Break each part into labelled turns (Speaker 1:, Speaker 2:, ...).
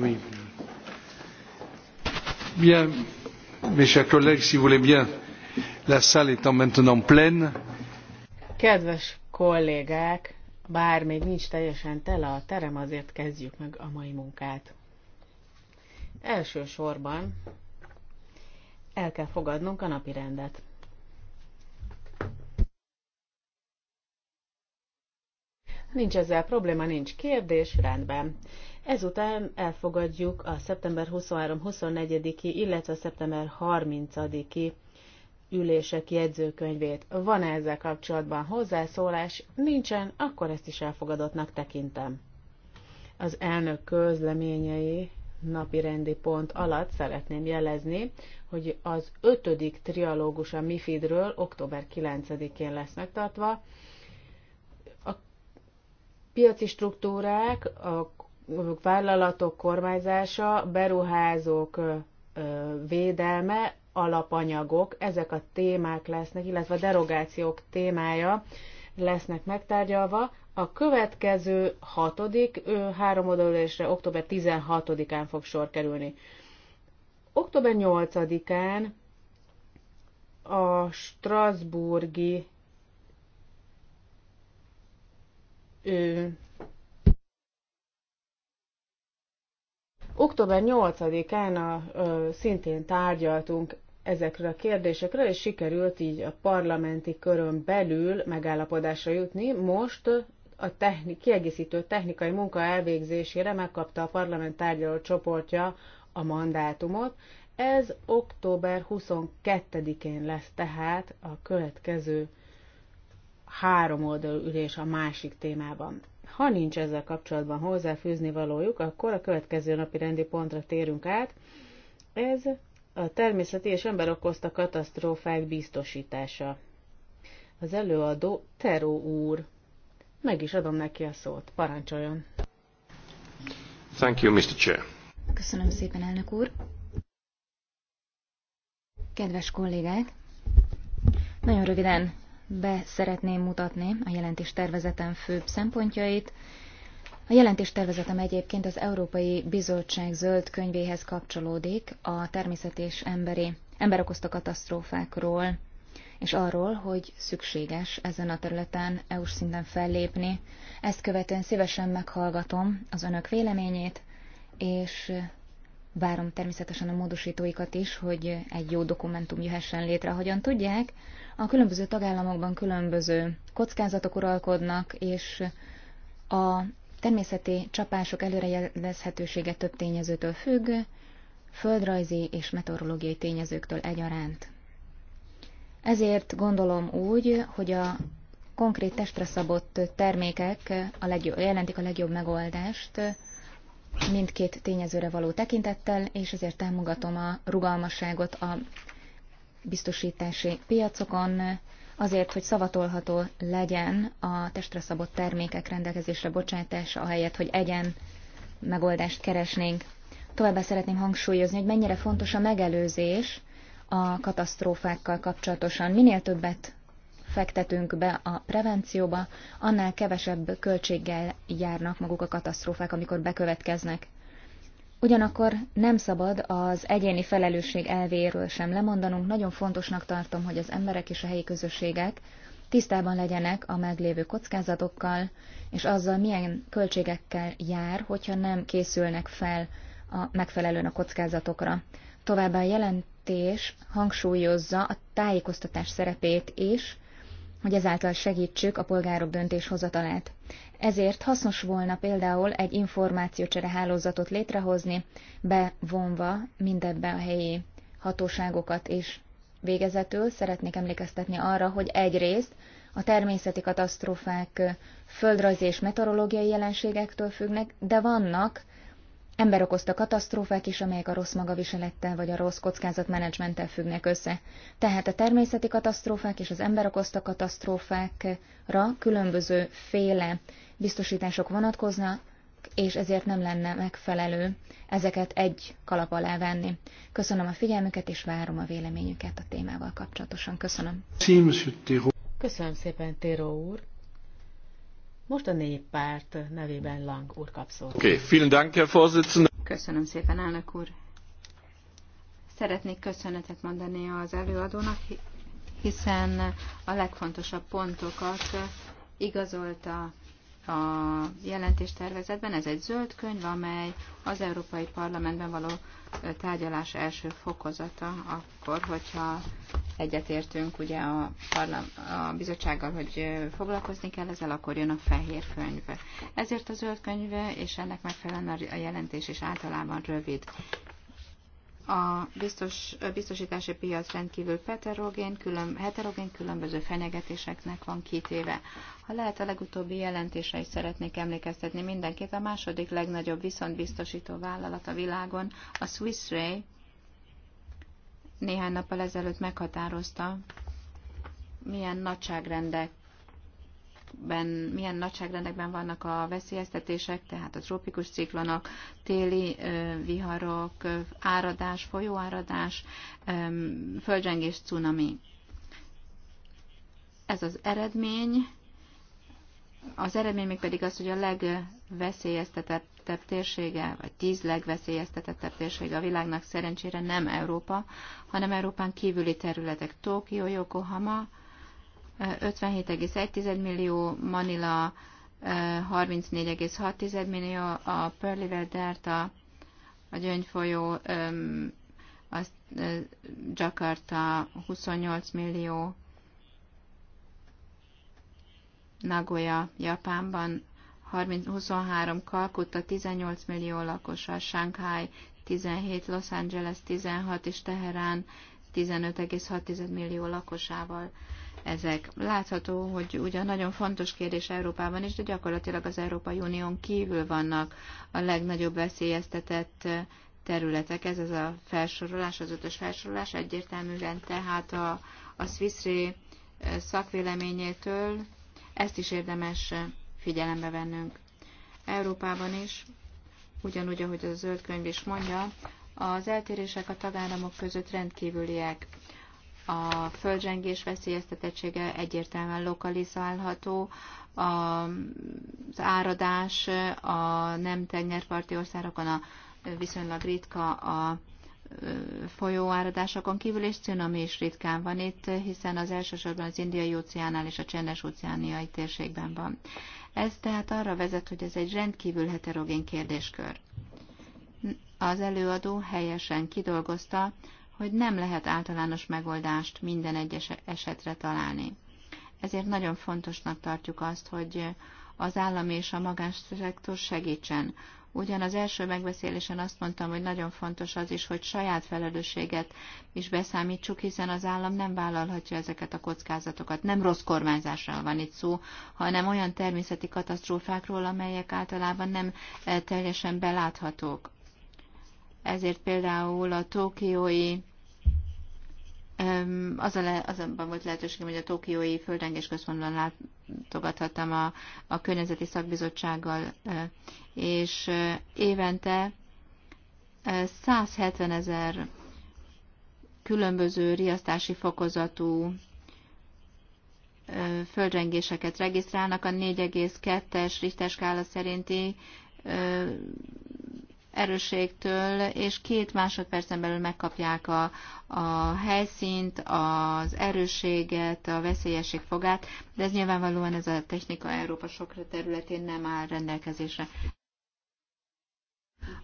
Speaker 1: Oui. Bien, mes chers collègues, si vous voulez bien, la salle étant maintenant pleine.
Speaker 2: Kedves kollégák, bár még nincs teljesen tele a terem, azért kezdjük meg a mai munkát. Elsősorban el kell fogadnunk a napi rendet. Nincs ezzel probléma, nincs kérdés, rendben. Ezután elfogadjuk a szeptember 23-24-i, illetve a szeptember 30-i ülések jegyzőkönyvét. Van -e ezzel kapcsolatban hozzászólás? Nincsen, akkor ezt is elfogadottnak tekintem. Az elnök közleményei napi rendi pont alatt szeretném jelezni, hogy az ötödik trialógus a MIFID-ről október 9-én lesz megtartva. A piaci struktúrák, a vállalatok kormányzása, beruházók védelme, alapanyagok, ezek a témák lesznek, illetve a derogációk témája lesznek megtárgyalva. A következő hatodik háromodalülésre október 16-án fog sor kerülni. Október 8-án a Strasburgi Október 8-án a, ö, szintén tárgyaltunk ezekre a kérdésekre, és sikerült így a parlamenti körön belül megállapodásra jutni. Most a techni- kiegészítő technikai munka elvégzésére megkapta a parlament tárgyaló csoportja a mandátumot. Ez október 22-én lesz tehát a következő három oldalú ülés a másik témában. Ha nincs ezzel kapcsolatban hozzáfűzni valójuk, akkor a következő napi rendi pontra térünk át. Ez a természeti és ember okozta katasztrófák biztosítása. Az előadó Teró úr. Meg is adom neki a szót. Parancsoljon.
Speaker 3: Thank you, Mr. Chair. Köszönöm szépen, elnök úr. Kedves kollégák, nagyon röviden be szeretném mutatni a jelentés tervezetem főbb szempontjait. A jelentés tervezetem egyébként az Európai Bizottság zöld könyvéhez kapcsolódik a természet és emberi, okozta katasztrófákról, és arról, hogy szükséges ezen a területen EU-s szinten fellépni. Ezt követően szívesen meghallgatom az önök véleményét, és várom természetesen a módosítóikat is, hogy egy jó dokumentum jöhessen létre. Ahogyan tudják, a különböző tagállamokban különböző kockázatok uralkodnak, és a természeti csapások előrejelezhetősége több tényezőtől függ, földrajzi és meteorológiai tényezőktől egyaránt. Ezért gondolom úgy, hogy a konkrét testre szabott termékek a legjobb, jelentik a legjobb megoldást mindkét tényezőre való tekintettel, és ezért támogatom a rugalmasságot a biztosítási piacokon, azért, hogy szavatolható legyen a testre szabott termékek rendelkezésre bocsátása, ahelyett, hogy egyen megoldást keresnénk. Továbbá szeretném hangsúlyozni, hogy mennyire fontos a megelőzés a katasztrófákkal kapcsolatosan. Minél többet fektetünk be a prevencióba, annál kevesebb költséggel járnak maguk a katasztrófák, amikor bekövetkeznek. Ugyanakkor nem szabad az egyéni felelősség elvéről sem lemondanunk. Nagyon fontosnak tartom, hogy az emberek és a helyi közösségek tisztában legyenek a meglévő kockázatokkal, és azzal milyen költségekkel jár, hogyha nem készülnek fel a megfelelően a kockázatokra. Továbbá a jelentés hangsúlyozza a tájékoztatás szerepét is, hogy ezáltal segítsük a polgárok döntéshozatalát. Ezért hasznos volna például egy információcsere hálózatot létrehozni, bevonva mindebben a helyi hatóságokat is. Végezetül szeretnék emlékeztetni arra, hogy egyrészt a természeti katasztrófák földrajzi és meteorológiai jelenségektől függnek, de vannak ember okozta katasztrófák is, amelyek a rossz magaviselettel vagy a rossz kockázatmenedzsmenttel függnek össze. Tehát a természeti katasztrófák és az ember okozta katasztrófákra különböző féle biztosítások vonatkoznak, és ezért nem lenne megfelelő ezeket egy kalap alá venni. Köszönöm a figyelmüket, és várom a véleményüket a témával kapcsolatosan. Köszönöm. Köszönöm szépen, téro. úr. Most a néppárt nevében Lang
Speaker 2: úr kap szót. Okay, vielen Dank, Herr Vorsitzender. Köszönöm szépen, elnök úr.
Speaker 4: Szeretnék köszönetet mondani az előadónak, hiszen a legfontosabb pontokat igazolta a jelentéstervezetben. Ez egy zöld könyv, amely az Európai Parlamentben való tárgyalás első fokozata, akkor, hogyha egyetértünk ugye a, parlam, a bizottsággal, hogy foglalkozni kell ezzel, akkor jön a fehér könyv. Ezért a zöld könyv és ennek megfelelően a jelentés is általában rövid a biztos, biztosítási piac rendkívül heterogén, külön, heterogén különböző fenyegetéseknek van kitéve. Ha lehet, a legutóbbi jelentésre is szeretnék emlékeztetni mindenkit. A második legnagyobb viszontbiztosító vállalat a világon, a Swiss Ray, néhány nappal ezelőtt meghatározta, milyen nagyságrendek mértékben, milyen nagyságrendekben vannak a veszélyeztetések, tehát a trópikus ciklonok, téli viharok, áradás, folyóáradás, földrengés, cunami. Ez az eredmény, az eredmény még pedig az, hogy a legveszélyeztetettebb térsége, vagy tíz legveszélyeztetettebb térsége a világnak szerencsére nem Európa, hanem Európán kívüli területek. Tokió, Yokohama, 57,1 millió, Manila 34,6 millió, a Pearl River Delta, a Gyöngyfolyó, a Jakarta 28 millió, Nagoya, Japánban 30, 23, Kalkutta 18 millió lakosa, Shanghai 17, Los Angeles 16 és Teherán 15,6 millió lakosával ezek. Látható, hogy ugyan nagyon fontos kérdés Európában is, de gyakorlatilag az Európai Unión kívül vannak a legnagyobb veszélyeztetett területek. Ez az a felsorolás, az ötös felsorolás egyértelműen tehát a, a Swissré eh, szakvéleményétől ezt is érdemes figyelembe vennünk. Európában is, ugyanúgy, ahogy a zöld könyv is mondja, az eltérések a tagállamok között rendkívüliek a földrengés veszélyeztetettsége egyértelműen lokalizálható, az áradás a nem tengerparti országokon a viszonylag ritka a folyóáradásokon kívül, és cunami is ritkán van itt, hiszen az elsősorban az indiai óceánál és a csendes óceániai térségben van. Ez tehát arra vezet, hogy ez egy rendkívül heterogén kérdéskör. Az előadó helyesen kidolgozta, hogy nem lehet általános megoldást minden egyes esetre találni. Ezért nagyon fontosnak tartjuk azt, hogy az állami és a magánszektor segítsen. Ugyan az első megbeszélésen azt mondtam, hogy nagyon fontos az is, hogy saját felelősséget is beszámítsuk, hiszen az állam nem vállalhatja ezeket a kockázatokat. Nem rossz kormányzásról van itt szó, hanem olyan természeti katasztrófákról, amelyek általában nem eh, teljesen beláthatók. Ezért például a tókiói a le, azonban volt lehetőségem, hogy a Tokiói Földrengés Központban látogathattam a, a környezeti szakbizottsággal, e, és e, évente 170 e, ezer különböző riasztási fokozatú földrengéseket regisztrálnak, a 4,2-es Richter skála szerinti erőségtől, és két másodpercen belül megkapják a, a helyszínt, az erőséget, a veszélyesség fogát, de ez nyilvánvalóan ez a technika Európa sok területén nem áll rendelkezésre.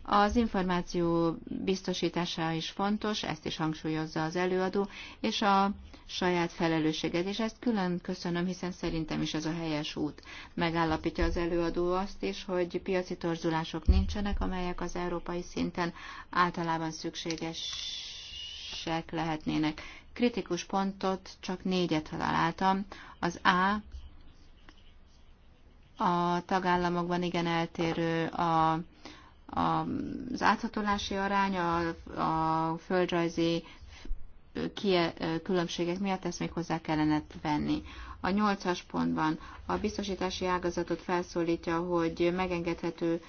Speaker 4: Az információ biztosítása is fontos, ezt is hangsúlyozza az előadó, és a saját felelősséget, és ezt külön köszönöm, hiszen szerintem is ez a helyes út. Megállapítja az előadó azt is, hogy piaci torzulások nincsenek, amelyek az európai szinten általában szükségesek lehetnének. Kritikus pontot csak négyet találtam. Az A a tagállamokban igen eltérő a, a, az áthatolási arány, a, a földrajzi kie különbségek miatt ezt még hozzá kellene venni. A nyolcas pontban a biztosítási ágazatot felszólítja, hogy megengedhető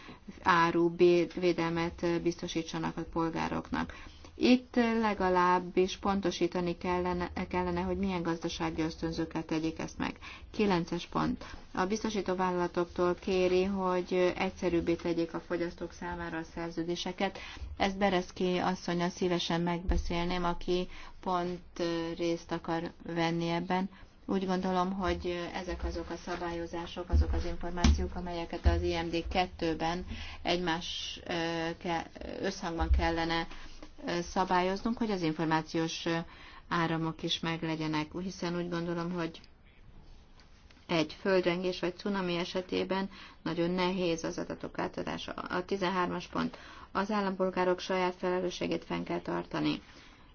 Speaker 4: áru védelmet biztosítsanak a polgároknak. Itt legalábbis pontosítani kellene, kellene hogy milyen gazdasági ösztönzőkkel tegyék ezt meg. 9 pont. A biztosító vállalatoktól kéri, hogy egyszerűbbé tegyék a fogyasztók számára a szerződéseket. Ezt Bereszki asszonya szívesen megbeszélném, aki pont részt akar venni ebben. Úgy gondolom, hogy ezek azok a szabályozások, azok az információk, amelyeket az IMD 2-ben egymás összhangban kellene szabályoznunk, hogy az információs áramok is meglegyenek, hiszen úgy gondolom, hogy egy földrengés vagy cunami esetében nagyon nehéz az adatok átadása. A 13-as pont. Az állampolgárok saját felelősségét fenn kell tartani.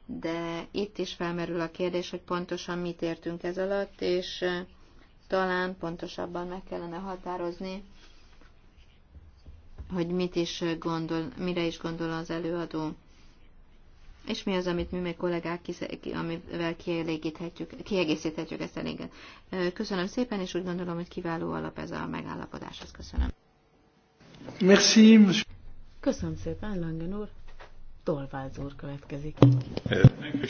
Speaker 4: De itt is felmerül a kérdés, hogy pontosan mit értünk ez alatt, és eh, talán pontosabban meg kellene határozni, hogy mit is gondol, mire is gondol az előadó és mi az, amit mi még kollégák, amivel kielégíthetjük, kiegészíthetjük ezt elég. Köszönöm szépen, és úgy gondolom, hogy kiváló alap ez a megállapodáshoz. Köszönöm.
Speaker 1: Merci.
Speaker 2: Köszönöm szépen, Langen úr. Tolválz úr következik.
Speaker 1: Uh,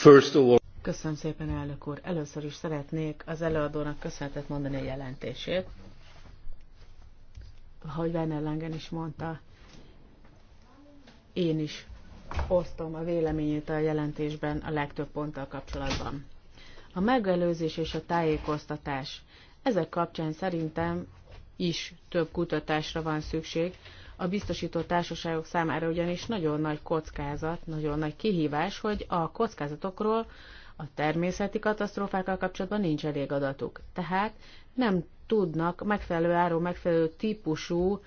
Speaker 1: First
Speaker 2: Köszönöm szépen, elnök úr. Először is szeretnék az előadónak köszönetet mondani a jelentését. Ahogy Werner Langen is mondta, én is osztom a véleményét a jelentésben a legtöbb ponttal kapcsolatban. A megelőzés és a tájékoztatás. Ezek kapcsán szerintem is több kutatásra van szükség, a biztosító társaságok számára ugyanis nagyon nagy kockázat, nagyon nagy kihívás, hogy a kockázatokról a természeti katasztrófákkal kapcsolatban nincs elég adatuk. Tehát nem tudnak megfelelő áron, megfelelő típusú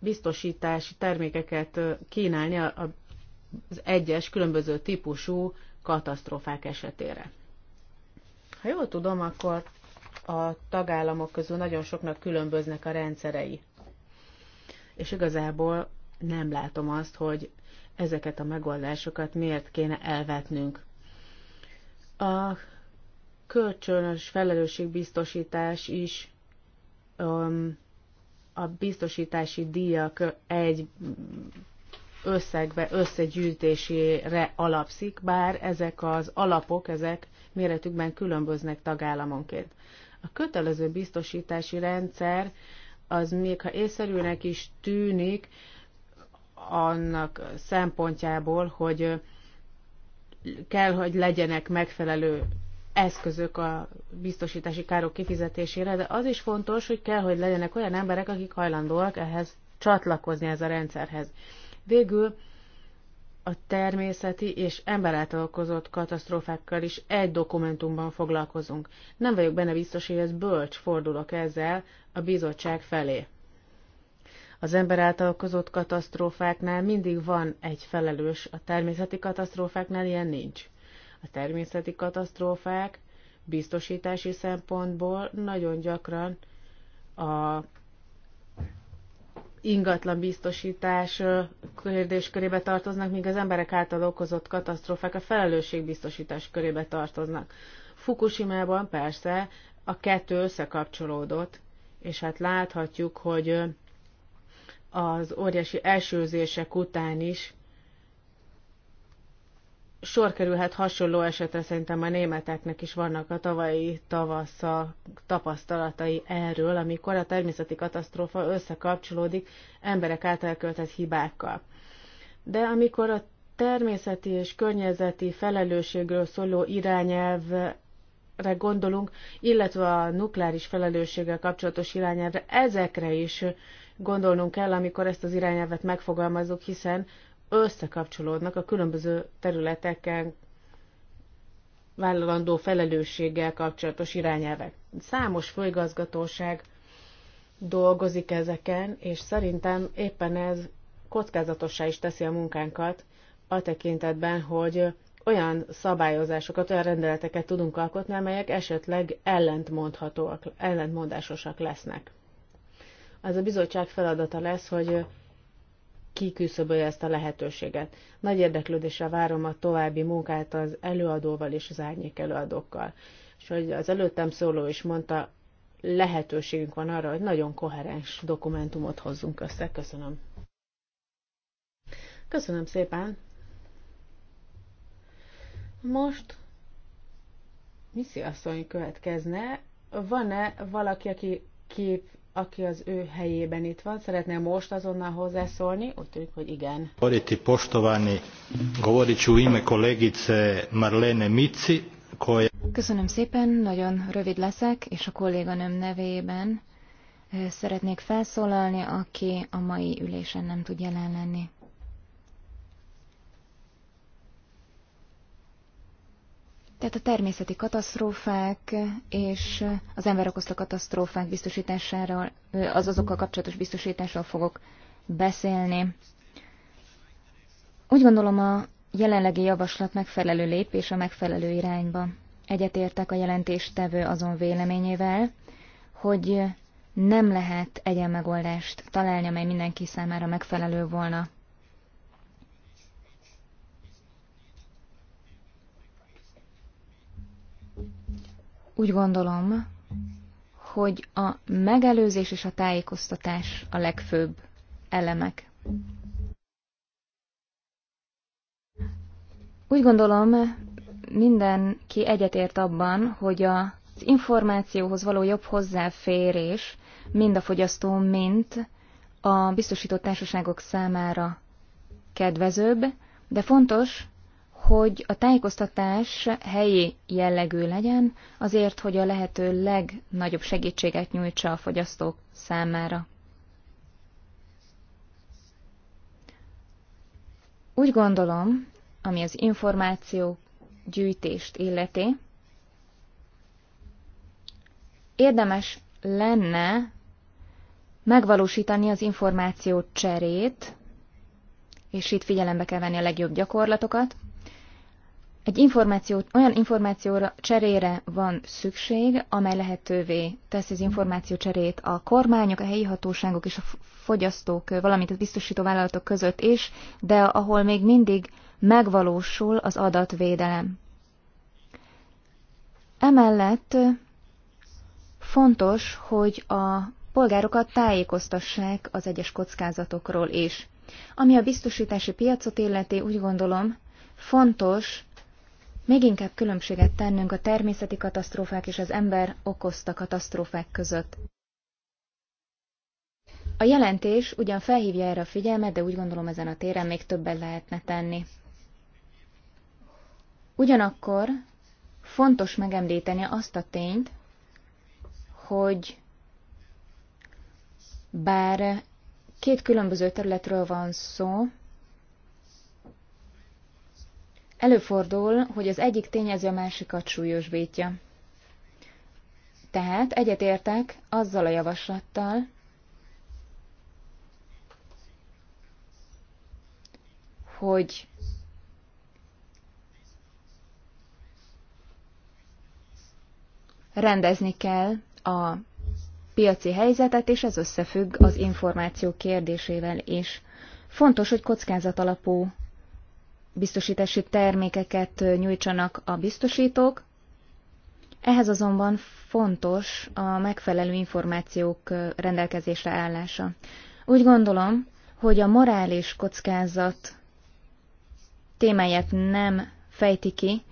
Speaker 2: biztosítási termékeket kínálni a az egyes különböző típusú katasztrófák esetére. Ha jól tudom, akkor a tagállamok közül nagyon soknak különböznek a rendszerei. És igazából nem látom azt, hogy ezeket a megoldásokat miért kéne elvetnünk. A kölcsönös felelősségbiztosítás is um, a biztosítási díjak egy összegbe, összegyűjtésére alapszik, bár ezek az alapok, ezek méretükben különböznek tagállamonként. A kötelező biztosítási rendszer az még ha észszerűnek is tűnik, annak szempontjából, hogy kell, hogy legyenek megfelelő eszközök a biztosítási károk kifizetésére, de az is fontos, hogy kell, hogy legyenek olyan emberek, akik hajlandóak ehhez csatlakozni ez a rendszerhez. Végül a természeti és ember által okozott katasztrófákkal is egy dokumentumban foglalkozunk. Nem vagyok benne biztos, hogy ez bölcs fordulok ezzel a bizottság felé. Az ember által okozott katasztrófáknál mindig van egy felelős, a természeti katasztrófáknál ilyen nincs. A természeti katasztrófák biztosítási szempontból nagyon gyakran a ingatlan biztosítás kérdés körébe tartoznak, míg az emberek által okozott katasztrófák a felelősségbiztosítás körébe tartoznak. Fukushima-ban persze a kettő összekapcsolódott, és hát láthatjuk, hogy az óriási esőzések után is sor kerülhet hasonló esetre, szerintem a németeknek is vannak a tavalyi tavasszal tapasztalatai erről, amikor a természeti katasztrófa összekapcsolódik emberek által elköltett hibákkal. De amikor a természeti és környezeti felelősségről szóló irányelvre gondolunk, illetve a nukleáris felelősséggel kapcsolatos irányelvre, ezekre is gondolnunk kell, amikor ezt az irányelvet megfogalmazunk, hiszen összekapcsolódnak a különböző területeken vállalandó felelősséggel kapcsolatos irányelvek. Számos főigazgatóság dolgozik ezeken, és szerintem éppen ez kockázatossá is teszi a munkánkat a tekintetben, hogy olyan szabályozásokat, olyan rendeleteket tudunk alkotni, amelyek esetleg ellentmondhatóak, ellentmondásosak lesznek. Az a bizottság feladata lesz, hogy kiküszöbölje ezt a lehetőséget. Nagy érdeklődésre várom a további munkát az előadóval és az árnyék előadókkal. És hogy az előttem szóló is mondta, lehetőségünk van arra, hogy nagyon koherens dokumentumot hozzunk össze. Köszönöm. Köszönöm szépen. Most Misszi asszony következne. Van-e valaki, aki kép, aki az ő helyében itt van, szeretne most azonnal hozzászólni? Úgy tűnik, hogy igen.
Speaker 1: Govoriti Postovani, govorit ime kolegice Marlene Mici, koja...
Speaker 3: Köszönöm szépen, nagyon rövid leszek, és a kolléganőm nevében eh, szeretnék felszólalni, aki a mai ülésen nem tud jelen lenni. Tehát a természeti katasztrófák és az ember okozta katasztrófák biztosításáról, az azokkal kapcsolatos biztosításról fogok beszélni. Úgy gondolom a jelenlegi javaslat megfelelő lépés a megfelelő irányba. Egyetértek a jelentéstevő azon véleményével, hogy nem lehet egyen megoldást találni, amely mindenki számára megfelelő volna. Úgy gondolom, hogy a megelőzés és a tájékoztatás a legfőbb elemek. Úgy gondolom, mindenki egyetért abban, hogy az információhoz való jobb hozzáférés mind a fogyasztó, mint a biztosított társaságok számára kedvezőbb, de fontos, hogy a tájékoztatás helyi jellegű legyen, azért, hogy a lehető legnagyobb segítséget nyújtsa a fogyasztók számára. Úgy gondolom, ami az információ gyűjtést illeti, érdemes lenne megvalósítani az információ cserét, és itt figyelembe kell venni a legjobb gyakorlatokat, egy információ, olyan információra cserére van szükség, amely lehetővé teszi az információ cserét a kormányok, a helyi hatóságok és a fogyasztók, valamint a biztosító vállalatok között is, de ahol még mindig megvalósul az adatvédelem. Emellett fontos, hogy a polgárokat tájékoztassák az egyes kockázatokról is. Ami a biztosítási piacot illeti, úgy gondolom, fontos, még inkább különbséget tennünk a természeti katasztrófák és az ember okozta katasztrófák között. A jelentés ugyan felhívja erre a figyelmet, de úgy gondolom ezen a téren még többet lehetne tenni. Ugyanakkor fontos megemlíteni azt a tényt, hogy bár két különböző területről van szó, Előfordul, hogy az egyik tényező a másikat súlyosbítja. Tehát egyetértek azzal a javaslattal, hogy rendezni kell a piaci helyzetet, és ez összefügg az információ kérdésével is. Fontos, hogy kockázat alapú biztosítási termékeket nyújtsanak a biztosítók. Ehhez azonban fontos a megfelelő információk rendelkezésre állása. Úgy gondolom, hogy a morális kockázat témáját nem fejti ki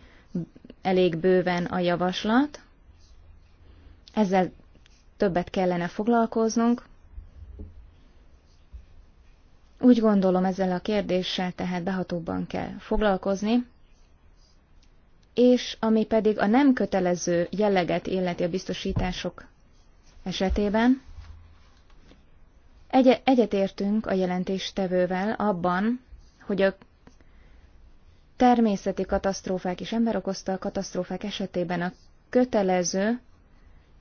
Speaker 3: elég bőven a javaslat, ezzel többet kellene foglalkoznunk, úgy gondolom ezzel a kérdéssel tehát behatóbban kell foglalkozni, és ami pedig a nem kötelező jelleget illeti a biztosítások esetében, egy- egyetértünk a jelentéstevővel abban, hogy a természeti katasztrófák és emberokozta katasztrófák esetében a kötelező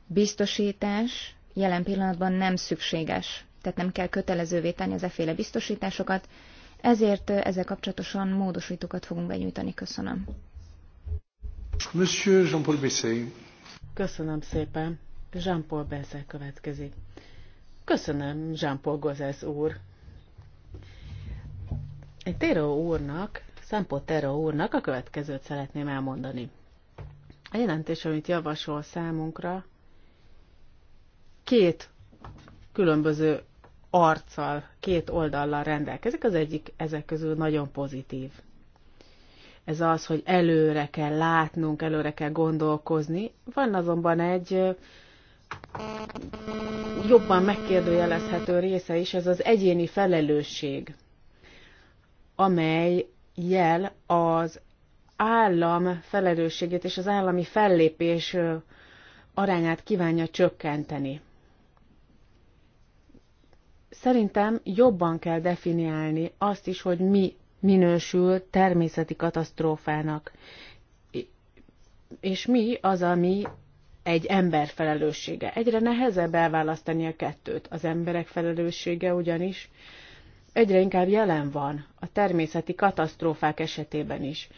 Speaker 3: biztosítás jelen pillanatban nem szükséges tehát nem kell kötelezővé tenni az eféle biztosításokat, ezért ezzel kapcsolatosan módosítókat fogunk benyújtani. Köszönöm.
Speaker 1: Monsieur Jean-Paul
Speaker 2: Köszönöm szépen. Jean-Paul Bézel következik. Köszönöm, Jean-Paul Gozes úr. Egy Tero úrnak, Szempó Tero úrnak a következőt szeretném elmondani. A jelentés, amit javasol számunkra, két különböző arccal, két oldallal rendelkezik, az egyik ezek közül nagyon pozitív. Ez az, hogy előre kell látnunk, előre kell gondolkozni. Van azonban egy jobban megkérdőjelezhető része is, ez az egyéni felelősség, amely jel az állam felelősségét és az állami fellépés arányát kívánja csökkenteni. Szerintem jobban kell definiálni azt is, hogy mi minősül természeti katasztrófának, és mi az, ami egy ember felelőssége. Egyre nehezebb elválasztani a kettőt. Az emberek felelőssége ugyanis egyre inkább jelen van a természeti katasztrófák esetében is.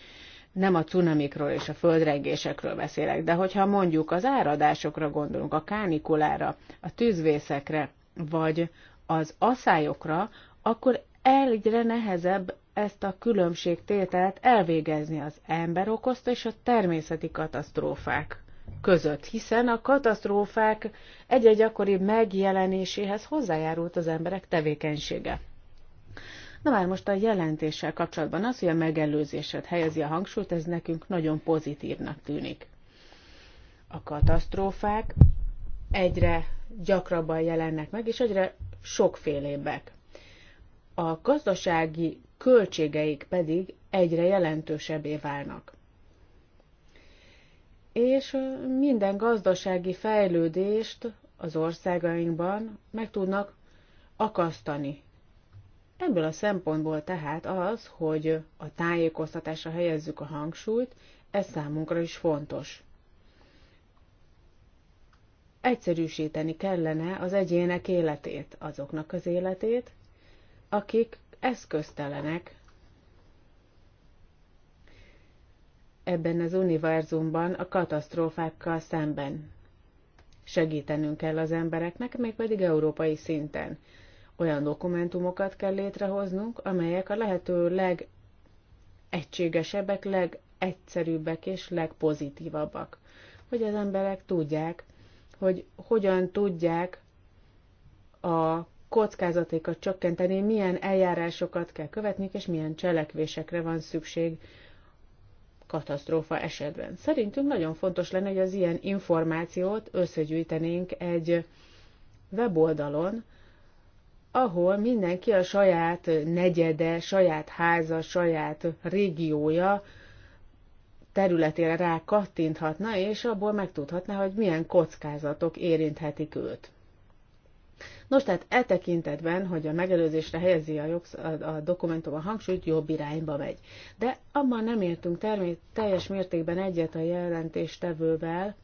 Speaker 2: Nem a cunamikról és a földrengésekről beszélek, de hogyha mondjuk az áradásokra gondolunk, a kánikulára, a tűzvészekre, vagy az asszályokra, akkor egyre nehezebb ezt a különbségtételt elvégezni az ember okozta és a természeti katasztrófák között, hiszen a katasztrófák egy-egy gyakoribb megjelenéséhez hozzájárult az emberek tevékenysége. Na már most a jelentéssel kapcsolatban az, hogy a megelőzéset helyezi a hangsúlyt, ez nekünk nagyon pozitívnak tűnik. A katasztrófák egyre gyakrabban jelennek meg, és egyre sokfélébbek. A gazdasági költségeik pedig egyre jelentősebbé válnak. És minden gazdasági fejlődést az országainkban meg tudnak akasztani. Ebből a szempontból tehát az, hogy a tájékoztatásra helyezzük a hangsúlyt, ez számunkra is fontos egyszerűsíteni kellene az egyének életét, azoknak az életét, akik eszköztelenek ebben az univerzumban a katasztrófákkal szemben. Segítenünk kell az embereknek, mégpedig európai szinten. Olyan dokumentumokat kell létrehoznunk, amelyek a lehető legegységesebbek, legegyszerűbbek és legpozitívabbak, hogy az emberek tudják, hogy hogyan tudják a kockázatékat csökkenteni, milyen eljárásokat kell követni, és milyen cselekvésekre van szükség katasztrófa esetben. Szerintünk nagyon fontos lenne, hogy az ilyen információt összegyűjtenénk egy weboldalon, ahol mindenki a saját negyede, saját háza, saját régiója területére rá kattinthatna, és abból megtudhatná, hogy milyen kockázatok érinthetik őt. Nos, tehát e tekintetben, hogy a megelőzésre helyezi a, jogsz, a, a dokumentum a hangsúlyt, jobb irányba megy. De abban nem értünk termé- teljes mértékben egyet a jelentéstevővel,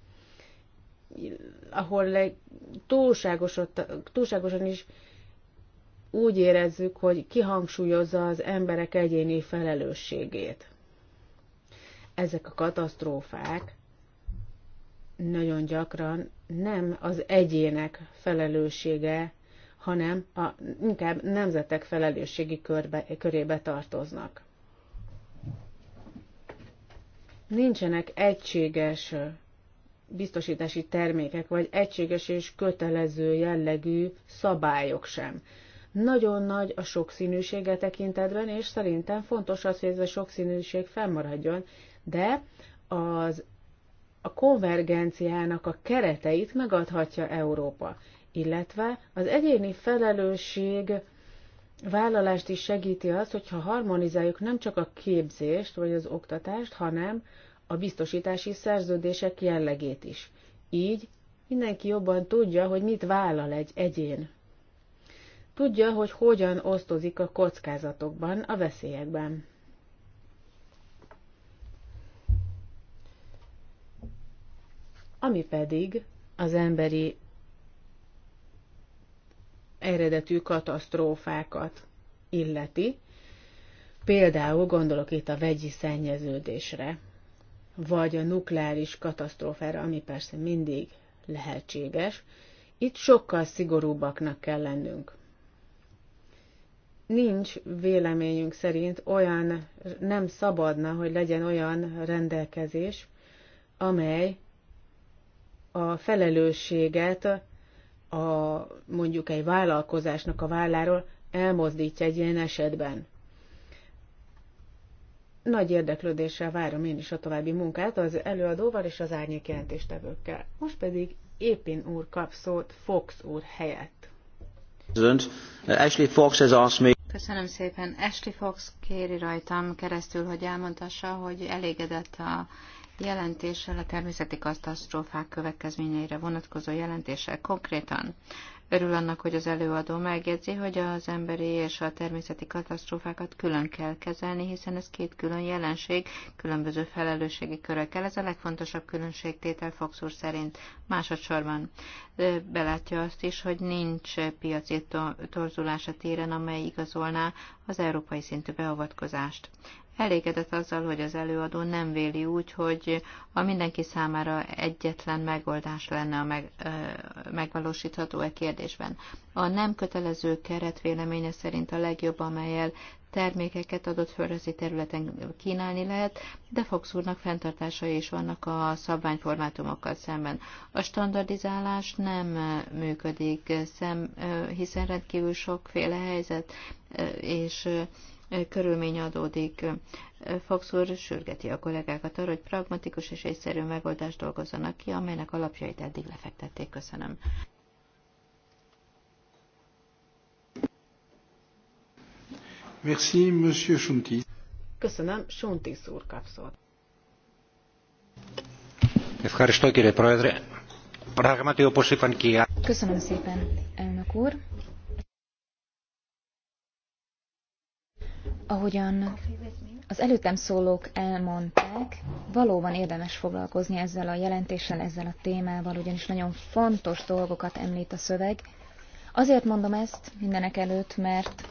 Speaker 2: ahol le- túlságosan, túlságosan is úgy érezzük, hogy kihangsúlyozza az emberek egyéni felelősségét ezek a katasztrófák nagyon gyakran nem az egyének felelőssége, hanem a, inkább nemzetek felelősségi körbe, körébe tartoznak. Nincsenek egységes biztosítási termékek, vagy egységes és kötelező jellegű szabályok sem. Nagyon nagy a sokszínűsége tekintetben, és szerintem fontos az, hogy ez a sokszínűség fennmaradjon, de az, a konvergenciának a kereteit megadhatja Európa, illetve az egyéni felelősség vállalást is segíti az, hogyha harmonizáljuk nem csak a képzést vagy az oktatást, hanem a biztosítási szerződések jellegét is. Így mindenki jobban tudja, hogy mit vállal egy egyén. Tudja, hogy hogyan osztozik a kockázatokban, a veszélyekben. ami pedig az emberi eredetű katasztrófákat illeti. Például gondolok itt a vegyi szennyeződésre, vagy a nukleáris katasztrófára, ami persze mindig lehetséges. Itt sokkal szigorúbbaknak kell lennünk. Nincs véleményünk szerint olyan, nem szabadna, hogy legyen olyan rendelkezés, amely a felelősséget a mondjuk egy vállalkozásnak a válláról elmozdítja egy ilyen esetben. Nagy érdeklődéssel várom én is a további munkát az előadóval és az árnyék jelentéstevőkkel. Most pedig Épin úr kap szót Fox úr helyett.
Speaker 4: Ashley Fox has asked me... Köszönöm szépen. Ashley Fox kéri rajtam keresztül, hogy elmondhassa, hogy elégedett a jelentéssel, a természeti katasztrófák következményeire vonatkozó jelentéssel konkrétan. Örül annak, hogy az előadó megjegyzi, hogy az emberi és a természeti katasztrófákat külön kell kezelni, hiszen ez két külön jelenség, különböző felelősségi körökkel. Ez a legfontosabb különbségtétel Fox úr szerint. Másodszorban belátja azt is, hogy nincs piaci torzulása téren, amely igazolná az európai szintű beavatkozást. Elégedett azzal, hogy az előadó nem véli úgy, hogy a mindenki számára egyetlen megoldás lenne a meg, megvalósítható-e kérdésben. A nem kötelező keret véleménye szerint a legjobb, amelyel termékeket adott földrajzi területen kínálni lehet, de Fox úrnak fenntartásai is vannak a szabványformátumokkal szemben. A standardizálás nem működik, szem, hiszen rendkívül sokféle helyzet és körülmény adódik. Fox úr sürgeti a kollégákat arra, hogy pragmatikus és egyszerű megoldást dolgozzanak ki, amelynek alapjait eddig lefektették. Köszönöm.
Speaker 1: Merci, Monsieur Schuntis.
Speaker 2: Köszönöm, Suntis
Speaker 3: úr kapszott. Köszönöm szépen, elnök úr. Ahogyan az előttem szólók elmondták, valóban érdemes foglalkozni ezzel a jelentéssel, ezzel a témával, ugyanis nagyon fontos dolgokat említ a szöveg. Azért mondom ezt mindenek előtt, mert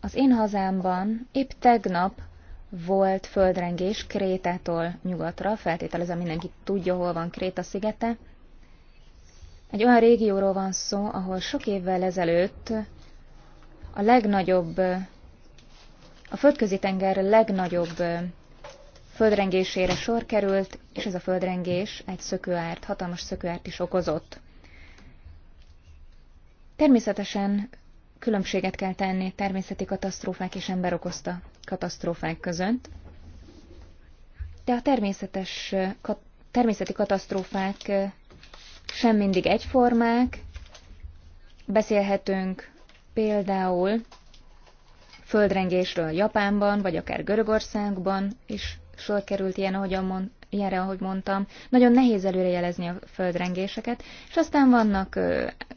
Speaker 3: az én hazámban épp tegnap volt földrengés Krétától nyugatra, feltételezem mindenki tudja, hol van Kréta szigete. Egy olyan régióról van szó, ahol sok évvel ezelőtt a legnagyobb a földközi tenger legnagyobb földrengésére sor került, és ez a földrengés egy szökőárt, hatalmas szökőárt is okozott. Természetesen különbséget kell tenni természeti katasztrófák és ember okozta katasztrófák között, de a természetes, kat, természeti katasztrófák sem mindig egyformák. Beszélhetünk például földrengésről Japánban, vagy akár Görögországban is sor került ilyen, ahogyan mond, ilyenre, ahogy mondtam. Nagyon nehéz előrejelezni a földrengéseket, és aztán vannak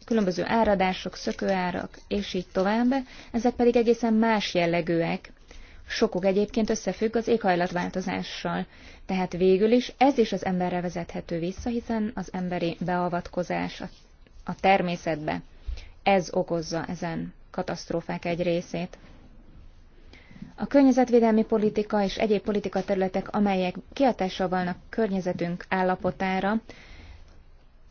Speaker 3: különböző áradások, szökőárak, és így tovább, ezek pedig egészen más jellegűek. Sokuk egyébként összefügg az éghajlatváltozással. Tehát végül is ez is az emberre vezethető vissza, hiszen az emberi beavatkozás a természetbe. Ez okozza ezen katasztrófák egy részét. A környezetvédelmi politika és egyéb politika területek, amelyek kihatással vannak környezetünk állapotára,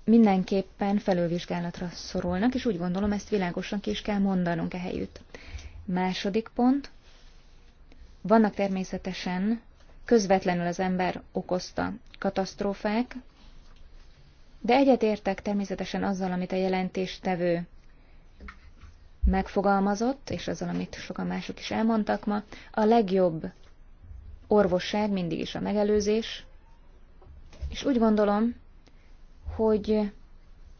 Speaker 3: mindenképpen felülvizsgálatra szorulnak, és úgy gondolom, ezt világosan ki is kell mondanunk ehelyütt. Második pont. Vannak természetesen közvetlenül az ember okozta katasztrófák, de egyetértek természetesen azzal, amit a jelentéstevő megfogalmazott, és azzal, amit sokan mások is elmondtak ma, a legjobb orvosság mindig is a megelőzés, és úgy gondolom, hogy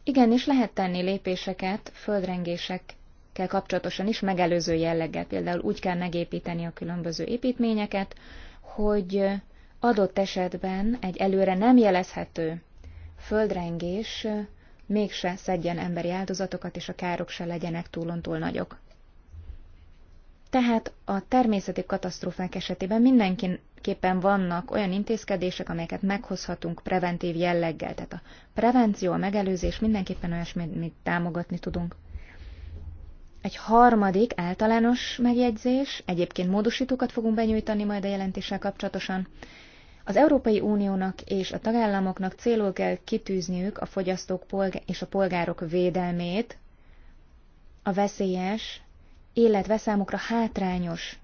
Speaker 3: igenis lehet tenni lépéseket földrengésekkel kapcsolatosan is megelőző jelleggel. Például úgy kell megépíteni a különböző építményeket, hogy adott esetben egy előre nem jelezhető földrengés mégse szedjen emberi áldozatokat, és a károk se legyenek túl nagyok. Tehát a természeti katasztrófák esetében mindenképpen vannak olyan intézkedések, amelyeket meghozhatunk preventív jelleggel. Tehát a prevenció, a megelőzés mindenképpen olyasmit mit támogatni tudunk. Egy harmadik általános megjegyzés, egyébként módosítókat fogunk benyújtani majd a jelentéssel kapcsolatosan, az Európai Uniónak és a tagállamoknak célul kell kitűzniük a fogyasztók és a polgárok védelmét a veszélyes, illetve számukra hátrányos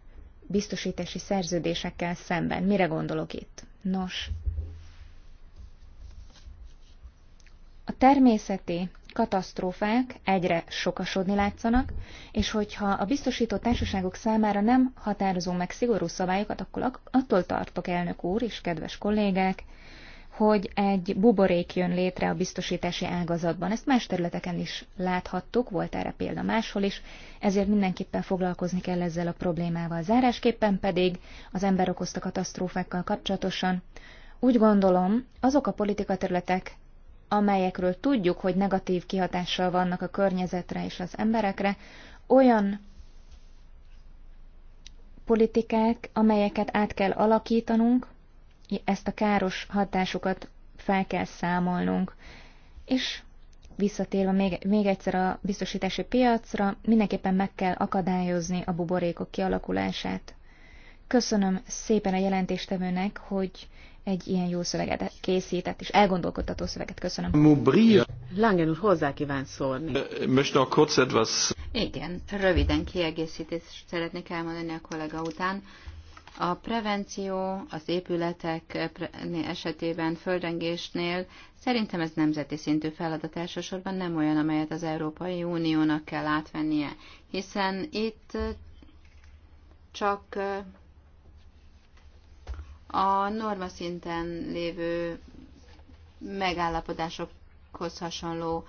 Speaker 3: biztosítási szerződésekkel szemben. Mire gondolok itt? Nos, a természeti katasztrófák egyre sokasodni látszanak, és hogyha a biztosító társaságok számára nem határozunk meg szigorú szabályokat, akkor attól tartok, elnök úr és kedves kollégák, hogy egy buborék jön létre a biztosítási ágazatban. Ezt más területeken is láthattuk, volt erre példa máshol is, ezért mindenképpen foglalkozni kell ezzel a problémával. Zárásképpen pedig az ember okozta katasztrófákkal kapcsolatosan úgy gondolom, azok a politikaterületek, amelyekről tudjuk, hogy negatív kihatással vannak a környezetre és az emberekre, olyan politikák, amelyeket át kell alakítanunk, ezt a káros hatásokat fel kell számolnunk. És visszatérve még, még egyszer a biztosítási piacra, mindenképpen meg kell akadályozni a buborékok kialakulását. Köszönöm szépen a jelentéstevőnek, hogy egy ilyen jó szöveget készített, és elgondolkodtató szöveget. Köszönöm. Langen úr, hozzá kíván szólni. Igen,
Speaker 4: röviden kiegészítést szeretnék elmondani a kollega után. A prevenció az épületek esetében földrengésnél szerintem ez nemzeti szintű feladat elsősorban nem olyan, amelyet az Európai Uniónak kell átvennie, hiszen itt csak a norma szinten lévő megállapodásokhoz hasonló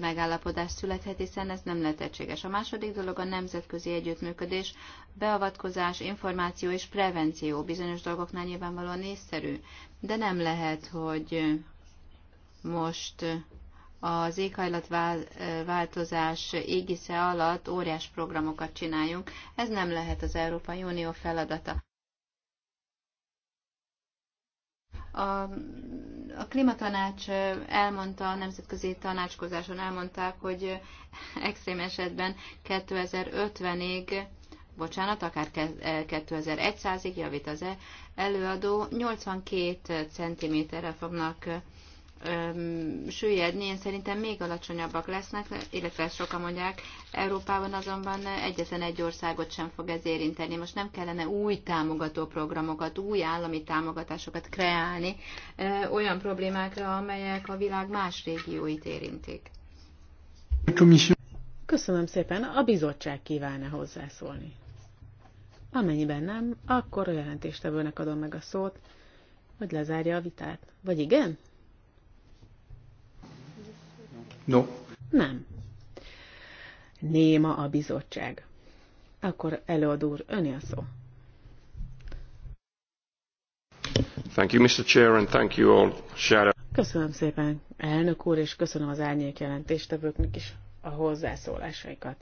Speaker 4: megállapodás születhet, hiszen ez nem lehetséges. A második dolog a nemzetközi együttműködés, beavatkozás, információ és prevenció. Bizonyos dolgoknál nyilvánvalóan észszerű, de nem lehet, hogy most az éghajlatváltozás égisze alatt óriás programokat csináljunk. Ez nem lehet az Európai Unió feladata. A, a elmondta, a nemzetközi tanácskozáson elmondták, hogy extrém esetben 2050-ig bocsánat, akár 2100-ig javít az e-, előadó, 82 centiméterre fognak süllyedni, én szerintem még alacsonyabbak lesznek, illetve ezt sokan mondják, Európában azonban egyetlen egy országot sem fog ez érinteni. Most nem kellene új támogató programokat, új állami támogatásokat kreálni olyan problémákra, amelyek a
Speaker 2: világ más régióit érintik. Köszönöm szépen. A bizottság kívánna hozzászólni. Amennyiben nem, akkor a jelentéstevőnek adom meg a szót, hogy lezárja a vitát. Vagy igen? No. Nem. Néma a bizottság. Akkor előadó úr, öné a szó.
Speaker 3: Thank you, Mr. Chair, and thank you all. Shadow.
Speaker 2: Köszönöm szépen, elnök úr, és köszönöm az árnyék jelentéstevőknek is a hozzászólásaikat.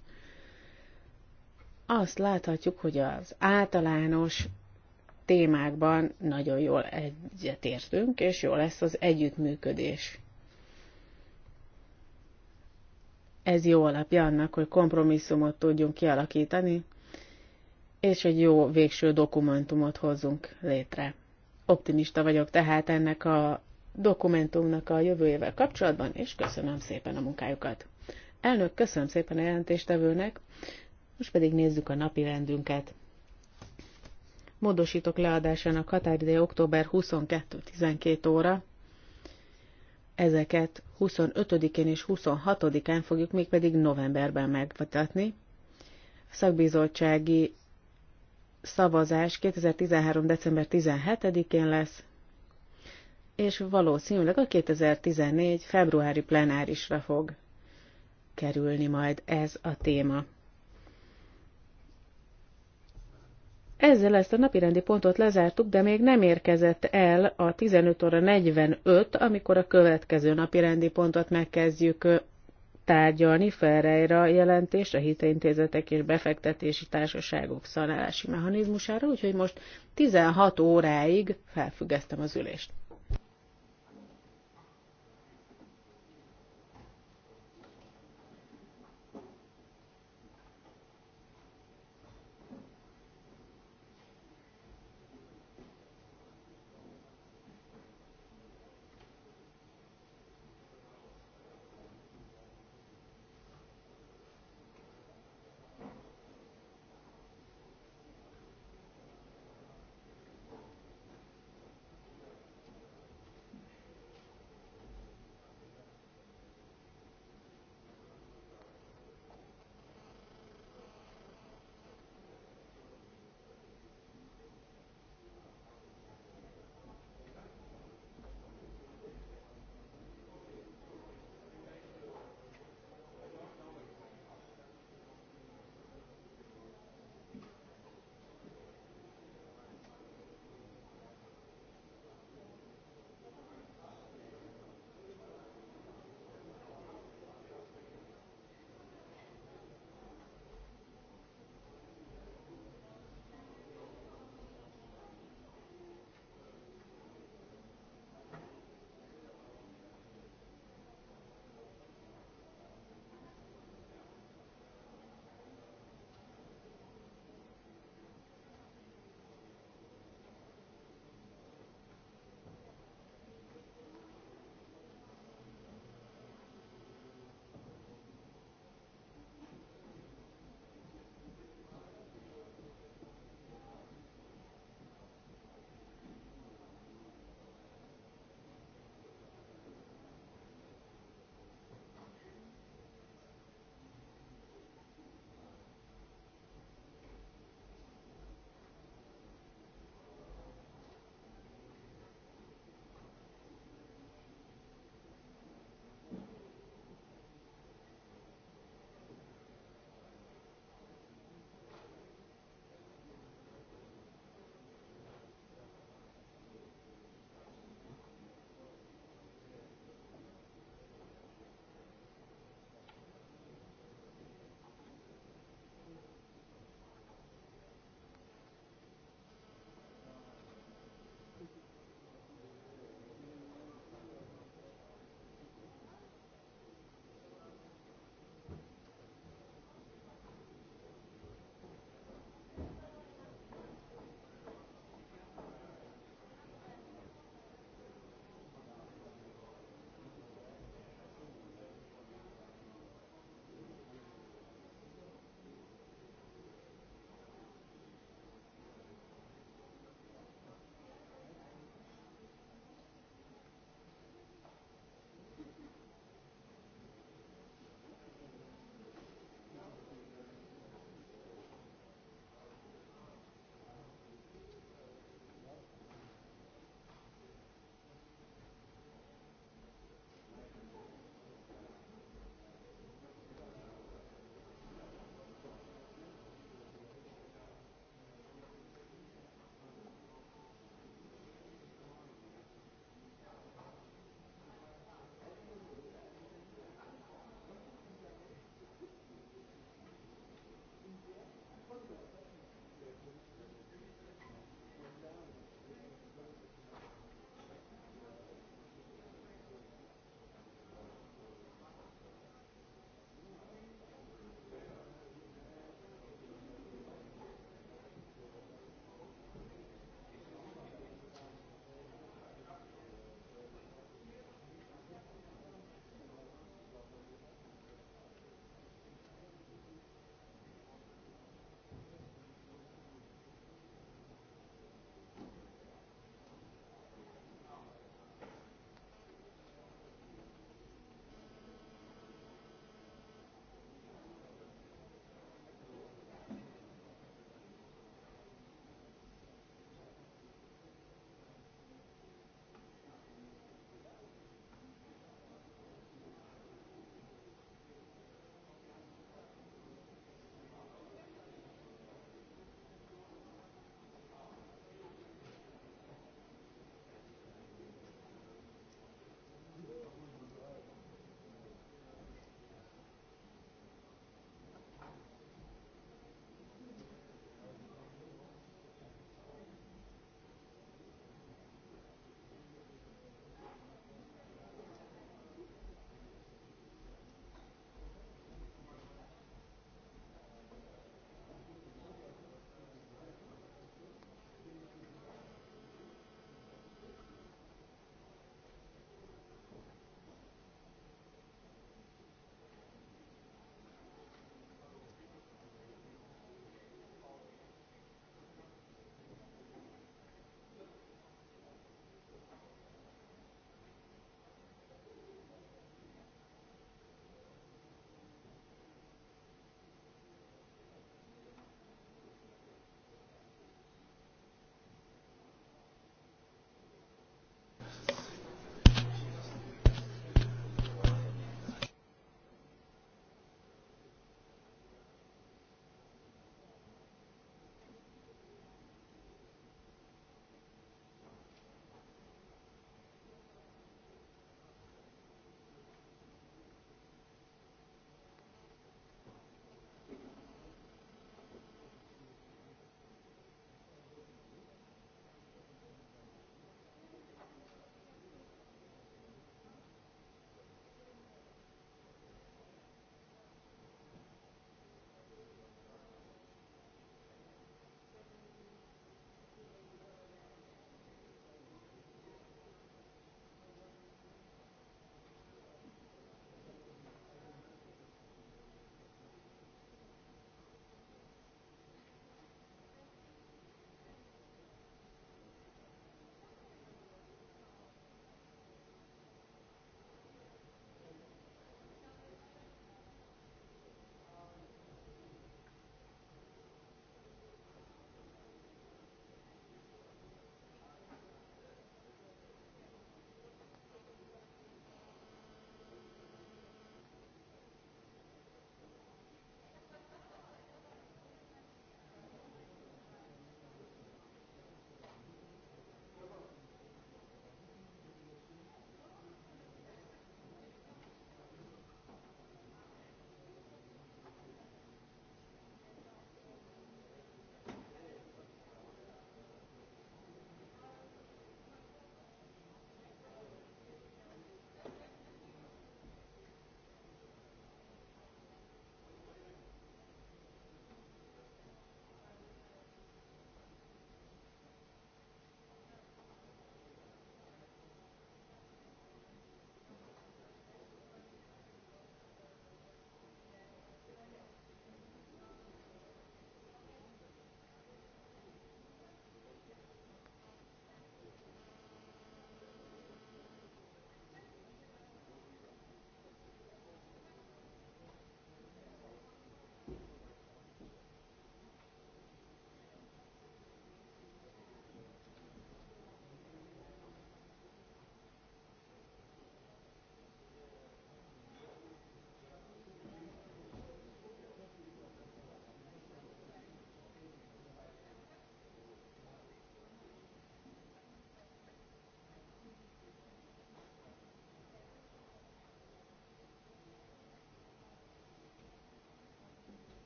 Speaker 2: Azt láthatjuk, hogy az általános témákban nagyon jól egyetértünk, és jó lesz az együttműködés Ez jó alapja annak, hogy kompromisszumot tudjunk kialakítani, és egy jó végső dokumentumot hozzunk létre. Optimista vagyok tehát ennek a dokumentumnak a jövőjével kapcsolatban, és köszönöm szépen a munkájukat. Elnök, köszönöm szépen a jelentéstevőnek, most pedig nézzük a napi rendünket. Módosítok leadásának határideje október 22-12 óra. Ezeket 25-én és 26-án fogjuk mégpedig novemberben megvitatni. A szakbizottsági szavazás 2013. december 17-én lesz, és valószínűleg a 2014. februári plenárisra fog kerülni majd ez a téma. Ezzel ezt a napirendi pontot lezártuk, de még nem érkezett el a 15 óra 45, amikor a következő napirendi pontot megkezdjük tárgyalni Ferreira jelentés a hiteintézetek és befektetési társaságok szanálási mechanizmusára, úgyhogy most 16 óráig felfüggesztem az ülést.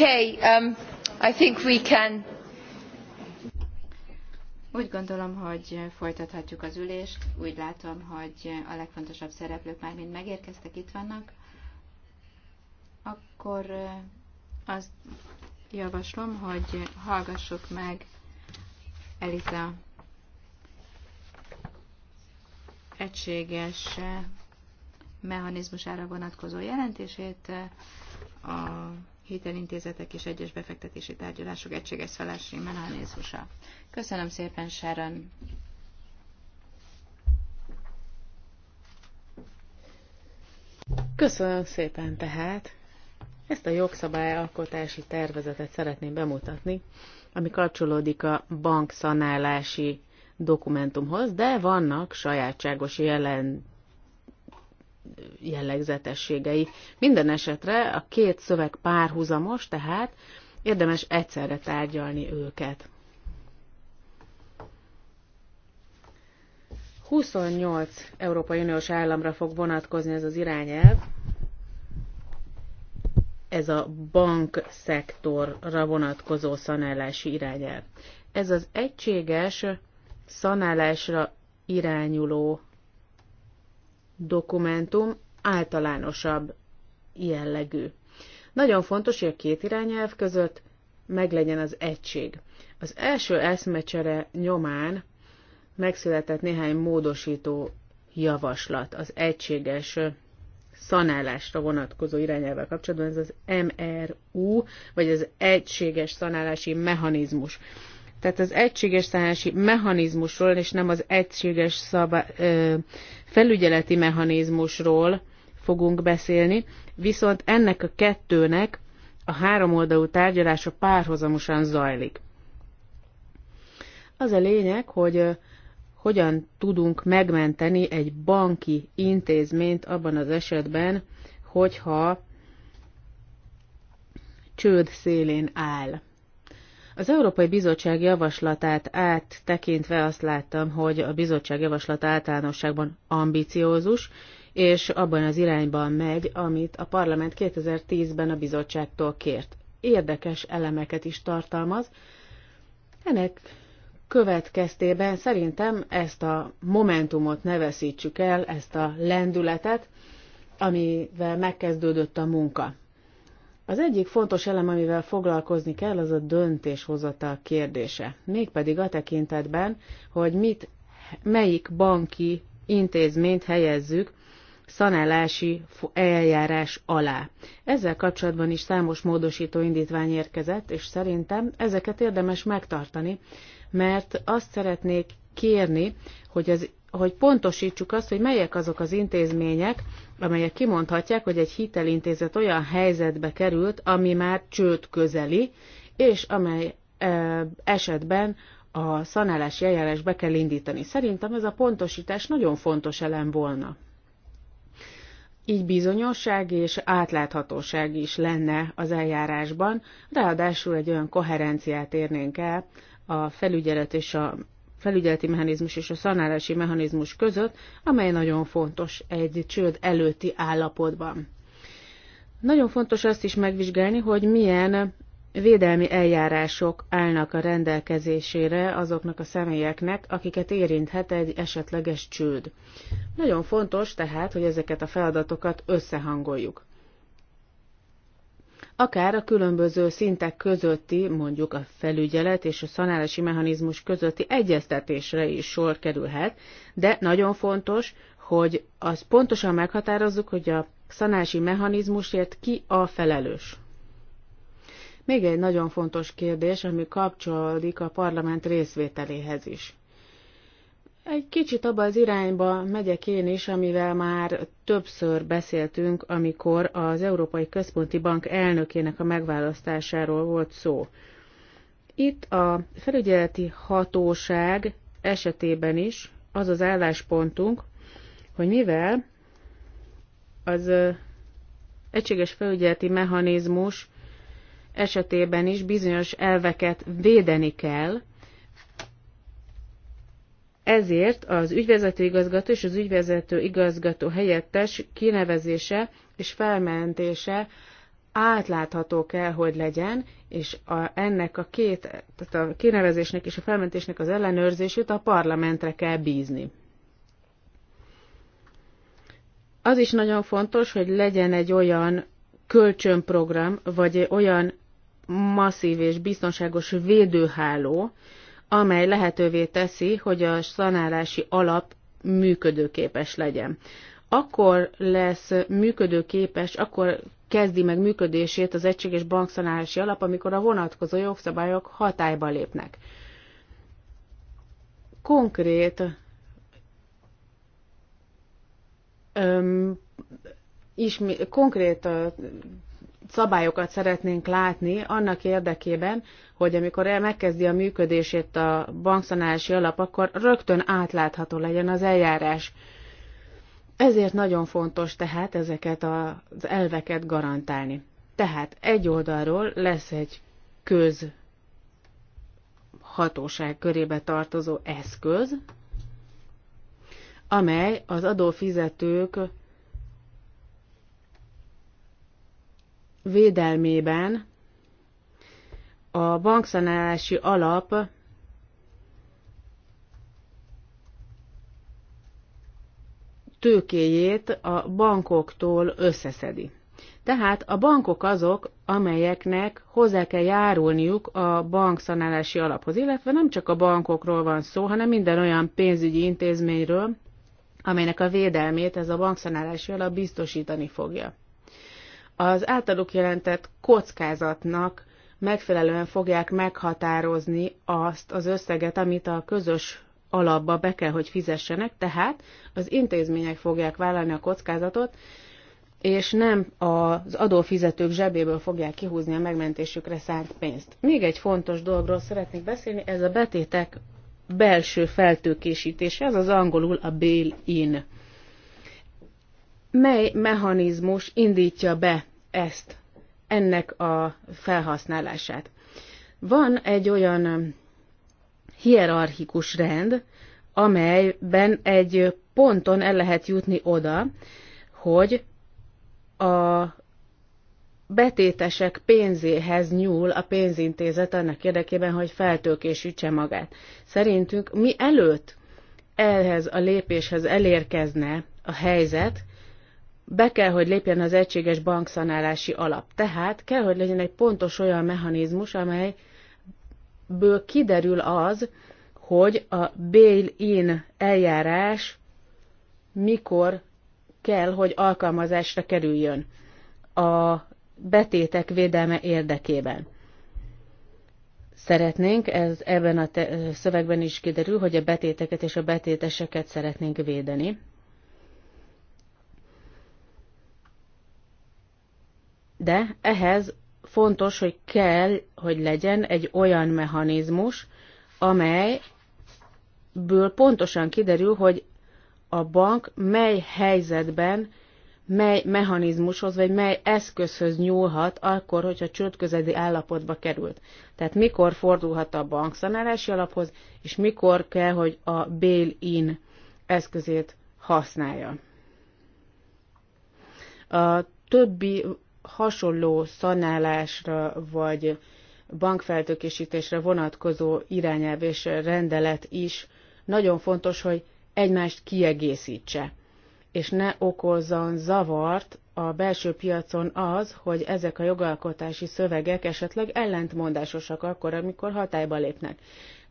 Speaker 4: Um, Úgy gondolom, hogy folytathatjuk az ülést. Úgy látom, hogy a legfontosabb szereplők már mind megérkeztek, itt vannak. Akkor uh, azt javaslom, hogy hallgassuk meg Eliza egységes uh, mechanizmusára vonatkozó jelentését uh, a hitelintézetek és egyes befektetési tárgyalások egységes felásrémen elnézhusa. Köszönöm szépen, Sharon.
Speaker 2: Köszönöm szépen tehát. Ezt a jogszabályalkotási tervezetet szeretném bemutatni, ami kapcsolódik a bankszanálási dokumentumhoz, de vannak sajátságos jelent jellegzetességei. Minden esetre a két szöveg párhuzamos, tehát érdemes egyszerre tárgyalni őket. 28 Európai Uniós államra fog vonatkozni ez az irányelv. Ez a bankszektorra vonatkozó szanálási irányelv. Ez az egységes szanálásra irányuló dokumentum általánosabb jellegű. Nagyon fontos, hogy a két irányelv között meglegyen az egység. Az első eszmecsere nyomán megszületett néhány módosító javaslat az egységes szanálásra vonatkozó irányelvvel kapcsolatban, ez az MRU, vagy az egységes szanálási mechanizmus. Tehát az egységes szállási mechanizmusról, és nem az egységes szabá- ö, felügyeleti mechanizmusról fogunk beszélni, viszont ennek a kettőnek a háromoldalú tárgyalása párhuzamosan zajlik. Az a lényeg, hogy hogyan tudunk megmenteni egy banki intézményt abban az esetben, hogyha csőd szélén áll. Az Európai Bizottság javaslatát áttekintve azt láttam, hogy a bizottság javaslata általánosságban ambiciózus, és abban az irányban megy, amit a parlament 2010-ben a bizottságtól kért. Érdekes elemeket is tartalmaz. Ennek következtében szerintem ezt a momentumot ne veszítsük el, ezt a lendületet, amivel megkezdődött a munka. Az egyik fontos elem, amivel foglalkozni kell, az a döntéshozatal kérdése. Mégpedig a tekintetben, hogy mit, melyik banki intézményt helyezzük szanálási eljárás alá. Ezzel kapcsolatban is számos módosító indítvány érkezett, és szerintem ezeket érdemes megtartani, mert azt szeretnék kérni, hogy az hogy pontosítsuk azt, hogy melyek azok az intézmények, amelyek kimondhatják, hogy egy hitelintézet olyan helyzetbe került, ami már csőd közeli, és amely e, esetben a szanálási eljárás be kell indítani. Szerintem ez a pontosítás nagyon fontos elem volna. Így bizonyosság és átláthatóság is lenne az eljárásban, ráadásul egy olyan koherenciát érnénk el a felügyelet és a felügyeleti mechanizmus és a szanálási mechanizmus között, amely nagyon fontos egy csőd előtti állapotban. Nagyon fontos azt is megvizsgálni, hogy milyen védelmi eljárások állnak a rendelkezésére azoknak a személyeknek, akiket érinthet egy esetleges csőd. Nagyon fontos tehát, hogy ezeket a feladatokat összehangoljuk akár a különböző szintek közötti, mondjuk a felügyelet és a szanálási mechanizmus közötti egyeztetésre is sor kerülhet, de nagyon fontos, hogy az pontosan meghatározzuk, hogy a szanálási mechanizmusért ki a felelős. Még egy nagyon fontos kérdés, ami kapcsolódik a parlament részvételéhez is. Egy kicsit abba az irányba megyek én is, amivel már többször beszéltünk, amikor az Európai Központi Bank elnökének a megválasztásáról volt szó. Itt a felügyeleti hatóság esetében is az az álláspontunk, hogy mivel az egységes felügyeleti mechanizmus esetében is bizonyos elveket védeni kell, ezért az ügyvezető igazgató és az ügyvezető igazgató helyettes kinevezése és felmentése átlátható kell, hogy legyen, és a, ennek a két, tehát a kinevezésnek és a felmentésnek az ellenőrzését a parlamentre kell bízni. Az is nagyon fontos, hogy legyen egy olyan kölcsönprogram, vagy olyan masszív és biztonságos védőháló, amely lehetővé teszi, hogy a szanálási alap működőképes legyen. Akkor lesz működőképes, akkor kezdi meg működését az egységes bankszanálási alap, amikor a vonatkozó jogszabályok hatályba lépnek. Konkrét öm, ismi, konkrét szabályokat szeretnénk látni annak érdekében, hogy amikor megkezdi a működését a bankszanálási alap, akkor rögtön átlátható legyen az eljárás. Ezért nagyon fontos tehát ezeket az elveket garantálni. Tehát egy oldalról lesz egy köz hatóság körébe tartozó eszköz, amely az adófizetők védelmében a bankszanálási alap tőkéjét a bankoktól összeszedi. Tehát a bankok azok, amelyeknek hozzá kell járulniuk a bankszanálási alaphoz, illetve nem csak a bankokról van szó, hanem minden olyan pénzügyi intézményről, amelynek a védelmét ez a bankszanálási alap biztosítani fogja az általuk jelentett kockázatnak megfelelően fogják meghatározni azt az összeget, amit a közös alapba be kell, hogy fizessenek, tehát az intézmények fogják vállalni a kockázatot, és nem az adófizetők zsebéből fogják kihúzni a megmentésükre szánt pénzt. Még egy fontos dologról szeretnék beszélni, ez a betétek belső feltőkésítése, ez az angolul a bail-in mely mechanizmus indítja be ezt, ennek a felhasználását. Van egy olyan hierarchikus rend, amelyben egy ponton el lehet jutni oda, hogy a betétesek pénzéhez nyúl a pénzintézet annak érdekében, hogy feltőkésítse magát. Szerintünk mi előtt ehhez a lépéshez elérkezne a helyzet, be kell, hogy lépjen az egységes bankszanálási alap. Tehát kell, hogy legyen egy pontos olyan mechanizmus, amelyből kiderül az, hogy a bail-in eljárás mikor kell, hogy alkalmazásra kerüljön a betétek védelme érdekében. Szeretnénk, ez ebben a szövegben is kiderül, hogy a betéteket és a betéteseket szeretnénk védeni, de ehhez fontos, hogy kell, hogy legyen egy olyan mechanizmus, amelyből pontosan kiderül, hogy a bank mely helyzetben, mely mechanizmushoz, vagy mely eszközhöz nyúlhat akkor, hogyha csődközedi állapotba került. Tehát mikor fordulhat a bank szanálási alaphoz, és mikor kell, hogy a bail-in eszközét használja. A többi hasonló szanálásra vagy bankfeltökésítésre vonatkozó irányelv és rendelet is nagyon fontos, hogy egymást kiegészítse, és ne okozzon zavart a belső piacon az, hogy ezek a jogalkotási szövegek esetleg ellentmondásosak akkor, amikor hatályba lépnek.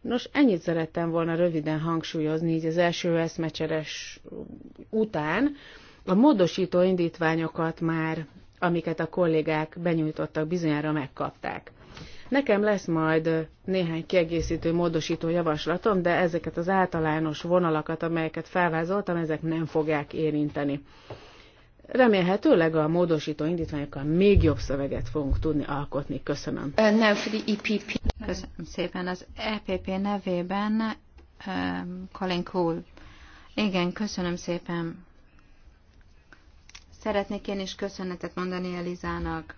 Speaker 2: Nos, ennyit szerettem volna röviden hangsúlyozni így az első eszmecseres után. A módosító indítványokat már amiket a kollégák benyújtottak, bizonyára megkapták. Nekem lesz majd néhány kiegészítő, módosító javaslatom, de ezeket az általános vonalakat, amelyeket felvázoltam, ezek nem fogják érinteni. Remélhetőleg a módosító indítványokkal még jobb szöveget fogunk tudni alkotni. Köszönöm.
Speaker 4: Nem, EPP. E köszönöm szépen. Az EPP nevében um, Colin Cool. Igen, köszönöm szépen. Szeretnék én is köszönetet mondani Elizának.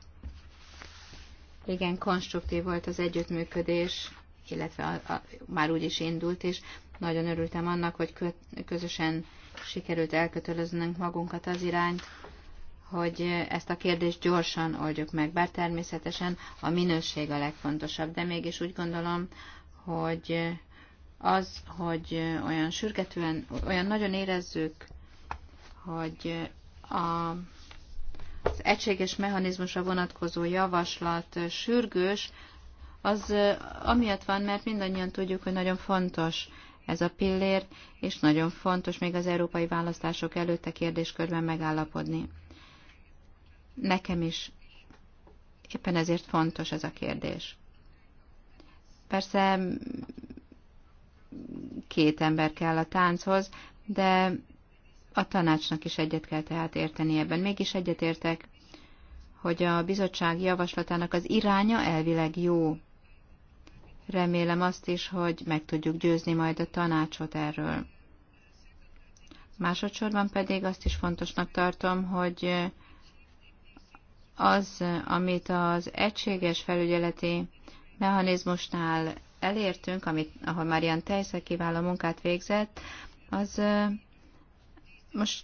Speaker 4: Igen, konstruktív volt az együttműködés, illetve a, a, már úgy is indult, és nagyon örültem annak, hogy kö, közösen sikerült elkötöleznünk magunkat az irányt, hogy ezt a kérdést gyorsan oldjuk meg, bár természetesen a minőség a legfontosabb, de mégis úgy gondolom, hogy az, hogy olyan sürgetően, olyan nagyon érezzük, hogy a, az egységes mechanizmusra vonatkozó javaslat sürgős, az amiatt van, mert mindannyian tudjuk, hogy nagyon fontos ez a pillér, és nagyon fontos még az európai választások előtt a kérdéskörben megállapodni. Nekem is éppen ezért fontos ez a kérdés. Persze két ember kell a tánchoz, de a tanácsnak is egyet kell tehát érteni ebben. Mégis egyetértek, hogy a bizottság javaslatának az iránya elvileg jó. Remélem azt is, hogy meg tudjuk győzni majd a tanácsot erről. Másodszorban pedig azt is fontosnak tartom, hogy az, amit az egységes felügyeleti mechanizmusnál elértünk, amit, ahol Marian Tejsze kiváló munkát végzett, az most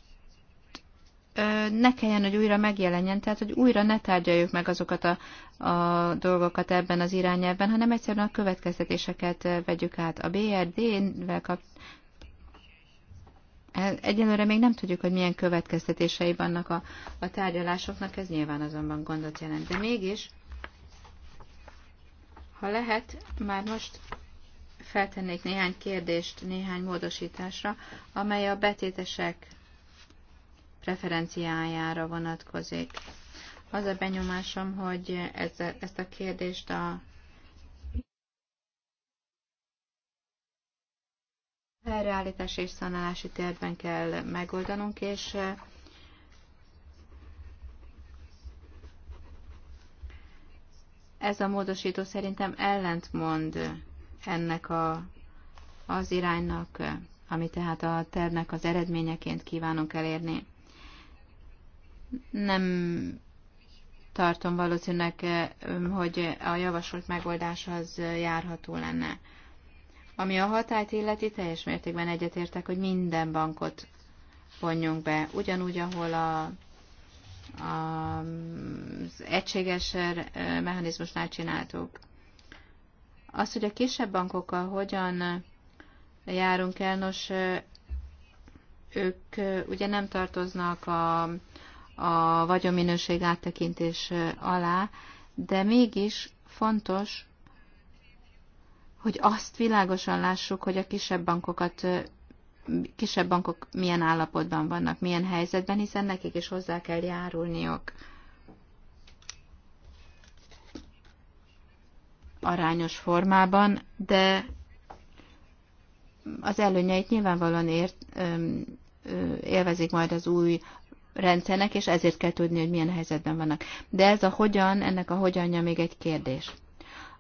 Speaker 4: ne kelljen, hogy újra megjelenjen, tehát hogy újra ne tárgyaljuk meg azokat a, a dolgokat ebben az irányelben, hanem egyszerűen a következtetéseket vegyük át. A BRD-vel kapcsolatban Egyelőre még nem tudjuk, hogy milyen következtetései vannak a, a tárgyalásoknak, ez nyilván azonban gondot jelent. De mégis, ha lehet, már most feltennék néhány kérdést néhány módosításra, amely a betétesek preferenciájára vonatkozik. Az a benyomásom, hogy ezzel, ezt a kérdést a helyreállítás és szanálási térben kell megoldanunk, és eh, ez a módosító szerintem ellentmond ennek a, az iránynak, eh, ami tehát a tervnek az eredményeként kívánunk elérni. Nem tartom valószínűleg, eh, hogy a javasolt megoldás az járható lenne. Ami a hatályt illeti, teljes mértékben egyetértek, hogy minden bankot vonjunk be. Ugyanúgy, ahol a, a, az egységes eh, mechanizmusnál csináltuk. Az, hogy a kisebb bankokkal hogyan járunk el, nos, eh, ők ugye nem tartoznak a a vagyonminőség áttekintés alá, de mégis fontos, hogy azt világosan lássuk, hogy a kisebb bankokat kisebb bankok milyen állapotban vannak, milyen helyzetben, hiszen nekik is hozzá kell járulniok. arányos formában, de az előnyeit nyilvánvalóan ért, ö, ö, élvezik majd az új rendszernek, és ezért kell tudni, hogy milyen helyzetben vannak. De ez a hogyan, ennek a hogyanja még egy kérdés.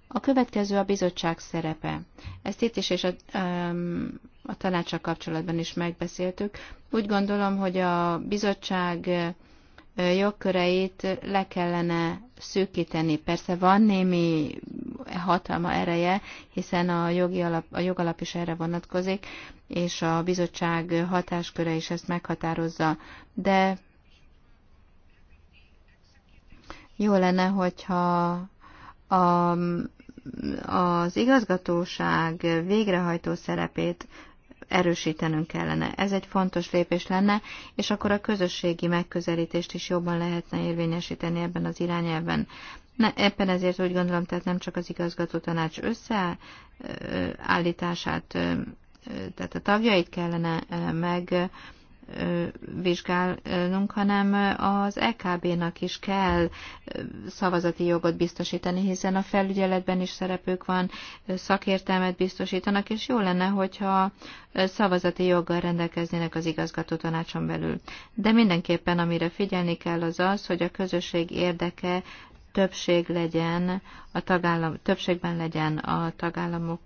Speaker 4: A következő a bizottság szerepe. Ezt itt is és a, um, a tanácsa kapcsolatban is megbeszéltük. Úgy gondolom, hogy a bizottság jogköreit le kellene szűkíteni. Persze van némi hatalma ereje, hiszen a, jogi alap, a jogalap is erre vonatkozik, és a bizottság hatásköre is ezt meghatározza, de Jó lenne, hogyha a, az igazgatóság végrehajtó szerepét erősítenünk kellene. Ez egy fontos lépés lenne, és akkor a közösségi megközelítést is jobban lehetne érvényesíteni ebben az irányelven. Ne, ebben ezért úgy gondolom, tehát nem csak az igazgató tanács összeállítását, tehát a tagjait kellene meg vizsgálnunk, hanem az EKB-nak is kell szavazati jogot biztosítani, hiszen a felügyeletben is szerepük van, szakértelmet biztosítanak, és jó lenne, hogyha szavazati joggal rendelkeznének az igazgató tanácson belül. De mindenképpen, amire figyelni kell, az az, hogy a közösség érdeke többség legyen, a tagállam, többségben legyen a tagállamok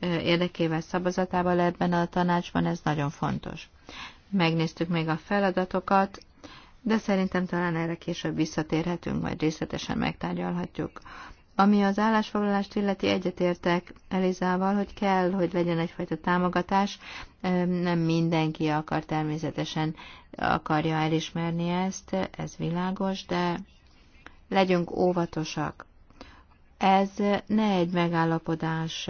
Speaker 4: érdekével szavazatával ebben a tanácsban, ez nagyon fontos megnéztük még a feladatokat, de szerintem talán erre később visszatérhetünk, majd részletesen megtárgyalhatjuk. Ami az állásfoglalást illeti, egyetértek Elizával, hogy kell, hogy legyen egyfajta támogatás. Nem mindenki akar természetesen akarja elismerni ezt, ez világos, de legyünk óvatosak. Ez ne egy megállapodás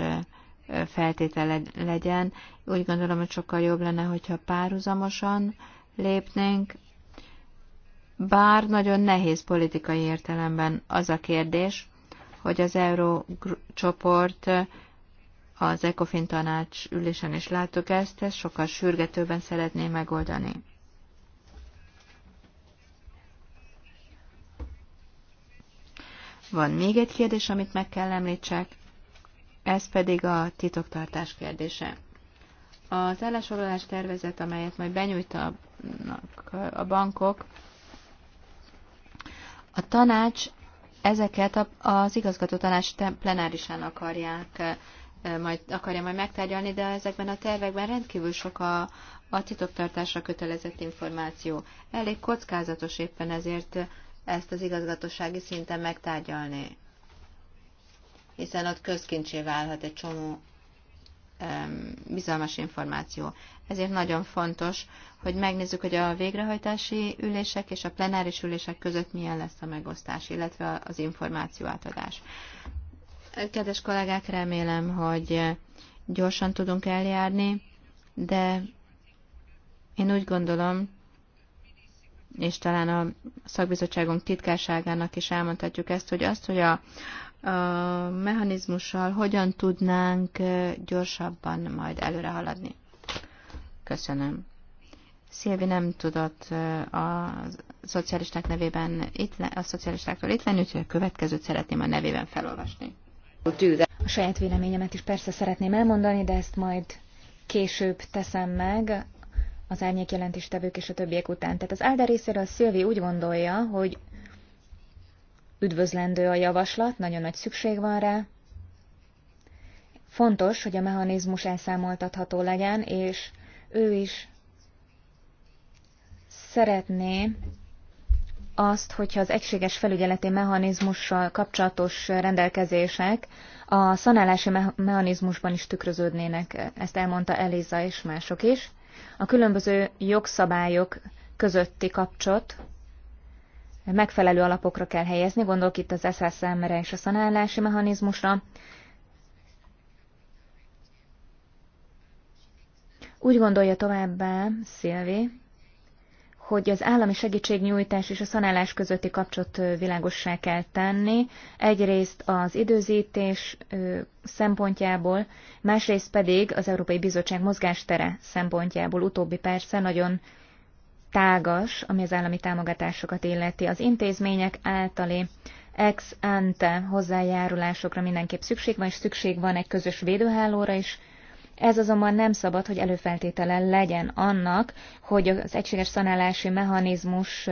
Speaker 4: feltétele legyen. Úgy gondolom, hogy sokkal jobb lenne, hogyha párhuzamosan lépnénk, bár nagyon nehéz politikai értelemben az a kérdés, hogy az eurócsoport az ECOFIN tanács ülésen is láttuk ezt, ezt sokkal sürgetőben szeretné megoldani. Van még egy kérdés, amit meg kell említsek. Ez pedig a titoktartás kérdése. Az ellensorolás tervezet, amelyet majd benyújtanak a bankok, a tanács ezeket az igazgató tanács plenárisán akarják majd akarja majd megtárgyalni, de ezekben a tervekben rendkívül sok a, a titoktartásra kötelezett információ. Elég kockázatos éppen ezért ezt az igazgatósági szinten megtárgyalni hiszen ott közkincsé válhat egy csomó bizalmas információ. Ezért nagyon fontos, hogy megnézzük, hogy a végrehajtási ülések és a plenáris ülések között milyen lesz a megosztás, illetve az információ átadás. Kedves kollégák, remélem, hogy gyorsan tudunk eljárni, de én úgy gondolom, és talán a szakbizottságunk titkárságának is elmondhatjuk ezt, hogy azt, hogy a, a mechanizmussal hogyan tudnánk gyorsabban majd előre haladni. Köszönöm. Szilvi nem tudott a szocialisták nevében itt a szocialistáktól itt lenni, úgyhogy a
Speaker 3: következőt szeretném a nevében felolvasni. A saját véleményemet is persze szeretném elmondani, de ezt majd később teszem meg az árnyék jelentéstevők és a többiek után. Tehát az Álda részéről Szilvi úgy gondolja, hogy Üdvözlendő a javaslat, nagyon nagy szükség van rá. Fontos, hogy a mechanizmus elszámoltatható legyen, és ő is szeretné azt, hogyha az egységes felügyeleti mechanizmussal kapcsolatos rendelkezések a szanálási mechanizmusban is tükröződnének, ezt elmondta Eliza és mások is. A különböző jogszabályok közötti kapcsolat megfelelő alapokra kell helyezni, gondolok itt az SSM-re és a szanálási mechanizmusra. Úgy gondolja továbbá Szilvi, hogy az állami segítségnyújtás és a szanálás közötti kapcsolat világossá kell tenni, egyrészt az időzítés szempontjából, másrészt pedig az Európai Bizottság mozgástere szempontjából. Utóbbi persze nagyon tágas, ami az állami támogatásokat illeti. Az intézmények általi ex ante hozzájárulásokra mindenképp szükség van, és szükség van egy közös védőhálóra is. Ez azonban nem szabad, hogy előfeltétele legyen annak, hogy az egységes szanálási mechanizmus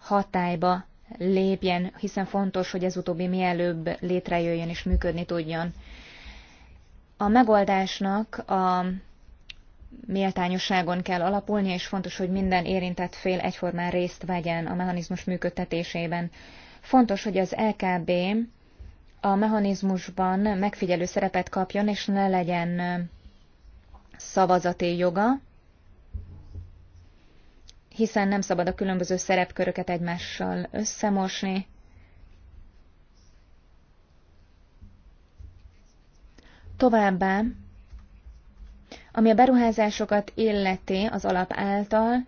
Speaker 3: hatályba lépjen, hiszen fontos, hogy ez utóbbi mielőbb létrejöjjön és működni tudjon. A megoldásnak a méltányosságon kell alapulni, és fontos, hogy minden érintett fél egyformán részt vegyen a mechanizmus működtetésében. Fontos, hogy az LKB a mechanizmusban megfigyelő szerepet kapjon, és ne legyen szavazati joga, hiszen nem szabad a különböző szerepköröket egymással összemosni. Továbbá ami a beruházásokat illeti az alap által,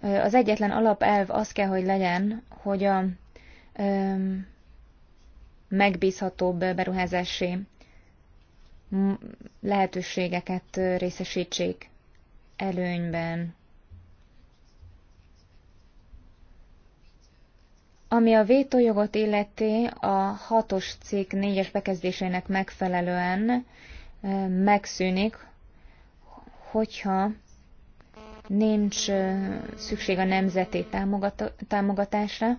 Speaker 3: az egyetlen alapelv az kell, hogy legyen, hogy a megbízhatóbb beruházási lehetőségeket részesítsék előnyben. Ami a vétójogot illeti, a hatos cikk négyes bekezdésének megfelelően megszűnik hogyha nincs szükség a nemzeti támogatásra,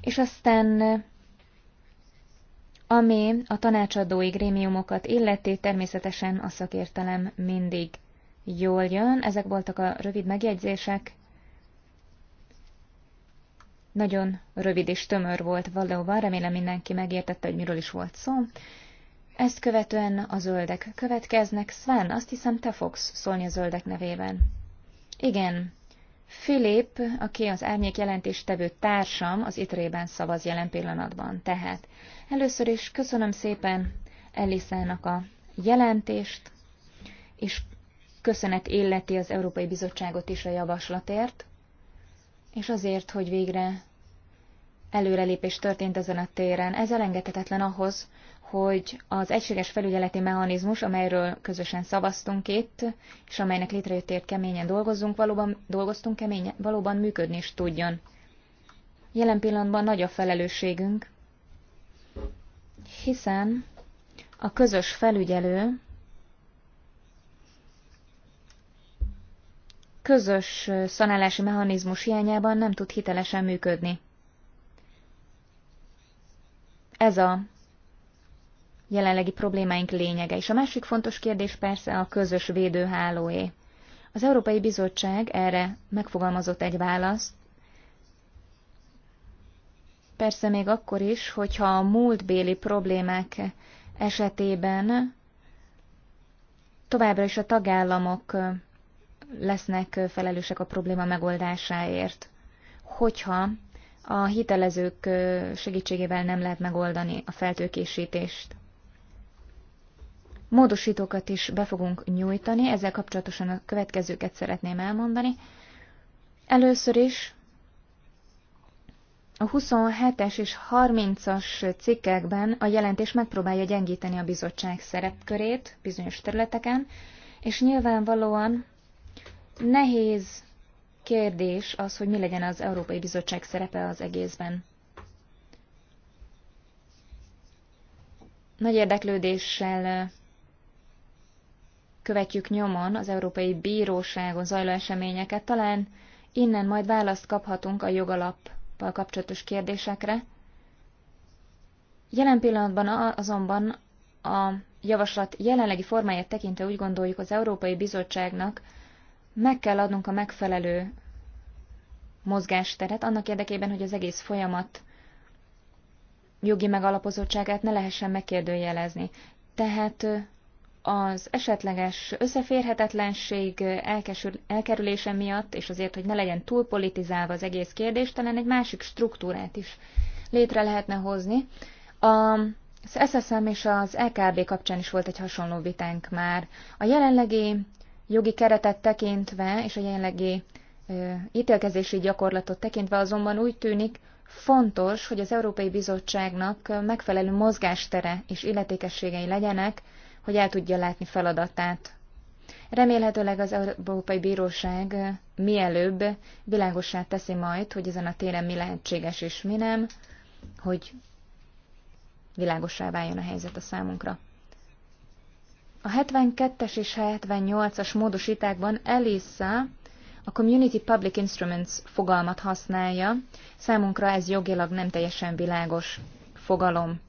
Speaker 3: és aztán ami a tanácsadói grémiumokat illeti, természetesen a szakértelem mindig jól jön. Ezek voltak a rövid megjegyzések. Nagyon rövid és tömör volt valóban, remélem mindenki megértette, hogy miről is volt szó. Ezt követően a zöldek következnek. Sven, azt hiszem, te fogsz szólni a zöldek nevében. Igen. Filip, aki az árnyék tevő társam, az itrében szavaz jelen pillanatban. Tehát először is köszönöm szépen Elisának a jelentést, és köszönet illeti az Európai Bizottságot is a javaslatért, és azért, hogy végre előrelépés történt ezen a téren. Ez elengedhetetlen ahhoz, hogy az egységes felügyeleti mechanizmus, amelyről közösen szavaztunk itt, és amelynek létrejöttért keményen dolgozunk, valóban, dolgoztunk keményen, valóban működni is tudjon. Jelen pillanatban nagy a felelősségünk, hiszen a közös felügyelő közös szanálási mechanizmus hiányában nem tud hitelesen működni. Ez a jelenlegi problémáink lényege. És a másik fontos kérdés persze a közös védőhálóé. Az Európai Bizottság erre megfogalmazott egy választ, persze még akkor is, hogyha a múltbéli problémák esetében továbbra is a tagállamok lesznek felelősek a probléma megoldásáért, hogyha a hitelezők segítségével nem lehet megoldani a feltőkésítést. Módosítókat is be fogunk nyújtani, ezzel kapcsolatosan a következőket szeretném elmondani. Először is a 27-es és 30-as cikkekben a jelentés megpróbálja gyengíteni a bizottság szerepkörét bizonyos területeken, és nyilvánvalóan nehéz kérdés az, hogy mi legyen az Európai Bizottság szerepe az egészben. Nagy érdeklődéssel követjük nyomon az Európai Bíróságon zajló eseményeket, talán innen majd választ kaphatunk a jogalappal kapcsolatos kérdésekre. Jelen pillanatban azonban a javaslat jelenlegi formáját tekintve úgy gondoljuk az Európai Bizottságnak meg kell adnunk a megfelelő mozgásteret annak érdekében, hogy az egész folyamat jogi megalapozottságát ne lehessen megkérdőjelezni. Tehát az esetleges összeférhetetlenség elkerülése miatt, és azért, hogy ne legyen túl politizálva az egész kérdés, talán egy másik struktúrát is létre lehetne hozni. A az SSM és az LKB e kapcsán is volt egy hasonló vitánk már. A jelenlegi jogi keretet tekintve és a jelenlegi ö, ítélkezési gyakorlatot tekintve azonban úgy tűnik, fontos, hogy az Európai Bizottságnak megfelelő mozgástere és illetékességei legyenek hogy el tudja látni feladatát. Remélhetőleg az Európai Bíróság mielőbb világossá teszi majd, hogy ezen a téren mi lehetséges és mi nem, hogy világossá váljon a helyzet a számunkra. A 72-es és 78-as módosításban Elisa a Community Public Instruments fogalmat használja, számunkra ez jogilag nem teljesen világos fogalom.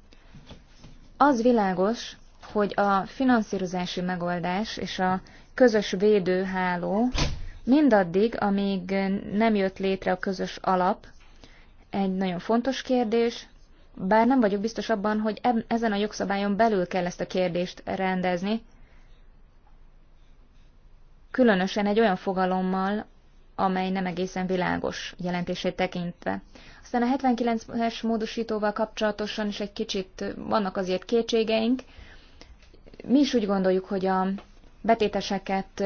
Speaker 3: Az világos, hogy a finanszírozási megoldás és a közös védőháló mindaddig, amíg nem jött létre a közös alap, egy nagyon fontos kérdés, bár nem vagyok biztos abban, hogy ezen a jogszabályon belül kell ezt a kérdést rendezni, különösen egy olyan fogalommal, amely nem egészen világos jelentését tekintve. Aztán a 79-es módosítóval kapcsolatosan is egy kicsit vannak azért kétségeink, mi is úgy gondoljuk, hogy a betéteseket,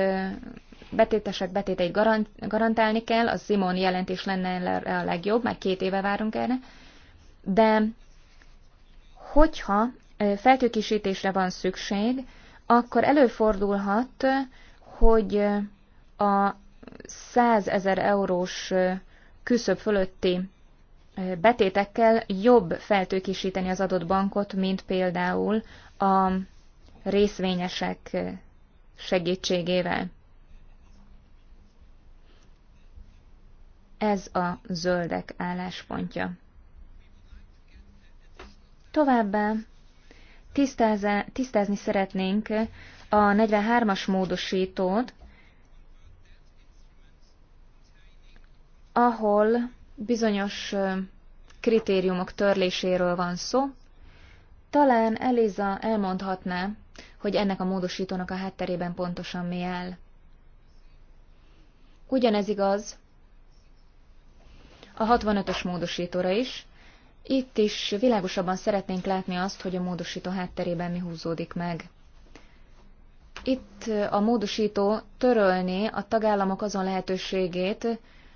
Speaker 3: betétesek betéteit garant, garantálni kell, a Simon jelentés lenne a legjobb, már két éve várunk erre, de hogyha feltőkisítésre van szükség, akkor előfordulhat, hogy a 100 ezer eurós küszöb fölötti betétekkel jobb feltőkisíteni az adott bankot, mint például a részvényesek segítségével. Ez a zöldek álláspontja. Továbbá tisztázni szeretnénk a 43-as módosítót, ahol bizonyos kritériumok törléséről van szó. Talán Eliza elmondhatná, hogy ennek a módosítónak a hátterében pontosan mi áll. Ugyanez igaz a 65-ös módosítóra is. Itt is világosabban szeretnénk látni azt, hogy a módosító hátterében mi húzódik meg. Itt eh, a módosító törölné a tagállamok azon lehetőségét,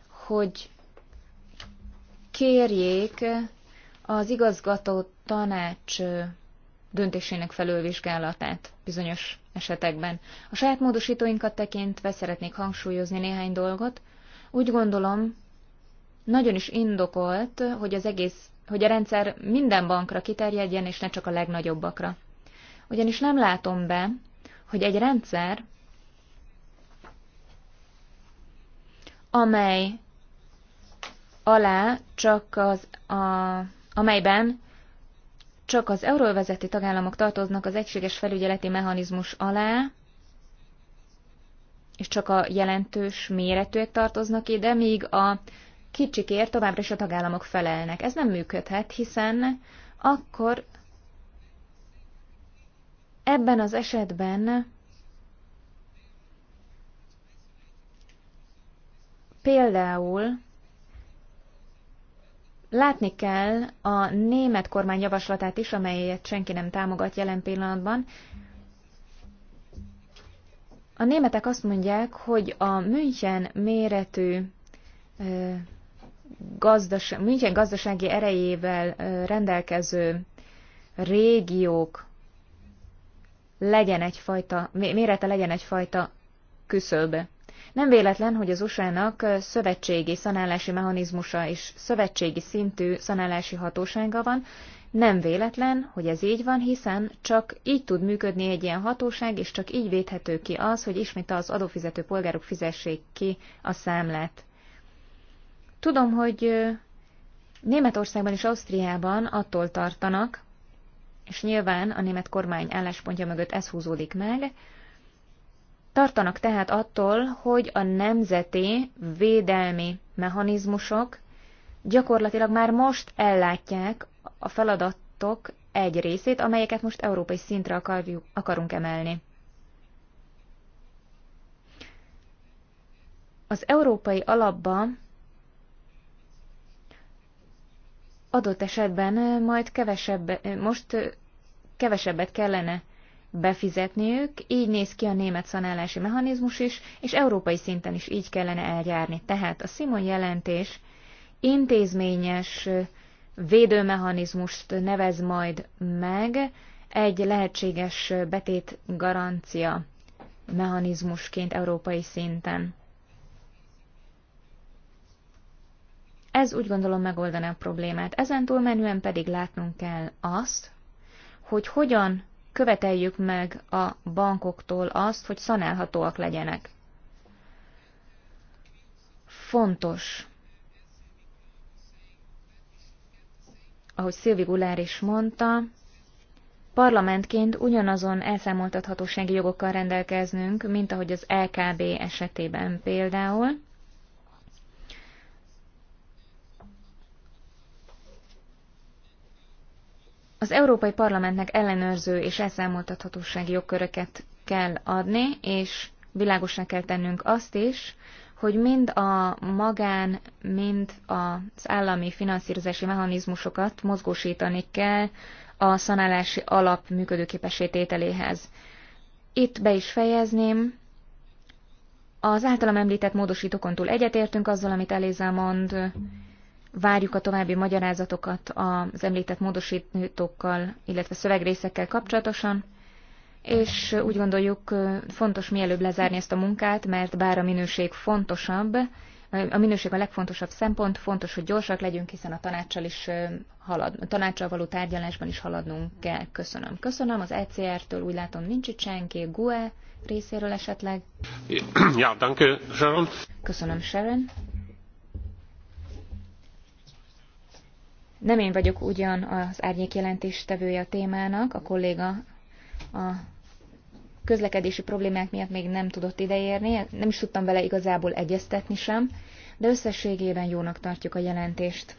Speaker 3: hogy kérjék az igazgató tanács eh, döntésének felülvizsgálatát bizonyos esetekben. A saját módosítóinkat tekintve szeretnék hangsúlyozni néhány dolgot. Úgy gondolom, nagyon is indokolt, hogy az egész, hogy a rendszer minden bankra kiterjedjen, és ne csak a legnagyobbakra. Ugyanis nem látom be, hogy egy rendszer, amely alá csak az, a, amelyben csak az euróvezeti tagállamok tartoznak az egységes felügyeleti mechanizmus alá, és csak a jelentős méretűek tartoznak ide, míg a kicsikért továbbra is a tagállamok felelnek. Ez nem működhet, hiszen akkor ebben az esetben például Látni kell a német kormány javaslatát is, amelyet senki nem támogat jelen pillanatban. A németek azt mondják, hogy a München méretű gazdas, München gazdasági erejével rendelkező régiók legyen egyfajta, mérete legyen egyfajta küszöbe. Nem véletlen, hogy az USA-nak szövetségi szanálási mechanizmusa és szövetségi szintű szanálási hatósága van, nem véletlen, hogy ez így van, hiszen csak így tud működni egy ilyen hatóság, és csak így védhető ki az, hogy ismét az adófizető polgárok fizessék ki a számlát. Tudom, hogy Németországban és Ausztriában attól tartanak, és nyilván a német kormány álláspontja mögött ez húzódik meg, Tartanak tehát attól, hogy a nemzeti védelmi mechanizmusok gyakorlatilag már most ellátják a feladatok egy részét, amelyeket most európai szintre akarjuk, akarunk emelni. Az európai alapba adott esetben majd kevesebb, most kevesebbet kellene befizetniük, így néz ki a német szanálási mechanizmus is, és európai szinten is így kellene eljárni. Tehát a Simon jelentés intézményes védőmechanizmust nevez majd meg egy lehetséges betét garancia mechanizmusként európai szinten. Ez úgy gondolom megoldaná a problémát. Ezen túlmenően pedig látnunk kell azt, hogy hogyan követeljük meg a bankoktól azt, hogy szanálhatóak legyenek. Fontos, ahogy Szilvi Gulár is mondta, parlamentként ugyanazon elszámoltathatósági jogokkal rendelkeznünk, mint ahogy az LKB esetében például, Az Európai Parlamentnek ellenőrző és elszámoltathatósági jogköröket kell adni, és világosra kell tennünk azt is, hogy mind a magán, mind az állami finanszírozási mechanizmusokat mozgósítani kell a szanálási alap működőképessé tételéhez. Itt be is fejezném. Az általam említett módosítókon túl egyetértünk azzal, amit Eliza mond, Várjuk a további magyarázatokat az említett módosítókkal, illetve szövegrészekkel kapcsolatosan, és úgy gondoljuk, fontos mielőbb lezárni ezt a munkát, mert bár a minőség fontosabb, a minőség a legfontosabb szempont, fontos, hogy gyorsak legyünk, hiszen a tanácssal, is halad, a tanácssal való tárgyalásban is haladnunk kell. Köszönöm. Köszönöm, az ECR-től úgy látom nincs itt senki, GUE részéről esetleg.
Speaker 1: Ja, danke, Sharon.
Speaker 3: Köszönöm, Sharon. Nem én vagyok ugyan az árnyék jelentéstevője a témának, a kolléga a közlekedési problémák miatt még nem tudott ideérni, nem is tudtam vele igazából egyeztetni sem, de összességében jónak tartjuk a jelentést.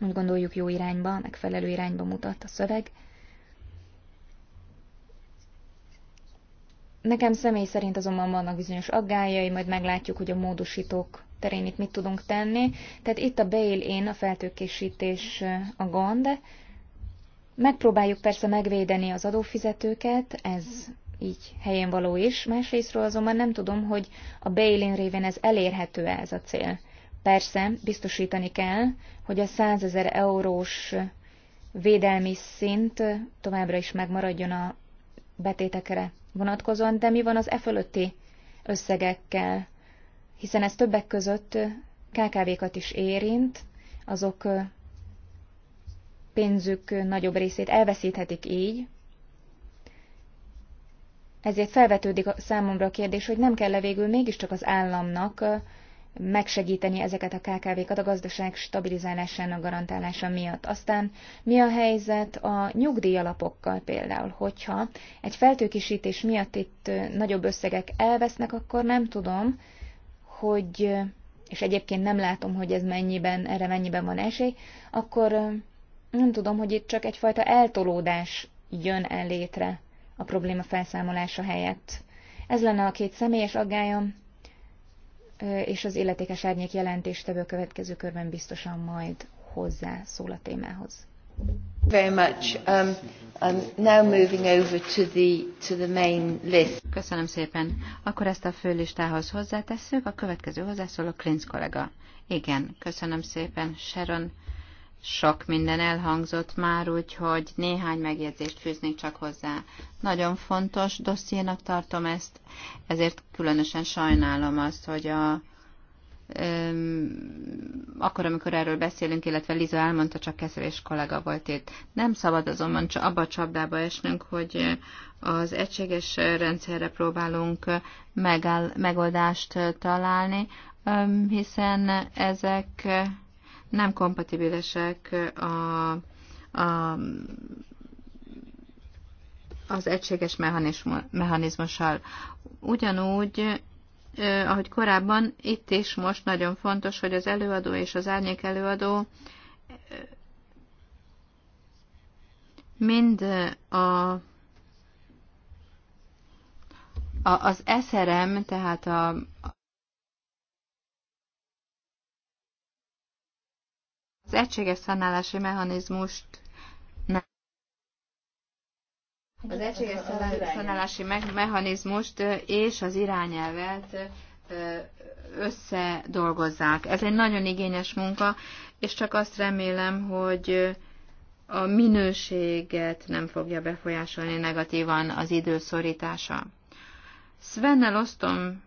Speaker 3: Úgy gondoljuk jó irányba, megfelelő irányba mutat a szöveg. Nekem személy szerint azonban vannak bizonyos aggályai, majd meglátjuk, hogy a módosítók terén itt mit tudunk tenni. Tehát itt a bail-in, a feltőkésítés eh, a gond. Megpróbáljuk persze megvédeni az adófizetőket, ez így helyén való is. Másrésztről azonban nem tudom, hogy a bail-in révén ez elérhető -e ez a cél. Persze, biztosítani kell, hogy a 100 ezer eurós védelmi szint eh, továbbra is megmaradjon a betétekre vonatkozóan, de mi van az e fölötti összegekkel? hiszen ez többek között KKV-kat is érint, azok pénzük nagyobb részét elveszíthetik így, ezért felvetődik a számomra a kérdés, hogy nem kell-e végül mégiscsak az államnak megsegíteni ezeket a KKV-kat a gazdaság stabilizálásának garantálása miatt. Aztán mi a helyzet a nyugdíjalapokkal például, hogyha egy feltőkisítés miatt itt nagyobb összegek elvesznek, akkor nem tudom, hogy, és egyébként nem látom, hogy ez mennyiben, erre mennyiben van esély, akkor nem tudom, hogy itt csak egyfajta eltolódás jön el létre a probléma felszámolása helyett. Ez lenne a két személyes aggályom, és az illetékes árnyék jelentéstevő a következő körben biztosan majd szól a témához.
Speaker 4: Köszönöm szépen. Akkor ezt a főlistához hozzátesszük. A következő hozzászóló Klinz kollega. Igen, köszönöm szépen, Sharon. Sok minden elhangzott már, úgyhogy néhány megjegyzést fűznék csak hozzá. Nagyon fontos dossziénak tartom ezt, ezért különösen sajnálom azt, hogy a akkor, amikor erről beszélünk, illetve Liza elmondta, csak kezelés kollega volt itt. Nem szabad azonban csak abba a csapdába esnünk, hogy az egységes rendszerre próbálunk megáll, megoldást találni, hiszen ezek nem kompatibilisek a, a, az egységes mechanizmussal. Ugyanúgy ahogy korábban, itt is most nagyon fontos, hogy az előadó és az árnyék előadó mind a a, az SRM, tehát a, az egységes szanálási mechanizmust az egységes szállási mechanizmust és az irányelvet összedolgozzák. Ez egy nagyon igényes munka, és csak azt remélem, hogy a minőséget nem fogja befolyásolni negatívan az időszorítása. Svennel osztom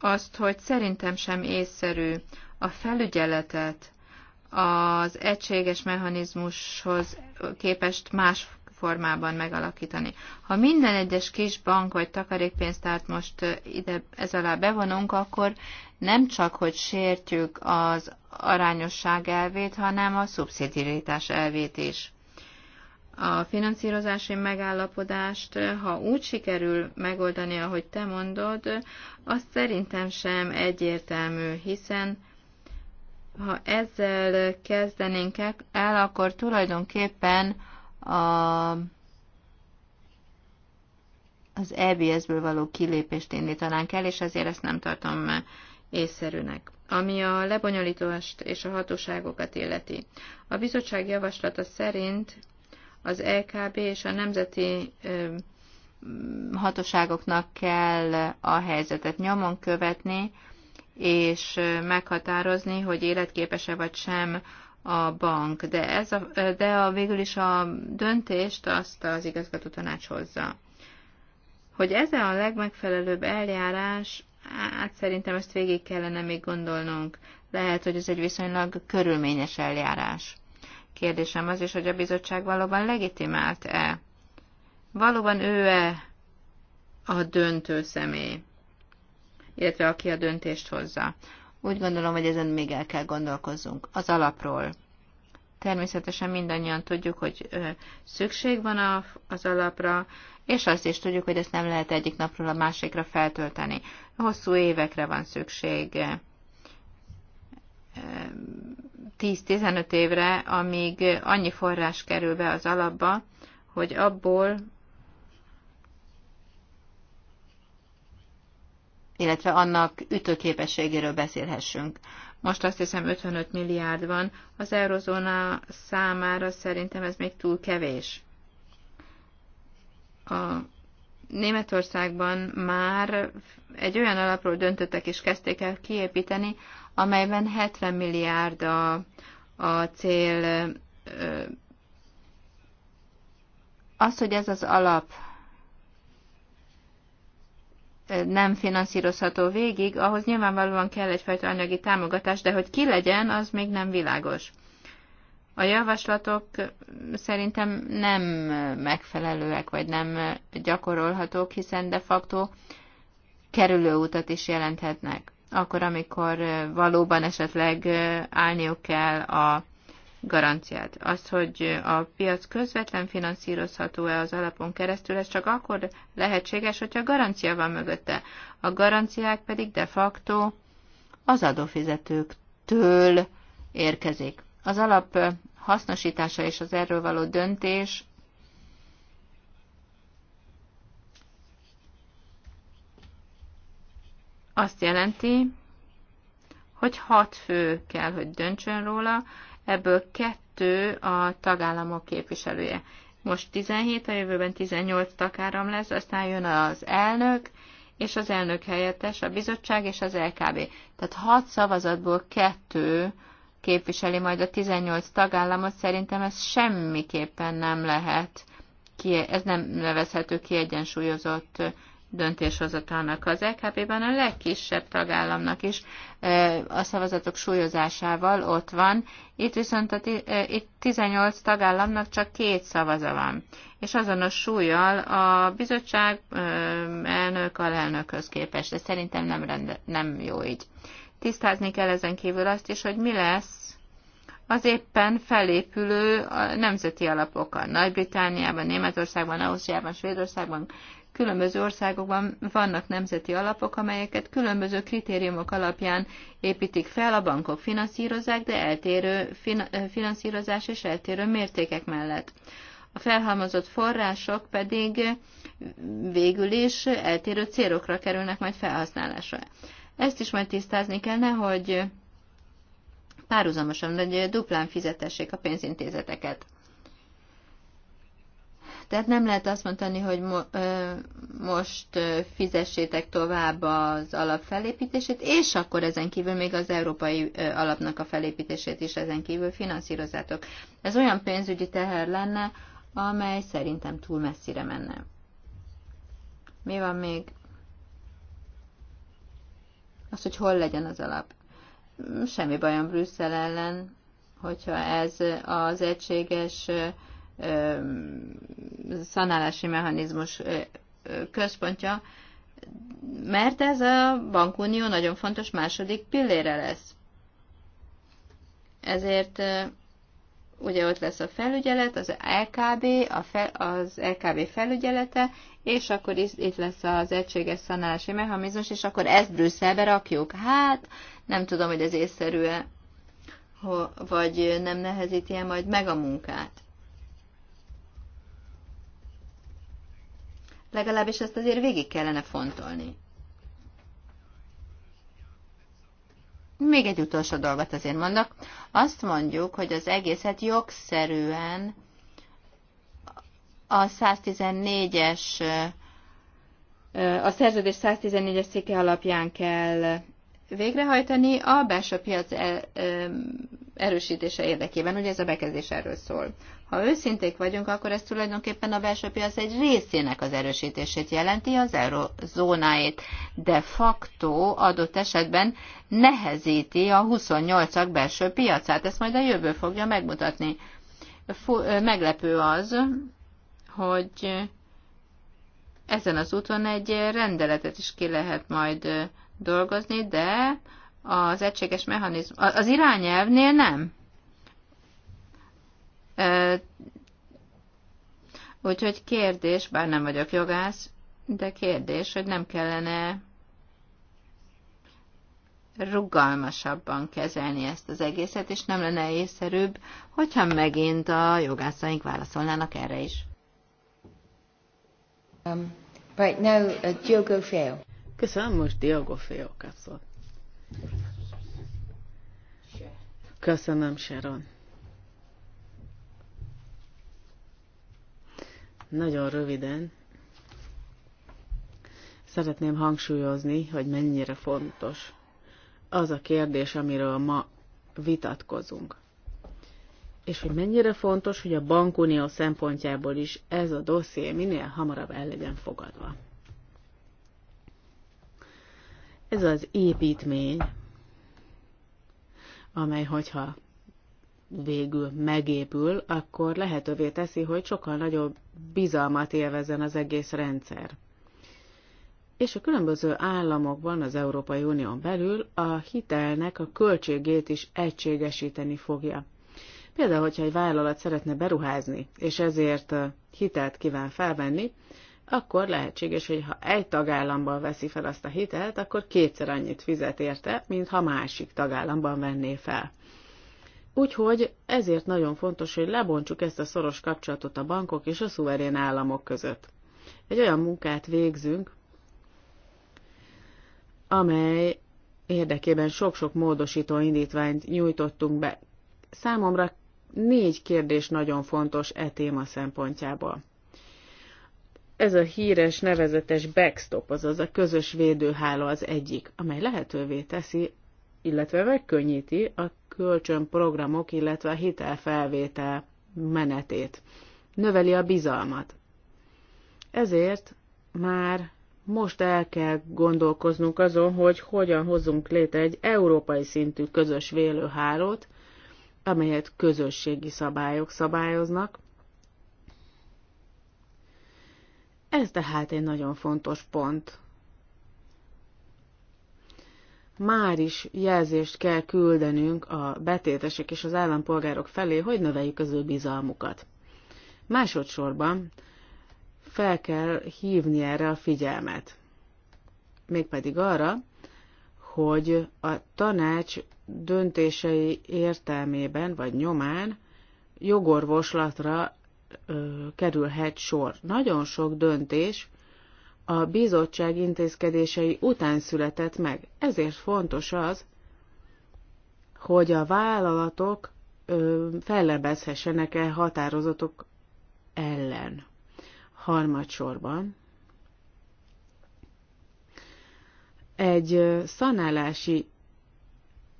Speaker 4: azt, hogy szerintem sem észszerű a felügyeletet az egységes mechanizmushoz képest más formában megalakítani. Ha minden egyes kis bank vagy takarékpénztárt most ide ez alá bevonunk, akkor nem csak, hogy sértjük az arányosság elvét, hanem a szubszidiaritás elvét is. A finanszírozási megállapodást, ha úgy sikerül megoldani, ahogy te mondod, azt szerintem sem egyértelmű, hiszen ha ezzel kezdenénk el, akkor tulajdonképpen a, az EBS-ből való kilépést indítanánk el, és ezért ezt nem tartom észszerűnek. Ami a lebonyolítást és a hatóságokat illeti. A bizottság javaslata szerint az LKB e és a nemzeti hatóságoknak kell a helyzetet nyomon követni, és meghatározni, hogy életképes-e vagy sem a bank, de, ez a, de a végül is a döntést azt az igazgató tanács hozza. Hogy ez a legmegfelelőbb eljárás, hát szerintem ezt végig kellene még gondolnunk. Lehet, hogy ez egy viszonylag körülményes eljárás. Kérdésem az is, hogy a bizottság valóban legitimált-e? Valóban ő-e a döntő személy? Illetve aki a döntést hozza. Úgy gondolom, hogy ezen még el kell gondolkozzunk. Az alapról. Természetesen mindannyian tudjuk, hogy szükség van az alapra, és azt is tudjuk, hogy ezt nem lehet egyik napról a másikra feltölteni. Hosszú évekre van szükség. 10-15 évre, amíg annyi forrás kerül be az alapba, hogy abból illetve annak ütőképességéről beszélhessünk. Most azt hiszem 55 milliárd van, az eurozóna számára szerintem ez még túl kevés. A Németországban már egy olyan alapról döntöttek és kezdték el kiépíteni, amelyben 70 milliárd a, a cél. Az, hogy ez az alap nem finanszírozható végig, ahhoz nyilvánvalóan kell egyfajta anyagi támogatás, de hogy ki legyen, az még nem világos. A javaslatok szerintem nem megfelelőek, vagy nem gyakorolhatók, hiszen de facto kerülőutat is jelenthetnek. Akkor, amikor valóban esetleg állniuk kell a garanciát. Az, hogy a piac közvetlen finanszírozható-e az alapon keresztül, ez csak akkor lehetséges, hogyha garancia van mögötte. A garanciák pedig de facto az adófizetőktől érkezik. Az alap hasznosítása és az erről való döntés azt jelenti, hogy hat fő kell, hogy döntsön róla, ebből kettő a tagállamok képviselője. Most 17, a jövőben 18 tagáram lesz, aztán jön az elnök, és az elnök helyettes, a bizottság és az LKB. Tehát hat szavazatból kettő képviseli majd a 18 tagállamot, szerintem ez semmiképpen nem lehet, ez nem nevezhető kiegyensúlyozott döntéshozatalnak. Az LKP-ben a legkisebb tagállamnak is eh, a szavazatok súlyozásával ott van, itt viszont a eh, itt 18 tagállamnak csak két szavaza van, és azonos súlyjal a bizottság eh, elnök alelnökhöz képest, de szerintem nem, rende, nem jó így. Tisztázni kell ezen kívül azt is, hogy mi lesz az éppen felépülő nemzeti alapokkal. Nagy-Britániában, Németországban, Ausztriában, Svédországban, különböző országokban vannak nemzeti alapok, amelyeket különböző kritériumok alapján építik fel, a bankok finanszírozzák, de eltérő fin- finanszírozás és eltérő mértékek mellett. A felhalmozott források pedig végül is eltérő célokra kerülnek majd felhasználásra. Ezt is majd tisztázni kell, nehogy párhuzamosan, vagy duplán fizetessék a pénzintézeteket. Tehát nem lehet azt mondani, hogy mo, ö, most fizessétek tovább az alap felépítését, és akkor ezen kívül még az európai alapnak a felépítését is ezen kívül finanszírozátok. Ez olyan pénzügyi teher lenne, amely szerintem túl messzire menne. Mi van még? Az, hogy hol legyen az alap. Semmi bajom Brüsszel ellen, hogyha ez az egységes szanálási mechanizmus központja, mert ez a bankunió nagyon fontos második pillére lesz. Ezért ugye ott lesz a felügyelet, az LKB, a fe, az LKB felügyelete, és akkor itt lesz az egységes szanálási mechanizmus, és akkor ezt Brüsszelbe rakjuk. Hát, nem tudom, hogy ez észszerű-e, vagy nem nehezíti -e majd meg a munkát. Legalábbis ezt azért végig kellene fontolni. Még egy utolsó dolgot azért mondok. Azt mondjuk, hogy az egészet jogszerűen a 114-es, a szerződés 114-es cikke alapján kell végrehajtani a belső piac erősítése érdekében, ugye ez a bekezdés erről szól. Ha őszinték vagyunk, akkor ez tulajdonképpen a belső piac egy részének az erősítését jelenti, az eurozónáét de facto adott esetben nehezíti a 28-ak belső piacát. Ezt majd a jövő fogja megmutatni. Meglepő az, hogy ezen az úton egy rendeletet is ki lehet majd dolgozni, de az egységes mechanizmus, az irányelvnél nem. Úgyhogy kérdés, bár nem vagyok jogász, de kérdés, hogy nem kellene rugalmasabban kezelni ezt az egészet, és nem lenne észszerűbb, hogyha megint a jogászaink válaszolnának
Speaker 2: erre is. Um, right now, uh, Diogo Feo. Köszönöm, most Diogo Feo kapszol. Köszönöm, Sharon. Nagyon röviden szeretném hangsúlyozni, hogy mennyire fontos az a kérdés, amiről ma vitatkozunk. És hogy mennyire fontos, hogy a bankunió szempontjából is ez a dosszié minél hamarabb el legyen fogadva. Ez az építmény, amely, hogyha végül megépül, akkor lehetővé teszi, hogy sokkal nagyobb bizalmat élvezzen az egész rendszer. És a különböző államokban, az Európai Unión belül a hitelnek a költségét is egységesíteni fogja. Például, hogyha egy vállalat szeretne beruházni, és ezért hitelt kíván felvenni, akkor lehetséges, hogy ha egy tagállamban veszi fel azt a hitelt, akkor kétszer annyit fizet érte, mint ha másik tagállamban venné fel. Úgyhogy ezért nagyon fontos, hogy lebontsuk ezt a szoros kapcsolatot a bankok és a szuverén államok között. Egy olyan munkát végzünk, amely érdekében sok-sok módosító indítványt nyújtottunk be. Számomra négy kérdés nagyon fontos e téma szempontjából. Ez a híres, nevezetes backstop, azaz a közös védőháló az egyik, amely lehetővé teszi illetve megkönnyíti a kölcsönprogramok, illetve a hitelfelvétel menetét. Növeli a bizalmat. Ezért már most el kell gondolkoznunk azon, hogy hogyan hozzunk létre egy európai szintű közös vélőhálót, amelyet közösségi szabályok szabályoznak. Ez tehát egy nagyon fontos pont már is jelzést kell küldenünk a betétesek és az állampolgárok felé, hogy növeljük az ő bizalmukat. Másodszorban fel kell hívni erre a figyelmet. Mégpedig arra, hogy a tanács döntései értelmében vagy nyomán jogorvoslatra ö, kerülhet sor. Nagyon sok döntés a bizottság intézkedései után született meg. Ezért fontos az, hogy a vállalatok fellebezhessenek-e határozatok ellen. Harmadsorban egy szanálási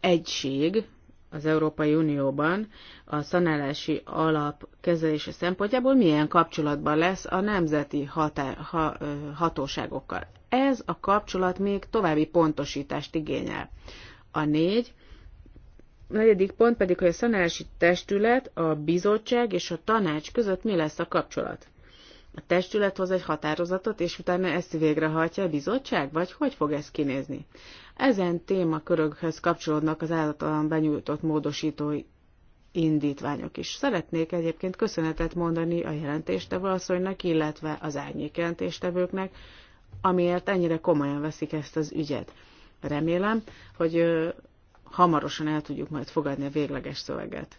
Speaker 2: egység az Európai Unióban a szanálási alap kezelése szempontjából milyen kapcsolatban lesz a nemzeti hatá- ha, hatóságokkal. Ez a kapcsolat még további pontosítást igényel. A négy, a negyedik pont pedig, hogy a szanálási testület, a bizottság és a tanács között mi lesz a kapcsolat. A testület hoz egy határozatot, és utána ezt végrehajtja a bizottság, vagy hogy fog ez kinézni? Ezen témakörökhöz kapcsolódnak az állatalan benyújtott módosítói indítványok is. Szeretnék egyébként köszönetet mondani a jelentéstevő asszonynak, illetve az árnyék jelentéstevőknek, amiért ennyire komolyan veszik ezt az ügyet. Remélem, hogy ö, hamarosan el tudjuk majd fogadni a végleges szöveget.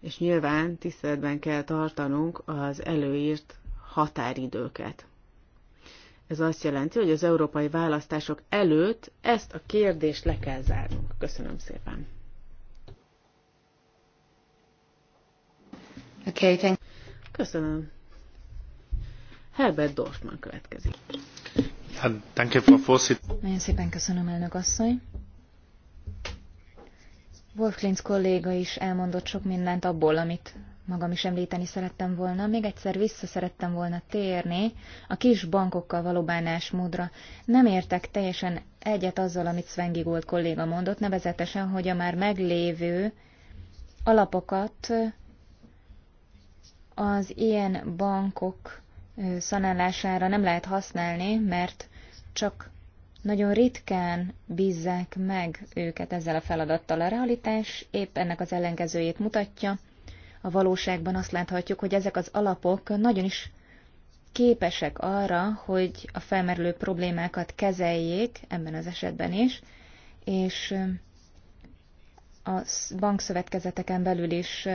Speaker 2: És nyilván tiszteletben kell tartanunk az előírt határidőket. Ez azt jelenti, hogy az európai választások előtt ezt a kérdést le kell zárnunk. Köszönöm szépen. Okay, thank Köszönöm. Herbert Dorfman következik.
Speaker 1: Thank you for
Speaker 3: Nagyon szépen köszönöm, elnök asszony. Wolf Klintz kolléga is elmondott sok mindent abból, amit magam is említeni szerettem volna, még egyszer vissza szerettem volna térni a kis bankokkal való bánásmódra. Nem értek teljesen egyet azzal, amit Sven Gigold kolléga mondott, nevezetesen, hogy a már meglévő alapokat az ilyen bankok szanálására nem lehet használni, mert csak nagyon ritkán bízzák meg őket ezzel a feladattal. A realitás épp ennek az ellenkezőjét mutatja, a valóságban azt láthatjuk, hogy ezek az alapok nagyon is képesek arra, hogy a felmerülő problémákat kezeljék, ebben az esetben is, és a bankszövetkezeteken belül is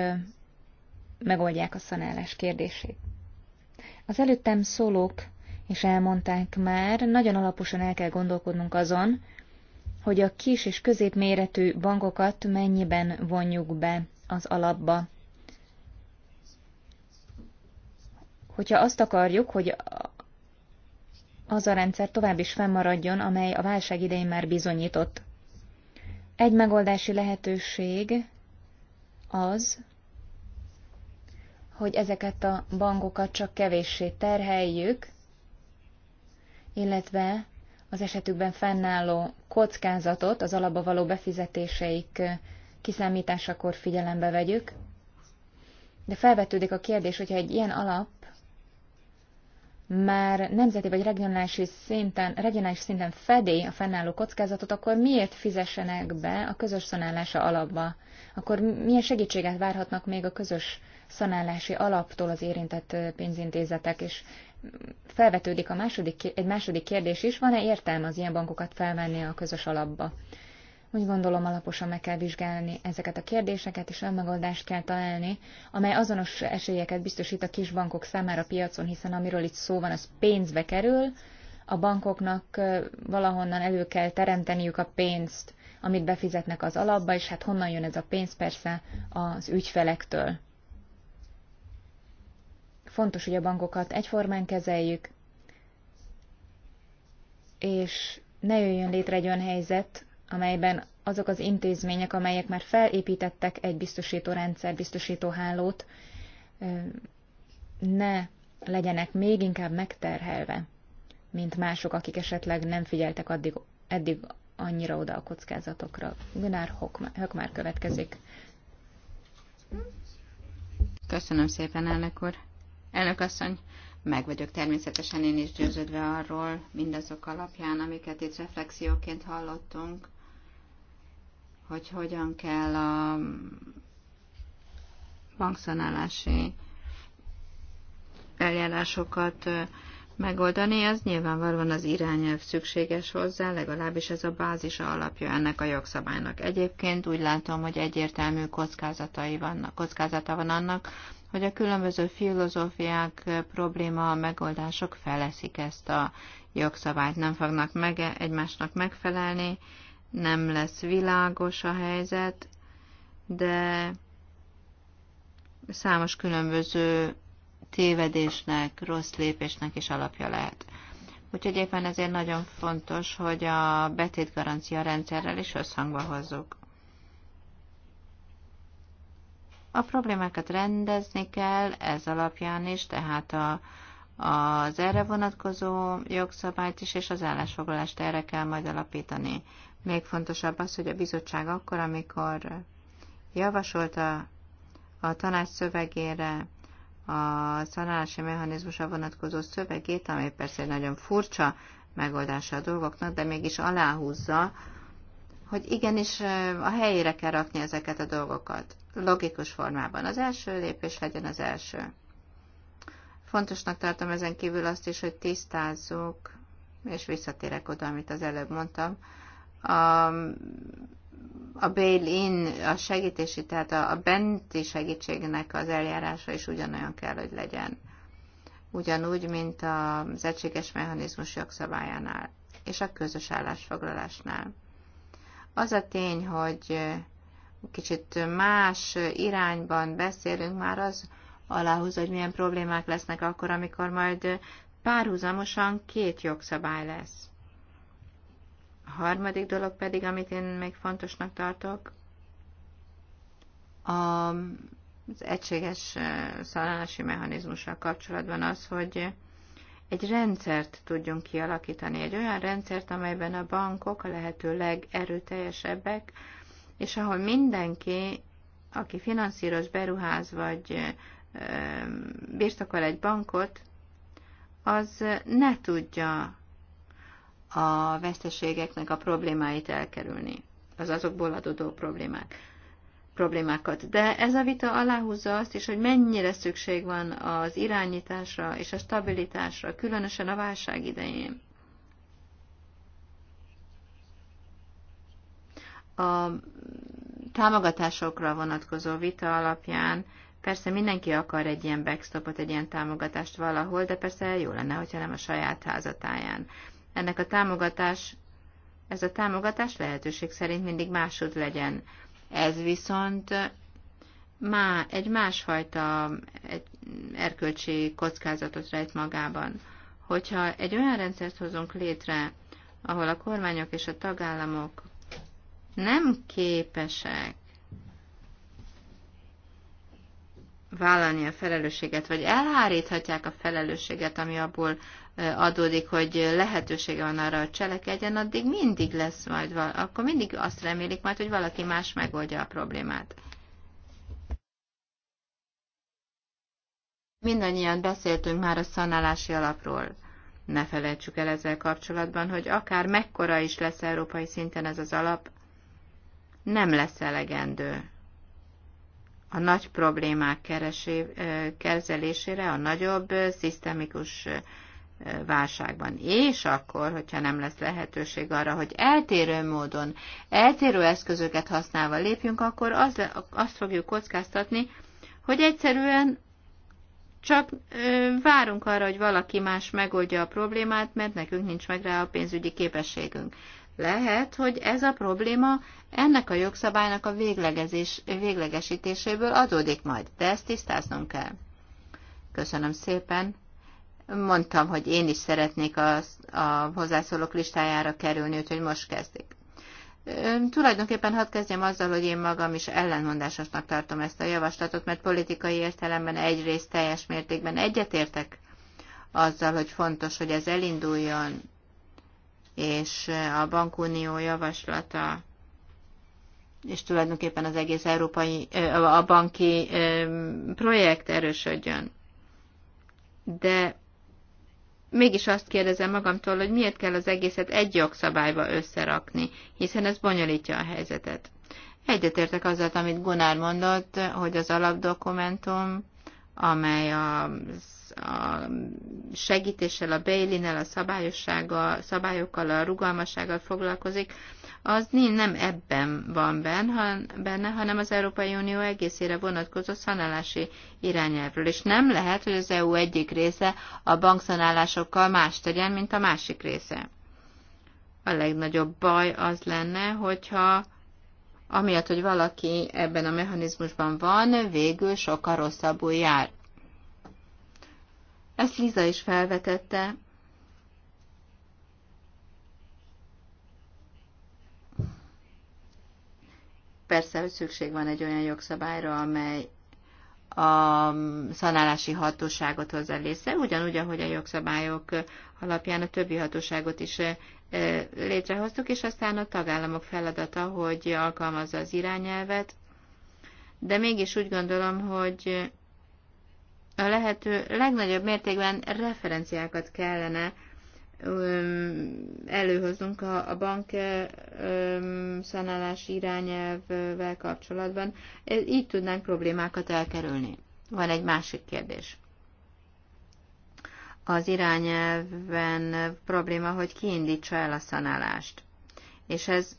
Speaker 3: megoldják a szanálás kérdését. Az előttem szólók és elmondták már, nagyon alaposan el kell gondolkodnunk azon, hogy a kis és középméretű bankokat mennyiben vonjuk be az alapba. hogyha azt akarjuk, hogy az a rendszer tovább is fennmaradjon, amely a válság idején már bizonyított. Egy megoldási lehetőség az, hogy ezeket a bankokat csak kevéssé terheljük, illetve az esetükben fennálló kockázatot az alapba való befizetéseik kiszámításakor figyelembe vegyük. De felvetődik a kérdés, hogyha egy ilyen alap már nemzeti vagy regionális szinten, regionális szinten fedi a fennálló kockázatot, akkor miért fizessenek be a közös szanálása alapba? Akkor milyen segítséget várhatnak még a közös szanálási alaptól az érintett pénzintézetek, és felvetődik a második, egy második kérdés is, van-e értelme az ilyen bankokat felvenni a közös alapba? Úgy gondolom alaposan meg kell vizsgálni ezeket a kérdéseket, és olyan megoldást kell találni, amely azonos esélyeket biztosít a kis bankok számára a piacon, hiszen amiről itt szó van, az pénzbe kerül, a bankoknak valahonnan elő kell teremteniük a pénzt, amit befizetnek az alapba, és hát honnan jön ez a pénz persze az ügyfelektől. Fontos, hogy a bankokat egyformán kezeljük, és ne jöjjön létre egy olyan helyzet, amelyben azok az intézmények, amelyek már felépítettek egy biztosító rendszer, biztosító hálót, ne legyenek még inkább megterhelve, mint mások, akik esetleg nem figyeltek addig, eddig annyira oda a kockázatokra. Gunnar már következik.
Speaker 4: Köszönöm szépen, elnök úr. Elnök asszony, meg vagyok természetesen én is győződve arról, mindazok alapján, amiket itt reflexióként hallottunk, hogy hogyan kell a bankszanálási eljárásokat megoldani, az nyilvánvalóan az irányelv szükséges hozzá, legalábbis ez a bázis alapja ennek a jogszabálynak. Egyébként úgy látom, hogy egyértelmű kockázatai vannak, kockázata van annak, hogy a különböző filozófiák, probléma, megoldások feleszik ezt a jogszabályt, nem fognak meg egymásnak megfelelni, nem lesz világos a helyzet, de számos különböző tévedésnek, rossz lépésnek is alapja lehet. Úgyhogy éppen ezért nagyon fontos, hogy a betétgarancia rendszerrel is összhangba hozzuk. A problémákat rendezni kell ez alapján is, tehát a, az erre vonatkozó jogszabályt is, és az állásfoglalást erre kell majd alapítani. Még fontosabb az, hogy a bizottság akkor, amikor javasolta a tanács szövegére a tanácsi mechanizmusra vonatkozó szövegét, ami persze egy nagyon furcsa megoldása a dolgoknak, de mégis aláhúzza, hogy igenis a helyére kell rakni ezeket a dolgokat. Logikus formában. Az első lépés legyen az első. Fontosnak tartom ezen kívül azt is, hogy tisztázzuk, és visszatérek oda, amit az előbb mondtam, a, a bail-in, a segítési, tehát a, a benti segítségnek az eljárása is ugyanolyan kell, hogy legyen. Ugyanúgy, mint az egységes mechanizmus jogszabályánál és a közös állásfoglalásnál. Az a tény, hogy kicsit más irányban beszélünk már, az aláhúz, hogy milyen problémák lesznek akkor, amikor majd párhuzamosan két jogszabály lesz. A harmadik dolog pedig, amit én még fontosnak tartok, a, az egységes szállási mechanizmussal kapcsolatban az, hogy egy rendszert tudjunk kialakítani, egy olyan rendszert, amelyben a bankok a lehető legerőteljesebbek, és ahol mindenki, aki finanszíroz, beruház vagy birtokol egy bankot, az ne tudja a veszteségeknek a problémáit elkerülni, az azokból adódó problémák, problémákat. De ez a vita aláhúzza azt is, hogy mennyire szükség van az irányításra és a stabilitásra, különösen a válság idején. A támogatásokra vonatkozó vita alapján Persze mindenki akar egy ilyen backstopot, egy ilyen támogatást valahol, de persze jó lenne, hogyha nem a saját házatáján ennek a támogatás, ez a támogatás lehetőség szerint mindig másod legyen. Ez viszont má, egy másfajta egy erkölcsi kockázatot rejt magában. Hogyha egy olyan rendszert hozunk létre, ahol a kormányok és a tagállamok nem képesek vállalni a felelősséget, vagy elháríthatják a felelősséget, ami abból adódik, hogy lehetősége van arra, hogy cselekedjen, addig mindig lesz majd, akkor mindig azt remélik majd, hogy valaki más megoldja a problémát. Mindannyian beszéltünk már a szanálási alapról. Ne felejtsük el ezzel kapcsolatban, hogy akár mekkora is lesz európai szinten ez az alap, nem lesz elegendő a nagy problémák keresé, kezelésére a nagyobb szisztemikus válságban. És akkor, hogyha nem lesz lehetőség arra, hogy eltérő módon, eltérő eszközöket használva lépjünk, akkor az, azt fogjuk kockáztatni, hogy egyszerűen csak ö, várunk arra, hogy valaki más megoldja a problémát, mert nekünk nincs meg rá a pénzügyi képességünk. Lehet, hogy ez a probléma ennek a jogszabálynak a véglegezés, véglegesítéséből adódik majd, de ezt tisztáznom kell. Köszönöm szépen. Mondtam, hogy én is szeretnék a, a hozzászólók listájára kerülni, úgyhogy most kezdik. Tulajdonképpen hadd kezdjem azzal, hogy én magam is ellenmondásosnak tartom ezt a javaslatot, mert politikai értelemben egyrészt teljes mértékben egyetértek azzal, hogy fontos, hogy ez elinduljon és a bankunió javaslata, és tulajdonképpen az egész európai, a banki projekt erősödjön. De mégis azt kérdezem magamtól, hogy miért kell az egészet egy jogszabályba összerakni, hiszen ez bonyolítja a helyzetet. Egyetértek azzal, amit Gunár mondott, hogy az alapdokumentum amely a, a segítéssel, a bélinel, a szabályossággal, szabályokkal, a rugalmassággal foglalkozik, az nem ebben van benne, hanem az Európai Unió egészére vonatkozó szanálási irányelvről. És nem lehet, hogy az EU egyik része a bankszanálásokkal más tegyen, mint a másik része. A legnagyobb baj az lenne, hogyha amiatt, hogy valaki ebben a mechanizmusban van, végül sokkal rosszabbul jár. Ezt Liza is felvetette. Persze, hogy szükség van egy olyan jogszabályra, amely a szanálási hatóságot hozzá része, ugyanúgy, ahogy a jogszabályok alapján a többi hatóságot is létrehoztuk, és aztán a tagállamok feladata, hogy alkalmazza az irányelvet, de mégis úgy gondolom, hogy a lehető legnagyobb mértékben referenciákat kellene előhozunk a, a bank szanálás irányelvvel kapcsolatban. Így tudnánk problémákat elkerülni. Van egy másik kérdés az irányelven probléma, hogy kiindítsa el a szanálást. És ez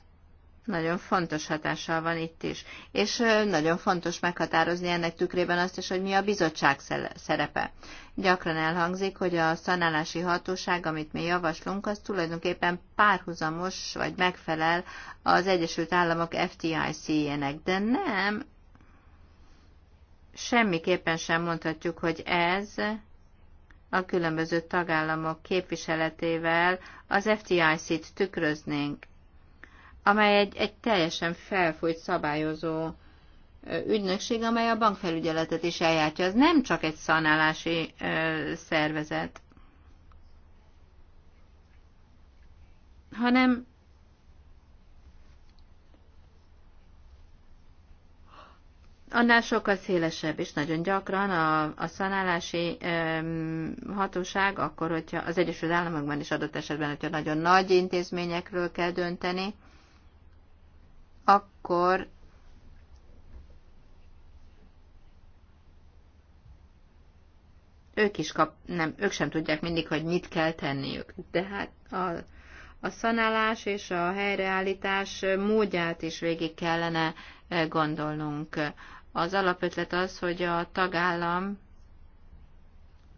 Speaker 4: nagyon fontos hatással van itt is. És nagyon fontos meghatározni ennek tükrében azt is, hogy mi a bizottság szerepe. Gyakran elhangzik, hogy a szanálási hatóság, amit mi javaslunk, az tulajdonképpen párhuzamos, vagy megfelel az Egyesült Államok FTIC-jének, de nem, semmiképpen sem mondhatjuk, hogy ez a különböző tagállamok képviseletével az FTIC-t tükröznénk, amely egy, egy teljesen felfújt szabályozó ügynökség, amely a bankfelügyeletet is eljártja. Ez nem csak egy szanálási szervezet, hanem annál sokkal szélesebb, és nagyon gyakran a, a szanálási um, hatóság, akkor, hogyha az Egyesült Államokban is adott esetben, hogyha nagyon nagy intézményekről kell dönteni, akkor ők is kap, nem, ők sem tudják mindig, hogy mit kell tenniük. De hát a, a szanálás és a helyreállítás módját is végig kellene eh, gondolnunk. Az alapötlet az, hogy a tagállam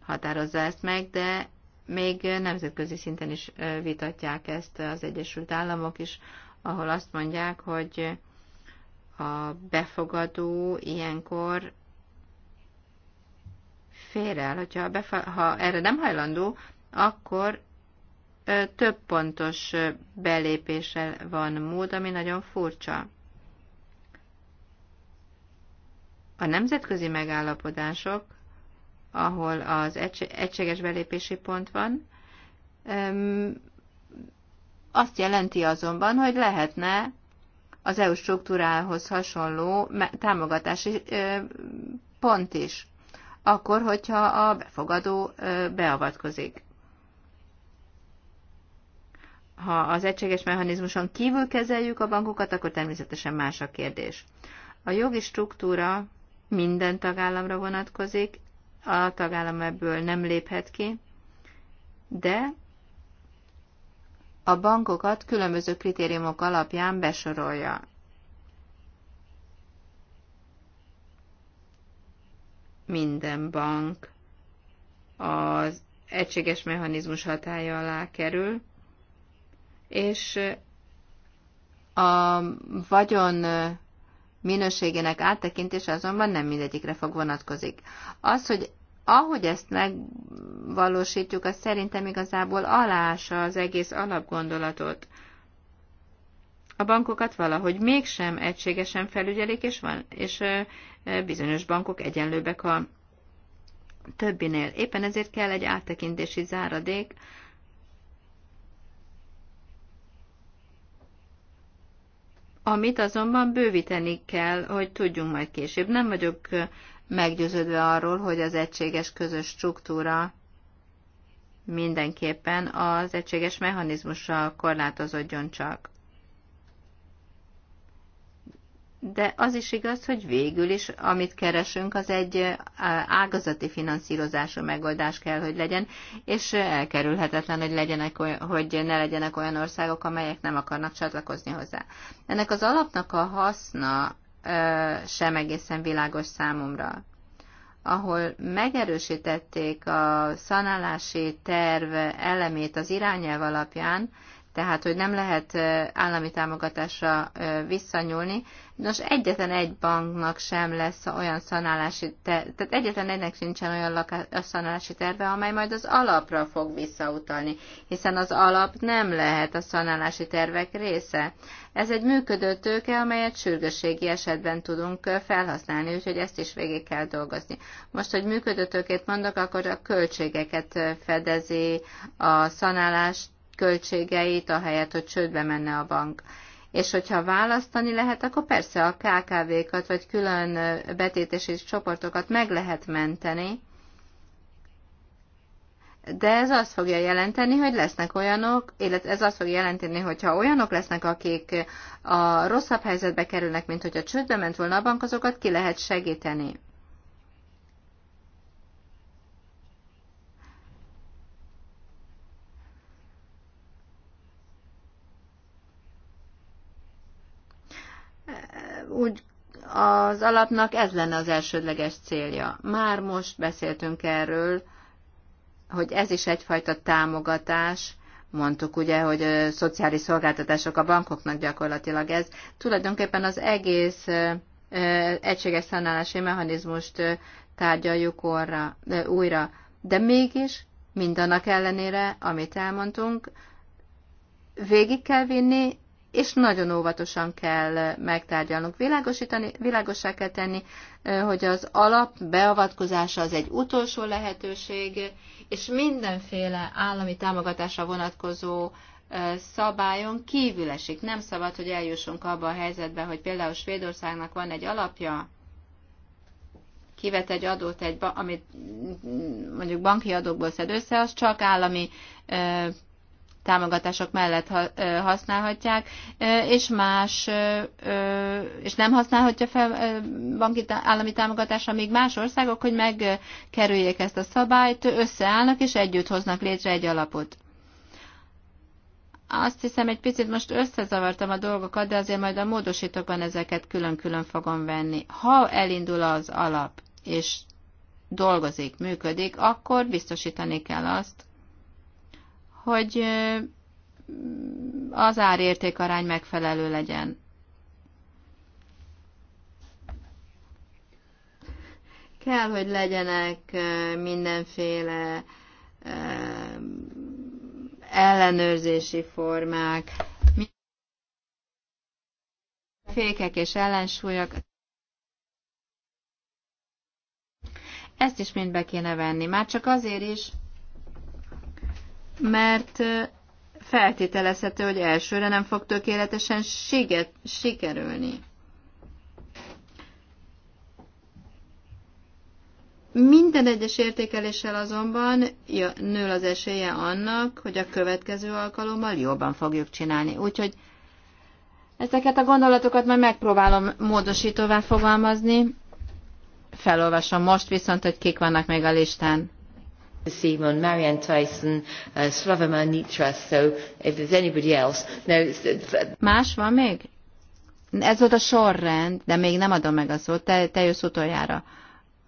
Speaker 4: határozza ezt meg, de még nemzetközi szinten is vitatják ezt az Egyesült Államok is, ahol azt mondják, hogy a befogadó ilyenkor el. Hogyha befa- ha erre nem hajlandó, akkor több pontos belépéssel van mód, ami nagyon furcsa. A nemzetközi megállapodások, ahol az egységes belépési pont van, azt jelenti azonban, hogy lehetne az EU struktúrához hasonló támogatási pont is, akkor, hogyha a befogadó beavatkozik. Ha az egységes mechanizmuson kívül kezeljük a bankokat, akkor természetesen más a kérdés. A jogi struktúra minden tagállamra vonatkozik, a tagállam ebből nem léphet ki, de a bankokat különböző kritériumok alapján besorolja. Minden bank az egységes mechanizmus hatája alá kerül, és a vagyon minőségének áttekintése azonban nem mindegyikre fog vonatkozik. Az, hogy ahogy ezt megvalósítjuk, az szerintem igazából alása az egész alapgondolatot. A bankokat valahogy mégsem egységesen felügyelik, és, van, és bizonyos bankok egyenlőbbek a többinél. Éppen ezért kell egy áttekintési záradék, amit azonban bővíteni kell, hogy tudjunk majd később. Nem vagyok meggyőződve arról, hogy az egységes közös struktúra mindenképpen az egységes mechanizmussal korlátozódjon csak. de az is igaz, hogy végül is, amit keresünk, az egy ágazati finanszírozású megoldás kell, hogy legyen, és elkerülhetetlen, hogy, legyenek, hogy ne legyenek olyan országok, amelyek nem akarnak csatlakozni hozzá. Ennek az alapnak a haszna sem egészen világos számomra. Ahol megerősítették a szanálási terv elemét az irányelv alapján, tehát hogy nem lehet állami támogatásra visszanyúlni. Nos, egyetlen egy banknak sem lesz olyan szanálási, terve, tehát egyetlen egynek sincsen olyan lakás, szanálási terve, amely majd az alapra fog visszautalni, hiszen az alap nem lehet a szanálási tervek része. Ez egy működő tőke, amelyet sürgősségi esetben tudunk felhasználni, úgyhogy ezt is végig kell dolgozni. Most, hogy működő tőkét mondok, akkor a költségeket fedezi a szanálást, költségeit, ahelyett, hogy csődbe menne a bank. És hogyha választani lehet, akkor persze a KKV-kat vagy külön betétesi csoportokat meg lehet menteni, de ez azt fogja jelenteni, hogy lesznek olyanok, illetve ez azt fogja jelenteni, hogyha olyanok lesznek, akik a rosszabb helyzetbe kerülnek, mint hogyha csődbe ment volna a bank, azokat ki lehet segíteni. úgy az alapnak ez lenne az elsődleges célja. Már most beszéltünk erről, hogy ez is egyfajta támogatás, mondtuk ugye, hogy a szociális szolgáltatások a bankoknak gyakorlatilag ez. Tulajdonképpen az egész egységes szanálási mechanizmust tárgyaljuk orra, újra. De mégis, mindannak ellenére, amit elmondtunk, végig kell vinni, és nagyon óvatosan kell megtárgyalnunk. Világosítani, világossá kell tenni, hogy az alap beavatkozása az egy utolsó lehetőség, és mindenféle állami támogatásra vonatkozó szabályon kívül esik. Nem szabad, hogy eljussunk abba a helyzetbe, hogy például Svédországnak van egy alapja, kivet egy adót, egy, amit mondjuk banki adókból szed össze, az csak állami támogatások mellett használhatják, és más, és nem használhatja fel banki állami támogatásra még más országok, hogy megkerüljék ezt a szabályt, összeállnak és együtt hoznak létre egy alapot. Azt hiszem, egy picit most összezavartam a dolgokat, de azért majd a módosítókban ezeket külön-külön fogom venni. Ha elindul az alap, és dolgozik, működik, akkor biztosítani kell azt, hogy az arány megfelelő legyen. Kell, hogy legyenek mindenféle ellenőrzési formák, fékek és ellensúlyok. Ezt is mind be kéne venni, már csak azért is, mert feltételezhető, hogy elsőre nem fog tökéletesen siget, sikerülni. Minden egyes értékeléssel azonban ja, nő az esélye annak, hogy a következő alkalommal jobban fogjuk csinálni. Úgyhogy ezeket a gondolatokat majd megpróbálom módosítóvá fogalmazni. Felolvasom most viszont, hogy kik vannak még a listán. Simon, Marianne Tyson, uh, Slavoma Nitra, so if there's anybody else. No, uh, Más van még? Ez volt a sorrend, de még nem adom meg a szót, te, te jössz utoljára.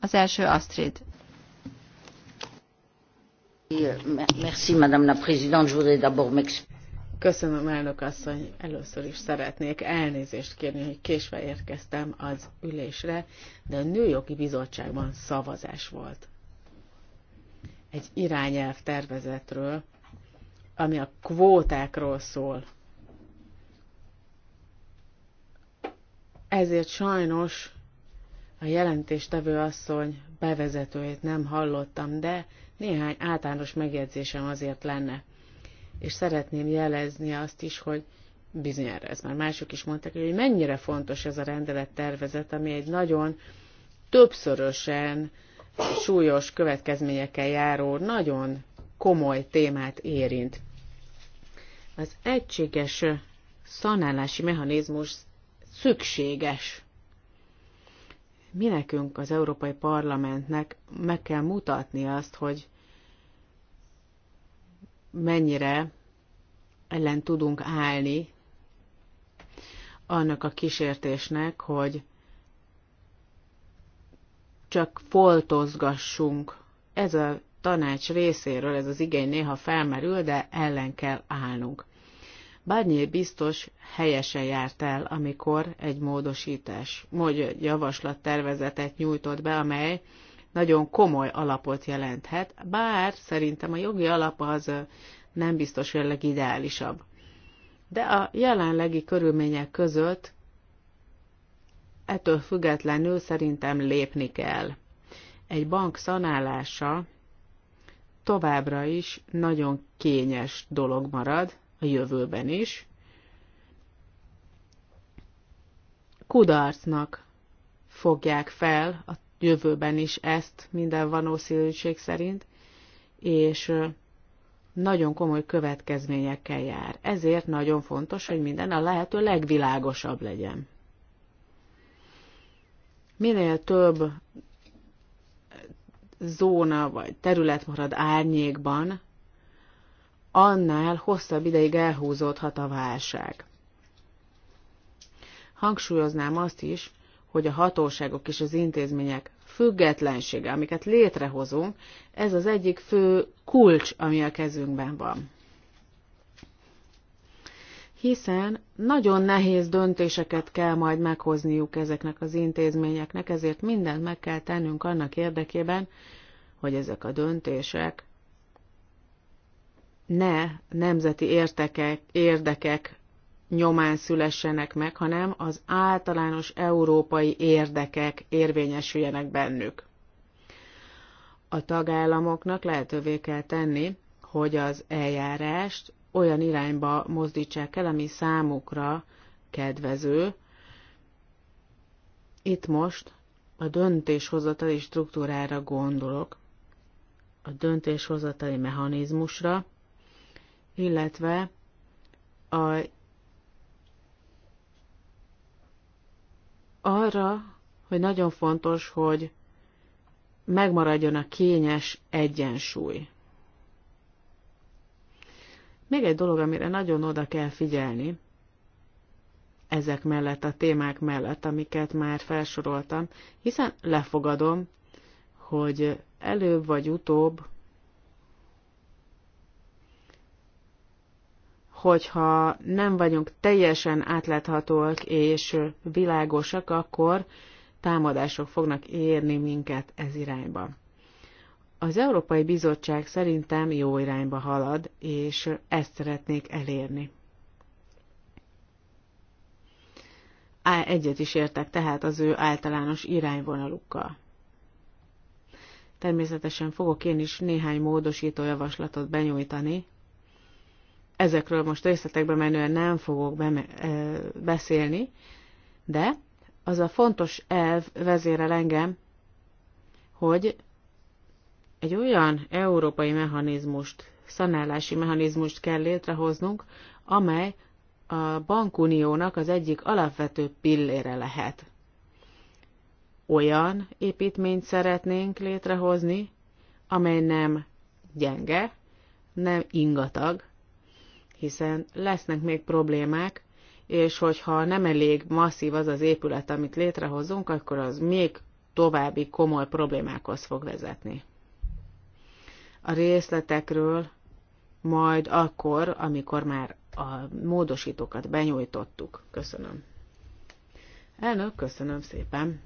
Speaker 4: Az első Astrid.
Speaker 2: Merci, Madame la Présidente. Je voudrais d'abord m'exprimer. Köszönöm, elnök asszony. Először is szeretnék elnézést kérni, hogy késve érkeztem az ülésre, de a Nőjogi Bizottságban szavazás volt egy irányelv tervezetről, ami a kvótákról szól. Ezért sajnos a jelentéstevő asszony bevezetőjét nem hallottam, de néhány általános megjegyzésem azért lenne. És szeretném jelezni azt is, hogy bizonyára ez már mások is mondták, hogy mennyire fontos ez a rendelet tervezet, ami egy nagyon többszörösen súlyos következményekkel járó, nagyon komoly témát érint. Az egységes szanálási mechanizmus szükséges. Mi nekünk, az Európai Parlamentnek meg kell mutatni azt, hogy mennyire ellen tudunk állni annak a kísértésnek, hogy csak foltozgassunk. Ez a tanács részéről ez az igény néha felmerül, de ellen kell állnunk. Barnier biztos helyesen járt el, amikor egy módosítás, vagy egy javaslattervezetet nyújtott be, amely nagyon komoly alapot jelenthet, bár szerintem a jogi alap az nem biztos, hogy a legideálisabb. De a jelenlegi körülmények között Ettől függetlenül szerintem lépni kell. Egy bank szanálása továbbra is nagyon kényes dolog marad a jövőben is. Kudarcnak fogják fel a jövőben is ezt minden valószínűség szerint, és nagyon komoly következményekkel jár. Ezért nagyon fontos, hogy minden a lehető legvilágosabb legyen minél több zóna vagy terület marad árnyékban, annál hosszabb ideig elhúzódhat a válság. Hangsúlyoznám azt is, hogy a hatóságok és az intézmények függetlensége, amiket létrehozunk, ez az egyik fő kulcs, ami a kezünkben van hiszen nagyon nehéz döntéseket kell majd meghozniuk ezeknek az intézményeknek, ezért mindent meg kell tennünk annak érdekében, hogy ezek a döntések ne nemzeti értekek, érdekek nyomán szülessenek meg, hanem az általános európai érdekek érvényesüljenek bennük. A tagállamoknak lehetővé kell tenni, hogy az eljárást olyan irányba mozdítsák el, ami számukra kedvező. Itt most a döntéshozatali struktúrára gondolok, a döntéshozatali mechanizmusra, illetve a, arra, hogy nagyon fontos, hogy megmaradjon a kényes egyensúly. Még egy dolog, amire nagyon oda kell figyelni, ezek mellett, a témák mellett, amiket már felsoroltam, hiszen lefogadom, hogy előbb vagy utóbb, hogyha nem vagyunk teljesen átláthatóak és világosak, akkor támadások fognak érni minket ez irányba. Az Európai Bizottság szerintem jó irányba halad, és ezt szeretnék elérni. Á, egyet is értek tehát az ő általános irányvonalukkal. Természetesen fogok én is néhány módosító javaslatot benyújtani. Ezekről most részletekbe menően nem fogok be, ö, beszélni, de az a fontos elv vezérel engem, hogy egy olyan európai mechanizmust, szanálási mechanizmust kell létrehoznunk, amely a bankuniónak az egyik alapvető pillére lehet. Olyan építményt szeretnénk létrehozni, amely nem gyenge, nem ingatag, hiszen lesznek még problémák, és hogyha nem elég masszív az az épület, amit létrehozunk, akkor az még további komoly problémákhoz fog vezetni. A részletekről majd akkor, amikor már a módosítókat benyújtottuk. Köszönöm. Elnök, köszönöm szépen.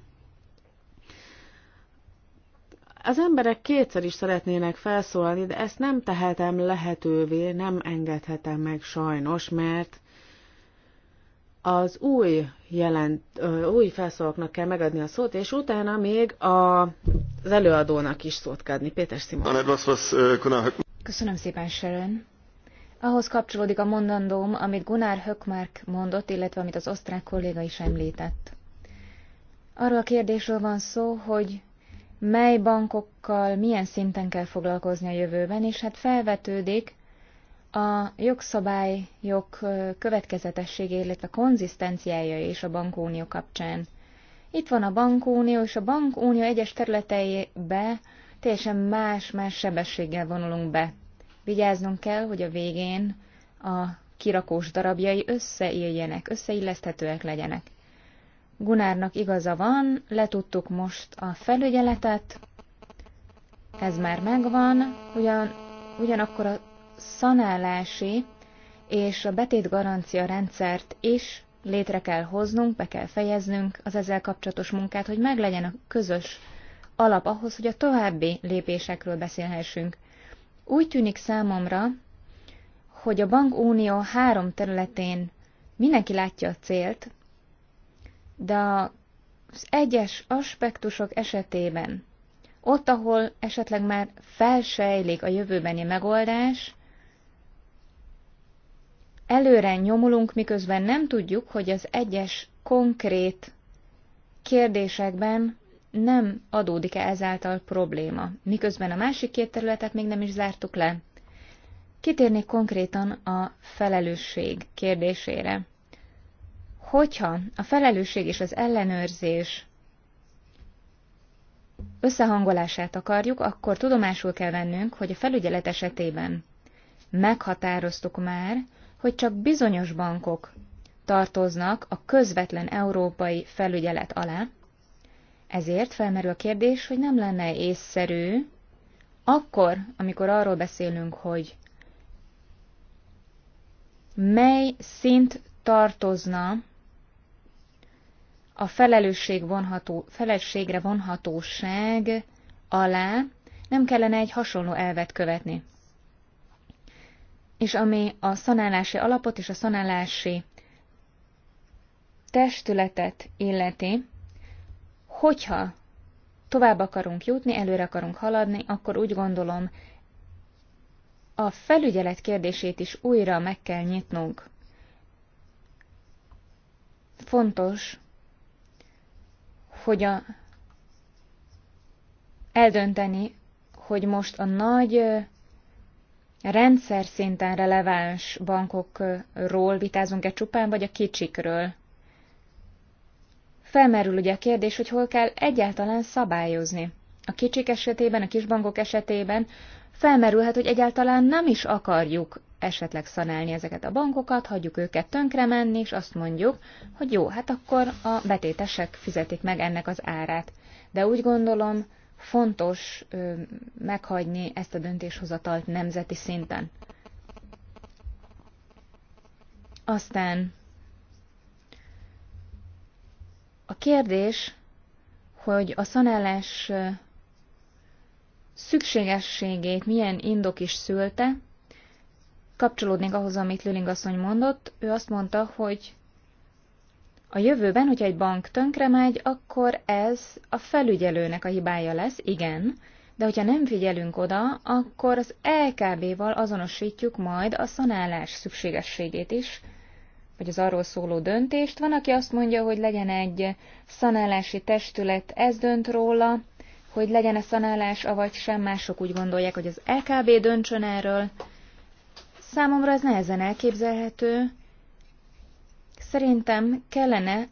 Speaker 2: Az emberek kétszer is szeretnének felszólalni, de ezt nem tehetem lehetővé, nem engedhetem meg sajnos, mert az új jelent, új felszólalóknak kell megadni a szót, és utána még a, az előadónak is szót kell adni. Péter Simon.
Speaker 3: Köszönöm szépen, Sharon. Ahhoz kapcsolódik a mondandóm, amit Gunnar Höckmark mondott, illetve amit az osztrák kolléga is említett. Arról a kérdésről van szó, hogy mely bankokkal milyen szinten kell foglalkozni a jövőben, és hát felvetődik, a jogszabályok következetessége, illetve konzisztenciája és a bankunió kapcsán. Itt van a bankunió, és a bankunió egyes területeibe teljesen más-más sebességgel vonulunk be. Vigyáznunk kell, hogy a végén a kirakós darabjai összeéljenek, összeilleszthetőek legyenek. Gunárnak igaza van, letudtuk most a felügyeletet, ez már megvan, ugyan, ugyanakkor a szanálási és a betét garancia rendszert is létre kell hoznunk, be kell fejeznünk az ezzel kapcsolatos munkát, hogy meglegyen a közös alap ahhoz, hogy a további lépésekről beszélhessünk. Úgy tűnik számomra, hogy a bankunió három területén mindenki látja a célt, de az egyes aspektusok esetében, ott, ahol esetleg már felsejlik a jövőbeni megoldás, előre nyomulunk, miközben nem tudjuk, hogy az egyes konkrét kérdésekben nem adódik-e ezáltal probléma, miközben a másik két területet még nem is zártuk le. Kitérnék konkrétan a felelősség kérdésére. Hogyha a felelősség és az ellenőrzés összehangolását akarjuk, akkor tudomásul kell vennünk, hogy a felügyelet esetében meghatároztuk már, hogy csak bizonyos bankok tartoznak a közvetlen európai felügyelet alá, ezért felmerül a kérdés, hogy nem lenne észszerű, akkor, amikor arról beszélünk, hogy mely szint tartozna a felelősség vonható, felelősségre vonhatóság alá, nem kellene egy hasonló elvet követni és ami a szanálási alapot és a szanálási testületet illeti, hogyha tovább akarunk jutni, előre akarunk haladni, akkor úgy gondolom, a felügyelet kérdését is újra meg kell nyitnunk. Fontos, hogy a, eldönteni, hogy most a nagy rendszer szinten releváns bankokról vitázunk-e csupán, vagy a kicsikről? Felmerül ugye a kérdés, hogy hol kell egyáltalán szabályozni. A kicsik esetében, a kisbankok esetében felmerülhet, hogy egyáltalán nem is akarjuk esetleg szanálni ezeket a bankokat, hagyjuk őket tönkre menni, és azt mondjuk, hogy jó, hát akkor a betétesek fizetik meg ennek az árát. De úgy gondolom, fontos meghagyni ezt a döntéshozatalt nemzeti szinten. Aztán a kérdés, hogy a szanálás szükségességét milyen indok is szülte, kapcsolódnék ahhoz, amit Lüling asszony mondott. Ő azt mondta, hogy a jövőben, hogyha egy bank tönkre megy, akkor ez a felügyelőnek a hibája lesz, igen, de hogyha nem figyelünk oda, akkor az LKB-val azonosítjuk majd a szanálás szükségességét is, vagy az arról szóló döntést. Van, aki azt mondja, hogy legyen egy szanálási testület, ez dönt róla, hogy legyen-e szanálás, avagy sem, mások úgy gondolják, hogy az LKB döntsön erről. Számomra ez nehezen elképzelhető, Szerintem kellene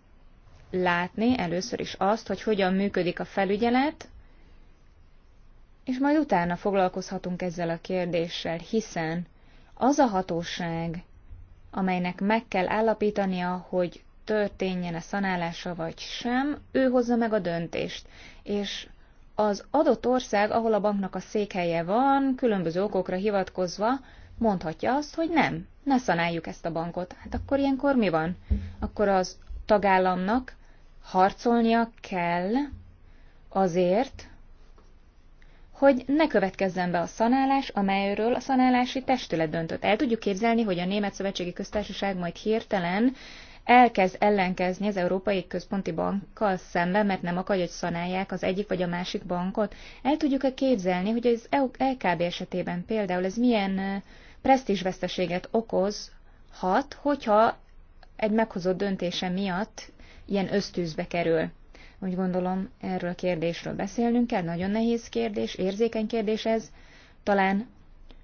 Speaker 3: látni először is azt, hogy hogyan működik a felügyelet, és majd utána foglalkozhatunk ezzel a kérdéssel, hiszen az a hatóság, amelynek meg kell állapítania, hogy történjen-e szanálása vagy sem, ő hozza meg a döntést, és az adott ország, ahol a banknak a székhelye van, különböző okokra hivatkozva, mondhatja azt, hogy nem, ne szanáljuk ezt a bankot. Hát akkor ilyenkor mi van? Akkor az tagállamnak harcolnia kell azért, hogy ne következzen be a szanálás, amelyről a szanálási testület döntött. El tudjuk képzelni, hogy a Német Szövetségi Köztársaság majd hirtelen elkezd ellenkezni az Európai Központi Bankkal szemben, mert nem akarja, hogy szanálják az egyik vagy a másik bankot. El tudjuk-e képzelni, hogy az LKB e e esetében például ez milyen presztízsveszteséget okozhat, hogyha egy meghozott döntése miatt ilyen ösztűzbe kerül. Úgy gondolom, erről a kérdésről beszélnünk kell, nagyon nehéz kérdés, érzékeny kérdés ez. Talán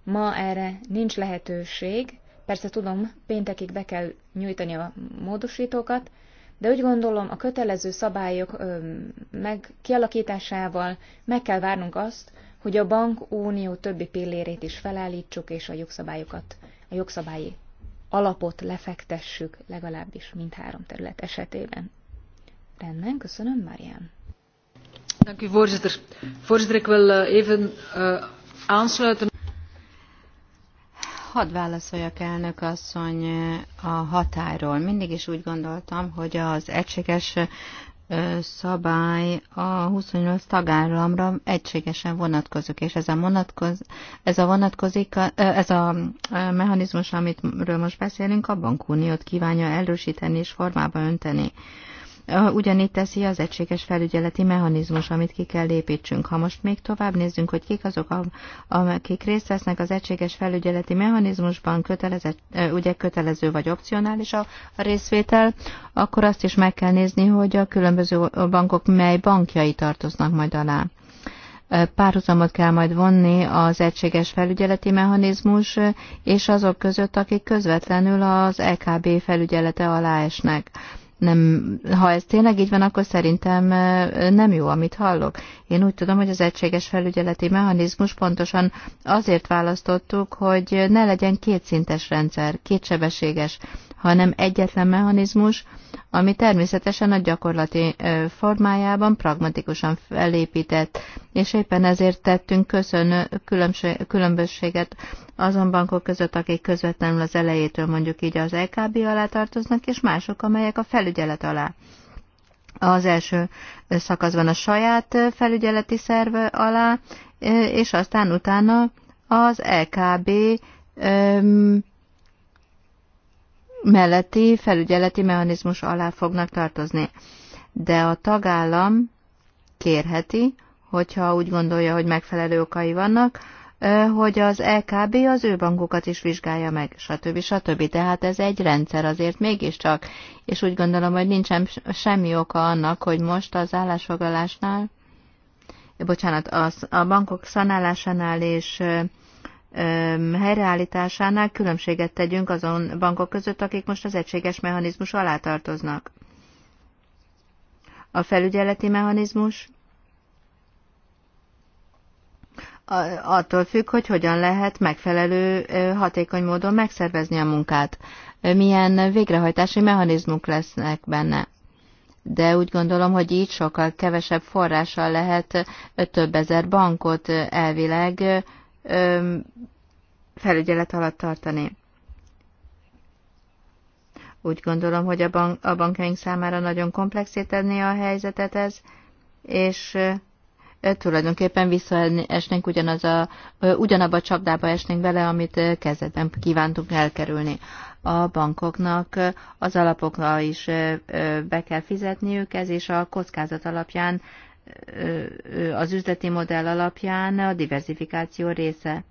Speaker 3: ma erre nincs lehetőség, persze tudom, péntekig be kell nyújtani a módosítókat, de úgy gondolom, a kötelező szabályok ö, meg kialakításával meg kell várnunk azt, hogy a bank unió többi pillérét is felállítsuk, és a jogszabályokat, a jogszabályi alapot lefektessük legalábbis mindhárom terület esetében. Rendben, köszönöm, Marian.
Speaker 4: Dank u, voorzitter. Voorzitter, ik wil eh, even uh, aansluiten. Hadd válaszoljak, elnök asszony, eh, a határól. Mindig is úgy gondoltam, hogy az egységes szabály a 28 tagállamra egységesen vonatkozik, és ez a, vonatkoz, ez a vonatkozik, ez a mechanizmus, amitről most beszélünk, a bankuniót kívánja erősíteni és formába önteni. Ugyanígy teszi az egységes felügyeleti mechanizmus, amit ki kell építsünk. Ha most még tovább nézzünk, hogy kik azok, a, akik részt vesznek az egységes felügyeleti mechanizmusban, kötelezett, ugye kötelező vagy opcionális a részvétel, akkor azt is meg kell nézni, hogy a különböző bankok mely bankjai tartoznak majd alá párhuzamot kell majd vonni az egységes felügyeleti mechanizmus és azok között, akik közvetlenül az EKB felügyelete alá esnek nem, ha ez tényleg így van, akkor szerintem nem jó, amit hallok. Én úgy tudom, hogy az egységes felügyeleti mechanizmus pontosan azért választottuk, hogy ne legyen kétszintes rendszer, kétsebességes, hanem egyetlen mechanizmus, ami természetesen a gyakorlati formájában pragmatikusan felépített, és éppen ezért tettünk köszönő különbséget azon bankok között, akik közvetlenül az elejétől mondjuk így az LKB e alá tartoznak, és mások, amelyek a felügyelet alá. Az első szakaszban a saját felügyeleti szerv alá, és aztán utána az LKB e melletti felügyeleti mechanizmus alá fognak tartozni. De a tagállam kérheti, hogyha úgy gondolja, hogy megfelelő okai vannak, hogy az LKB e az ő bankokat is vizsgálja meg, stb. stb. Tehát ez egy rendszer azért mégiscsak, és úgy gondolom, hogy nincsen semmi oka annak, hogy most az állásfoglalásnál, bocsánat, az, a bankok szanálásánál és helyreállításánál különbséget tegyünk azon bankok között, akik most az egységes mechanizmus alá tartoznak. A felügyeleti mechanizmus attól függ, hogy hogyan lehet megfelelő, hatékony módon megszervezni a munkát. Milyen végrehajtási mechanizmuk lesznek benne. De úgy gondolom, hogy így sokkal kevesebb forrással lehet több ezer bankot elvileg felügyelet alatt tartani. Úgy gondolom, hogy a, bank, a bankjaink számára nagyon komplexé tenni a helyzetet ez, és tulajdonképpen visszaesnénk ugyanaz a, ugyanabba a csapdába esnénk bele, amit kezdetben kívántunk elkerülni. A bankoknak az alapokra is be kell fizetniük, ez és a kockázat alapján, az üzleti modell alapján a diversifikáció része.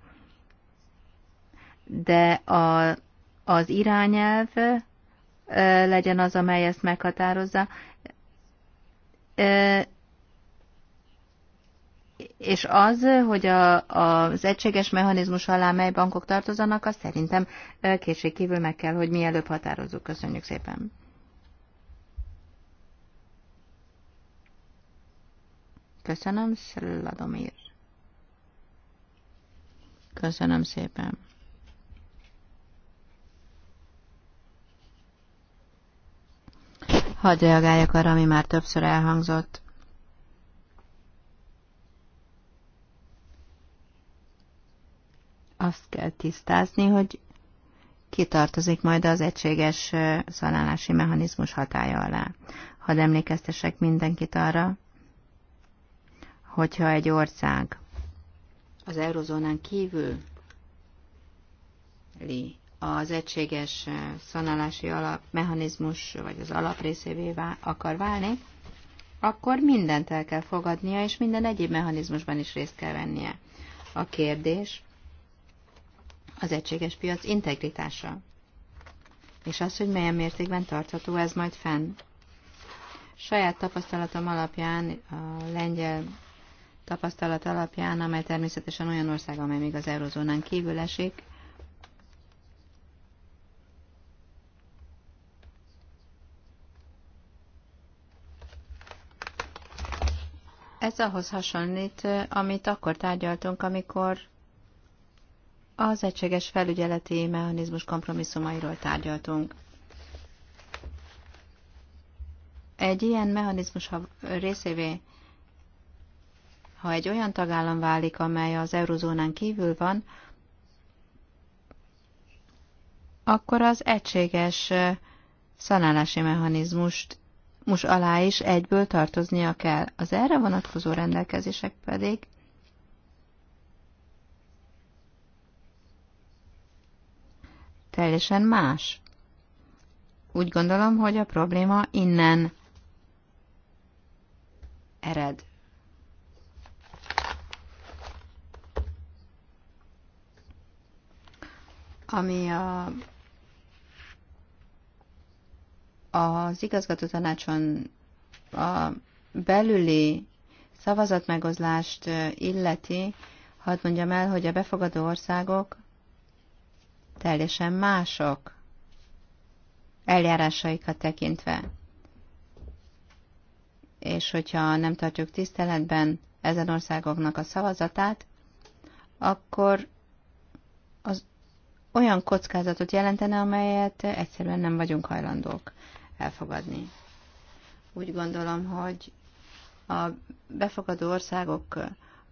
Speaker 4: De a, az irányelv legyen az, amely ezt meghatározza, és az, hogy a, az egységes mechanizmus alá mely bankok tartozanak, azt szerintem kétségkívül meg kell, hogy mielőbb határozzuk. Köszönjük szépen! Köszönöm, Sladomir. Köszönöm szépen. Hadd reagáljak arra, ami már többször elhangzott. azt kell tisztázni, hogy kitartozik majd az egységes szanálási mechanizmus hatája alá. Hadd emlékeztesek mindenkit arra, hogyha egy ország az eurozónán kívül az egységes szanálási alapmechanizmus, vagy az alaprészévé akar válni, akkor mindent el kell fogadnia, és minden egyéb mechanizmusban is részt kell vennie. A kérdés, az egységes piac integritása, és az, hogy milyen mértékben tartható ez majd fenn. Saját tapasztalatom alapján, a lengyel tapasztalat alapján, amely természetesen olyan ország, amely még az eurozónán kívül esik, Ez ahhoz hasonlít, amit akkor tárgyaltunk, amikor az egységes felügyeleti mechanizmus kompromisszumairól tárgyaltunk. Egy ilyen mechanizmus részévé, ha egy olyan tagállam válik, amely az eurozónán kívül van, akkor az egységes szanálási mechanizmust most alá is egyből tartoznia kell. Az erre vonatkozó rendelkezések pedig teljesen más. Úgy gondolom, hogy a probléma innen ered. Ami a, az igazgató tanácson a belüli szavazatmegozlást illeti, hadd mondjam el, hogy a befogadó országok teljesen mások eljárásaikat tekintve. És hogyha nem tartjuk tiszteletben ezen országoknak a szavazatát, akkor az olyan kockázatot jelentene, amelyet egyszerűen nem vagyunk hajlandók elfogadni. Úgy gondolom, hogy a befogadó országok,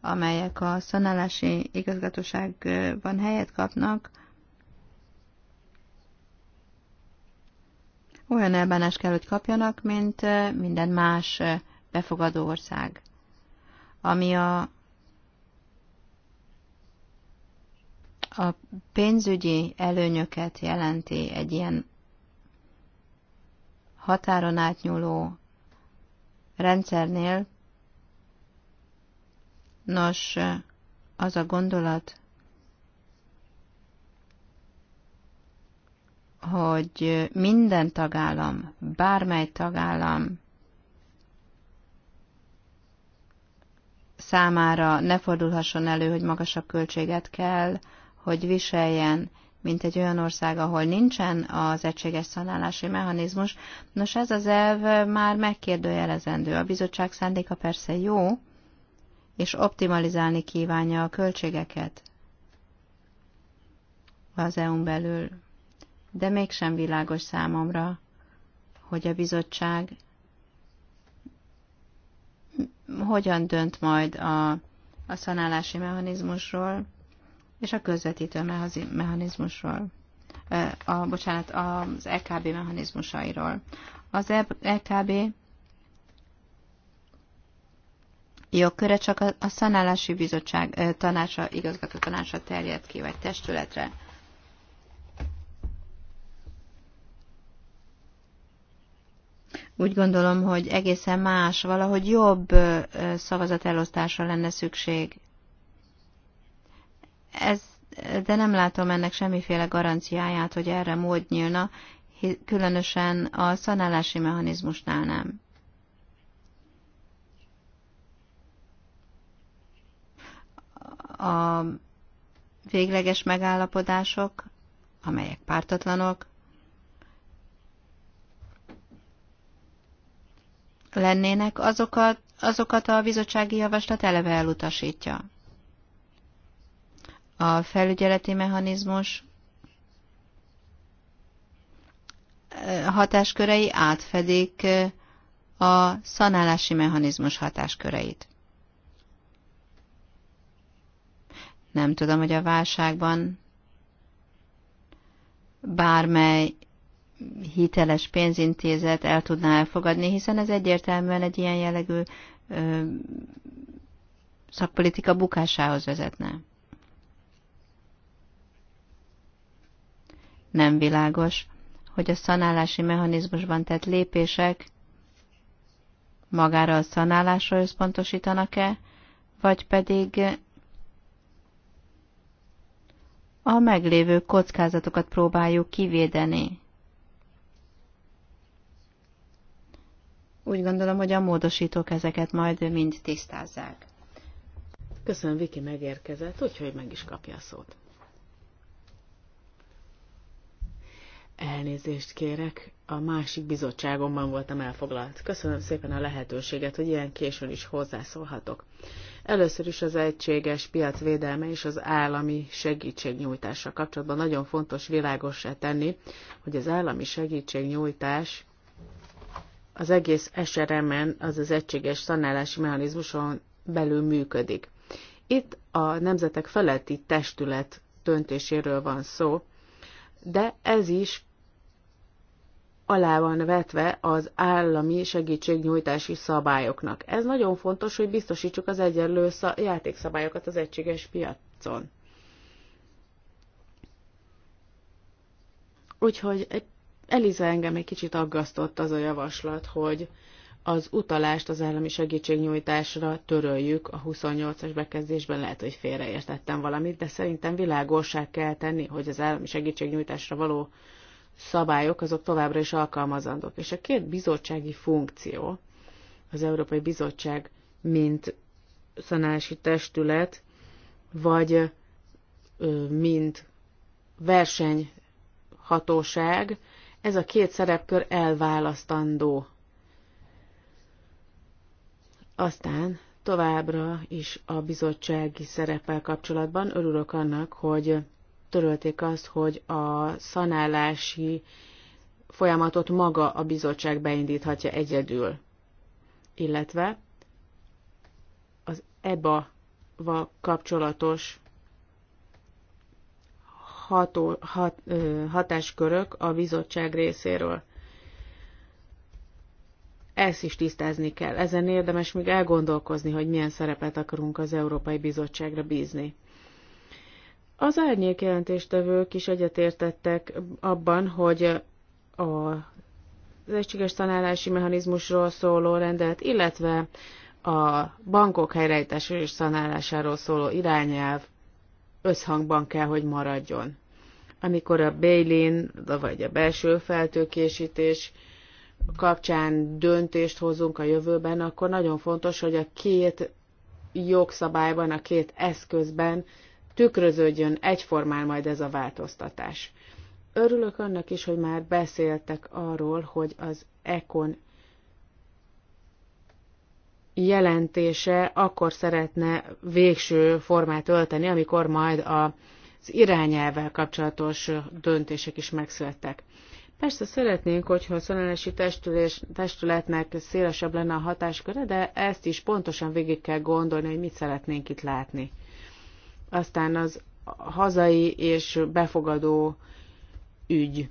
Speaker 4: amelyek a szanálási igazgatóságban helyet kapnak, olyan elbánást kell, hogy kapjanak, mint minden más befogadó ország. Ami a, a pénzügyi előnyöket jelenti egy ilyen határon átnyúló rendszernél, nos, az a gondolat, hogy minden tagállam, bármely tagállam számára ne fordulhasson elő, hogy magasabb költséget kell, hogy viseljen, mint egy olyan ország, ahol nincsen az egységes szanálási mechanizmus. Nos, ez az elv már megkérdőjelezendő. A bizottság szándéka persze jó, és optimalizálni kívánja a költségeket az EU-n belül de mégsem világos számomra, hogy a bizottság hogyan dönt majd a, a szanálási mechanizmusról és a közvetítő mechanizmusról, a, bocsánat, az EKB mechanizmusairól. Az EKB jogköre csak a, a szanálási bizottság tanácsa, igazgató tanácsa terjed ki, vagy testületre. Úgy gondolom, hogy egészen más, valahogy jobb szavazatelosztásra lenne szükség. Ez, de nem látom ennek semmiféle garanciáját, hogy erre mód nyílna, különösen a szanálási mechanizmusnál nem. A végleges megállapodások, amelyek pártatlanok, lennének, azokat, azokat a bizottsági javaslat eleve elutasítja. A felügyeleti mechanizmus eh, hatáskörei átfedik eh, a szanálási mechanizmus hatásköreit. Nem tudom, hogy a válságban bármely hiteles pénzintézet el tudná elfogadni, hiszen ez egyértelműen egy ilyen jellegű ö, szakpolitika bukásához vezetne. Nem világos, hogy a szanálási mechanizmusban tett lépések magára a szanálásra összpontosítanak-e, vagy pedig a meglévő kockázatokat próbáljuk kivédeni úgy gondolom, hogy a módosítók ezeket majd
Speaker 2: mind tisztázzák. Köszönöm, Viki megérkezett, úgyhogy meg is kapja a szót. Elnézést kérek, a másik bizottságomban voltam elfoglalt. Köszönöm szépen a lehetőséget, hogy ilyen későn is hozzászólhatok. Először is az egységes piac védelme és az állami segítségnyújtással kapcsolatban nagyon fontos világosá tenni, hogy az állami segítségnyújtás az egész SRM-en, az az egységes szanálási mechanizmuson belül működik. Itt a nemzetek feletti testület döntéséről van szó, de ez is alá van vetve az állami segítségnyújtási szabályoknak. Ez nagyon fontos, hogy biztosítsuk az egyenlő játékszabályokat az egységes piacon. Úgyhogy egy Eliza engem egy kicsit aggasztott az a javaslat, hogy az utalást az állami segítségnyújtásra töröljük a 28-as bekezdésben, lehet, hogy félreértettem valamit, de szerintem világosság kell tenni, hogy az állami segítségnyújtásra való szabályok azok továbbra is alkalmazandók. És a két bizottsági funkció, az Európai Bizottság, mint szanási testület, vagy mint versenyhatóság, ez a két szerepkör elválasztandó. Aztán továbbra is a bizottsági szereppel kapcsolatban örülök annak, hogy törölték azt, hogy a szanálási folyamatot maga a bizottság beindíthatja egyedül. Illetve az EBA-val kapcsolatos ható, hat, hatáskörök a bizottság részéről. Ezt is tisztázni kell. Ezen érdemes még elgondolkozni, hogy milyen szerepet akarunk az Európai Bizottságra bízni. Az árnyék jelentéstevők is egyetértettek abban, hogy a, az egységes tanálási mechanizmusról szóló rendelet, illetve a bankok helyreállítása és szanálásáról szóló irányelv összhangban kell, hogy maradjon amikor a Bélin, vagy a belső feltőkésítés kapcsán döntést hozunk a jövőben, akkor nagyon fontos, hogy a két jogszabályban, a két eszközben tükröződjön egyformán majd ez a változtatás. Örülök annak is, hogy már beszéltek arról, hogy az ECON jelentése akkor szeretne végső formát ölteni, amikor majd a az irányelvvel kapcsolatos döntések is megszülettek. Persze szeretnénk, hogyha a szolálási testületnek szélesebb lenne a hatásköre, de ezt is pontosan végig kell gondolni, hogy mit szeretnénk itt látni. Aztán az hazai és befogadó ügy.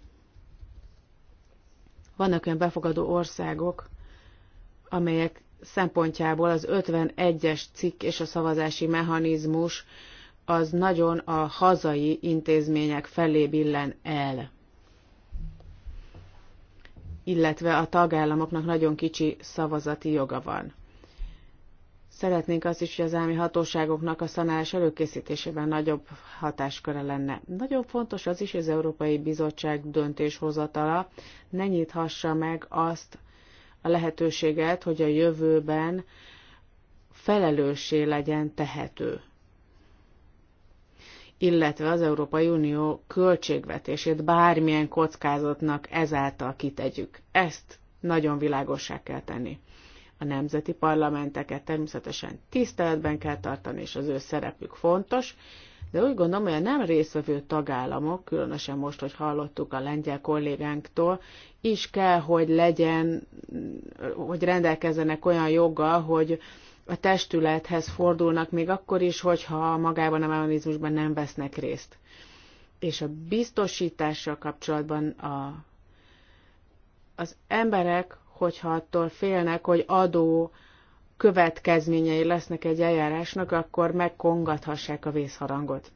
Speaker 2: Vannak olyan befogadó országok, amelyek szempontjából az 51-es cikk és a szavazási mechanizmus az nagyon a hazai intézmények felé billen el. Illetve a tagállamoknak nagyon kicsi szavazati joga van. Szeretnénk azt is, hogy az állami hatóságoknak a szanálás előkészítésében nagyobb hatásköre lenne. Nagyon fontos az is, hogy az Európai Bizottság döntéshozatala ne nyithassa meg azt a lehetőséget, hogy a jövőben felelőssé legyen tehető illetve az Európai Unió költségvetését bármilyen kockázatnak ezáltal kitegyük. Ezt nagyon világossá kell tenni. A nemzeti parlamenteket természetesen tiszteletben kell tartani, és az ő szerepük fontos, de úgy gondolom, hogy a nem részvevő tagállamok, különösen most, hogy hallottuk a lengyel kollégánktól, is kell, hogy legyen, hogy rendelkezzenek olyan joggal, hogy a testülethez fordulnak még akkor is, hogyha magában a mechanizmusban nem vesznek részt. És a biztosítással kapcsolatban a, az emberek, hogyha attól félnek, hogy adó következményei lesznek egy eljárásnak, akkor megkongathassák a vészharangot.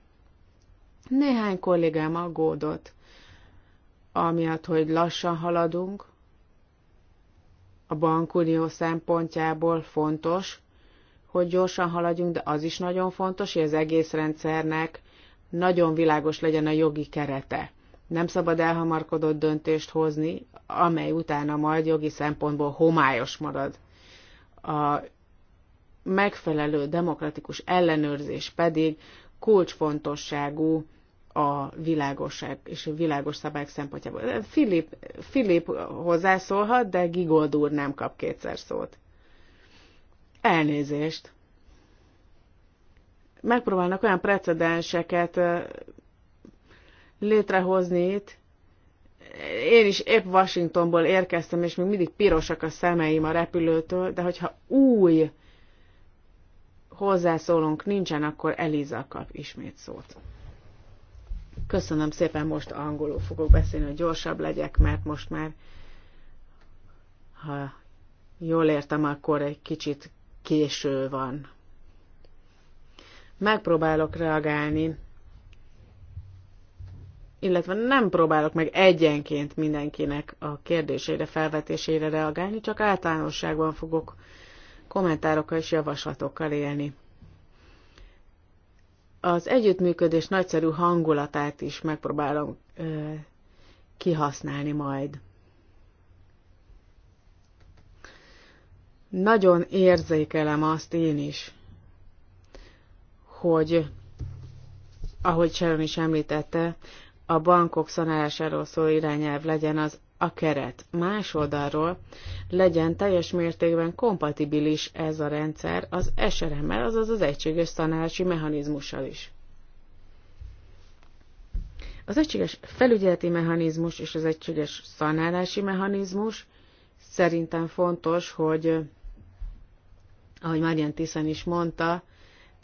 Speaker 2: Néhány kollégám aggódott, amiatt, hogy lassan haladunk, a bankunió szempontjából fontos, hogy gyorsan haladjunk, de az is nagyon fontos, hogy az egész rendszernek nagyon világos legyen a jogi kerete. Nem szabad elhamarkodott döntést hozni, amely utána majd jogi szempontból homályos marad. A megfelelő demokratikus ellenőrzés pedig kulcsfontosságú a világosság és a világos szabályok szempontjából. Filip, Filip hozzászólhat, de Gigold úr nem kap kétszer szót. Elnézést. Megpróbálnak olyan precedenseket létrehozni itt. Én is épp Washingtonból érkeztem, és még mindig pirosak a szemeim a repülőtől, de hogyha új hozzászólónk nincsen, akkor Eliza kap ismét szót. Köszönöm szépen, most angolul fogok beszélni, hogy gyorsabb legyek, mert most már, ha jól értem, akkor egy kicsit késő van. Megpróbálok reagálni, illetve nem próbálok meg egyenként mindenkinek a kérdésére, felvetésére reagálni, csak általánosságban fogok kommentárokkal és javaslatokkal élni. Az együttműködés nagyszerű hangulatát is megpróbálom ö, kihasználni majd. Nagyon érzékelem azt én is, hogy, ahogy Sharon is említette, a bankok szanálásáról szóló irányelv legyen az a keret. Más oldalról legyen teljes mértékben kompatibilis ez a rendszer az SRM-mel, azaz az egységes szanálási mechanizmussal is. Az egységes felügyeleti mechanizmus és az egységes szanálási mechanizmus szerintem fontos, hogy ahogy Marian Tiszen is mondta,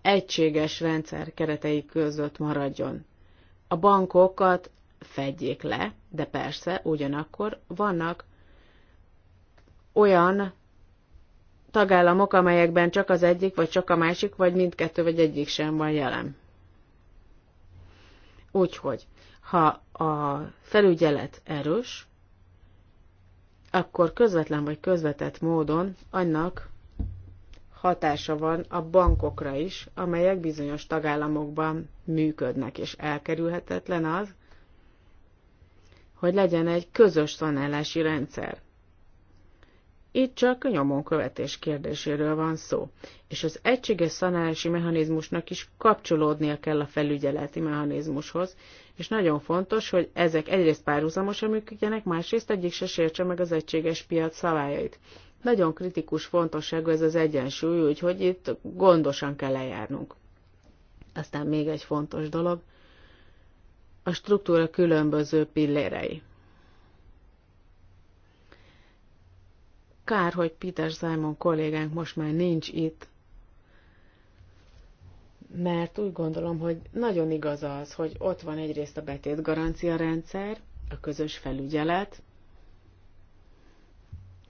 Speaker 2: egységes rendszer keretei között maradjon. A bankokat fedjék le, de persze ugyanakkor vannak olyan tagállamok, amelyekben csak az egyik, vagy csak a másik, vagy mindkettő, vagy egyik sem van jelen. Úgyhogy, ha a felügyelet erős, akkor közvetlen vagy közvetett módon annak hatása van a bankokra is, amelyek bizonyos tagállamokban működnek, és elkerülhetetlen az, hogy legyen egy közös szanálási rendszer. Itt csak nyomon követés kérdéséről van szó, és az egységes szanálási mechanizmusnak is kapcsolódnia kell a felügyeleti mechanizmushoz, és nagyon fontos, hogy ezek egyrészt párhuzamosan működjenek, másrészt egyik se sértse meg az egységes piac szabályait. Nagyon kritikus fontosság ez az egyensúly, úgyhogy itt gondosan kell lejárnunk. Aztán még egy fontos dolog, a struktúra különböző pillérei. Kár, hogy Peter Simon kollégánk most már nincs itt, mert úgy gondolom, hogy nagyon igaz az, hogy ott van egyrészt a betét garancia rendszer, a közös felügyelet,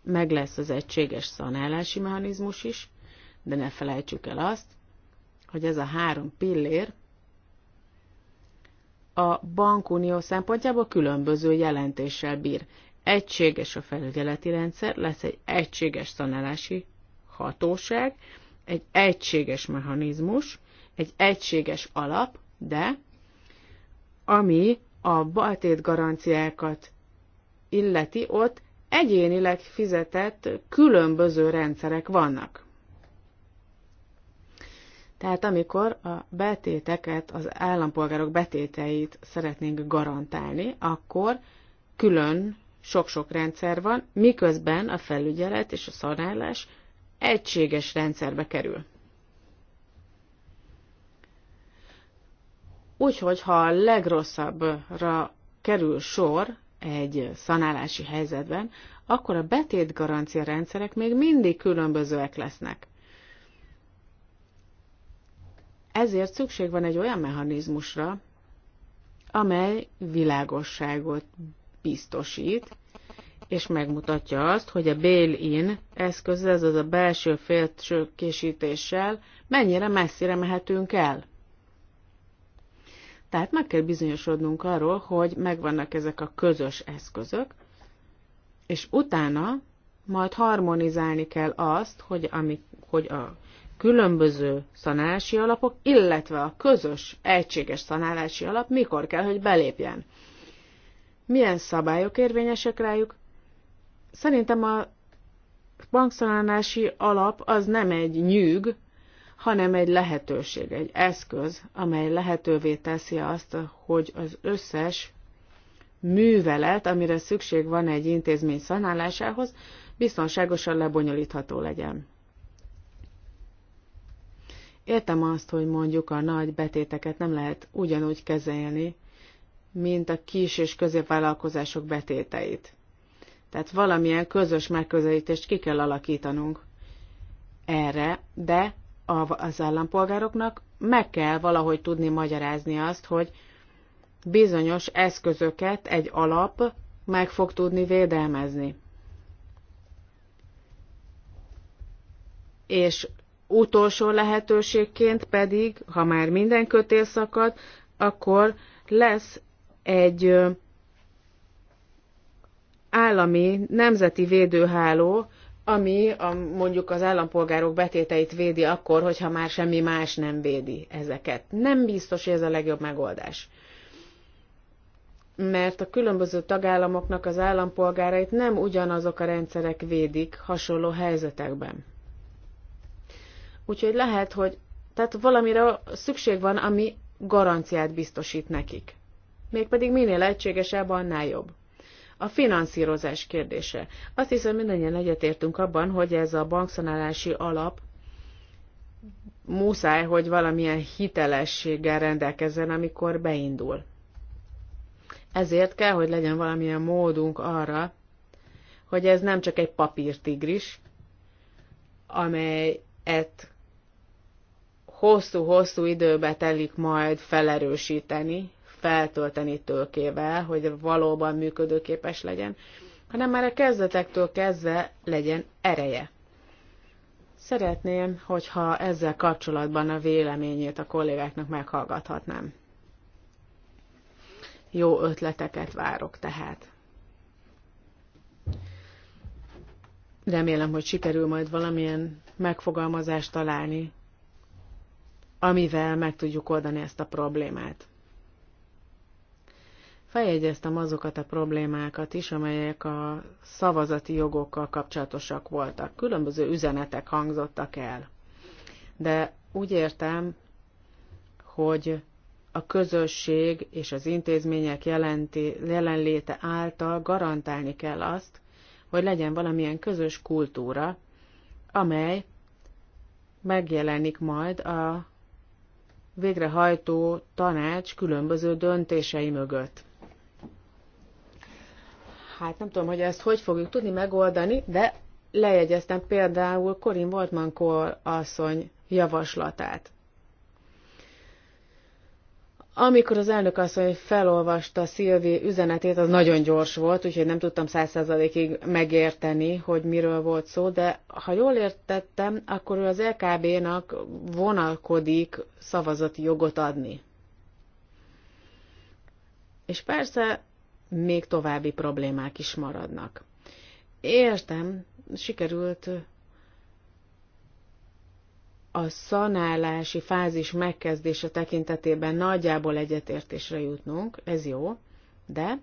Speaker 2: meg lesz az egységes szanálási mechanizmus is, de ne felejtsük el azt, hogy ez a három pillér a bankunió szempontjából különböző jelentéssel bír. Egységes a felügyeleti rendszer, lesz egy egységes szanálási hatóság, egy egységes mechanizmus, egy egységes alap, de ami a baltét garanciákat illeti, ott egyénileg fizetett különböző rendszerek vannak. Tehát amikor a betéteket, az állampolgárok betéteit szeretnénk garantálni, akkor külön sok-sok rendszer van, miközben a felügyelet és a szanálás egységes rendszerbe kerül. Úgyhogy, ha a legrosszabbra kerül sor, egy szanálási helyzetben, akkor a betét garancia rendszerek még mindig különbözőek lesznek. Ezért szükség van egy olyan mechanizmusra, amely világosságot biztosít, és megmutatja azt, hogy a bail-in eszköz, ez az a belső féltőkésítéssel mennyire messzire mehetünk el. Tehát meg kell bizonyosodnunk arról, hogy megvannak ezek a közös eszközök, és utána majd harmonizálni kell azt, hogy, ami, hogy a különböző szanálási alapok, illetve a közös, egységes szanálási alap mikor kell, hogy belépjen. Milyen szabályok érvényesek rájuk? Szerintem a bankszanálási alap az nem egy nyűg, hanem egy lehetőség, egy eszköz, amely lehetővé teszi azt, hogy az összes művelet, amire szükség van egy intézmény szanálásához, biztonságosan lebonyolítható legyen. Értem azt, hogy mondjuk a nagy betéteket nem lehet ugyanúgy kezelni, mint a kis és középvállalkozások betéteit. Tehát valamilyen közös megközelítést ki kell alakítanunk erre, de az állampolgároknak meg kell valahogy tudni magyarázni azt, hogy bizonyos eszközöket egy alap meg fog tudni védelmezni. És utolsó lehetőségként pedig, ha már minden kötél szakad, akkor lesz egy állami nemzeti védőháló, ami a, mondjuk az állampolgárok betéteit védi akkor, hogyha már semmi más nem védi ezeket. Nem biztos, hogy ez a legjobb megoldás. Mert a különböző tagállamoknak az állampolgárait nem ugyanazok a rendszerek védik hasonló helyzetekben. Úgyhogy lehet, hogy tehát valamire szükség van, ami garanciát biztosít nekik. Mégpedig minél egységesebb, annál jobb. A finanszírozás kérdése. Azt hiszem, mindannyian egyetértünk abban, hogy ez a bankszanálási alap muszáj, hogy valamilyen hitelességgel rendelkezzen, amikor beindul. Ezért kell, hogy legyen valamilyen módunk arra, hogy ez nem csak egy papírtigris, amelyet hosszú-hosszú időbe telik majd felerősíteni, feltölteni tőkével, hogy valóban működőképes legyen, hanem már a kezdetektől kezdve legyen ereje. Szeretném, hogyha ezzel kapcsolatban a véleményét a kollégáknak meghallgathatnám. Jó ötleteket várok tehát. Remélem, hogy sikerül majd valamilyen megfogalmazást találni, amivel meg tudjuk oldani ezt a problémát feljegyeztem azokat a problémákat is, amelyek a szavazati jogokkal kapcsolatosak voltak. Különböző üzenetek hangzottak el. De úgy értem, hogy a közösség és az intézmények jelenti, jelenléte által garantálni kell azt, hogy legyen valamilyen közös kultúra, amely megjelenik majd a végrehajtó tanács különböző döntései mögött. Hát nem tudom, hogy ezt hogy fogjuk tudni megoldani, de lejegyeztem például Corin Wortman asszony javaslatát. Amikor az elnök asszony felolvasta Szilvi üzenetét, az nagyon gyors volt, úgyhogy nem tudtam százszerzalékig megérteni, hogy miről volt szó, de ha jól értettem, akkor ő az LKB-nak vonalkodik szavazati jogot adni. És persze még további problémák is maradnak. Értem, sikerült a szanálási fázis megkezdése tekintetében nagyjából egyetértésre jutnunk, ez jó, de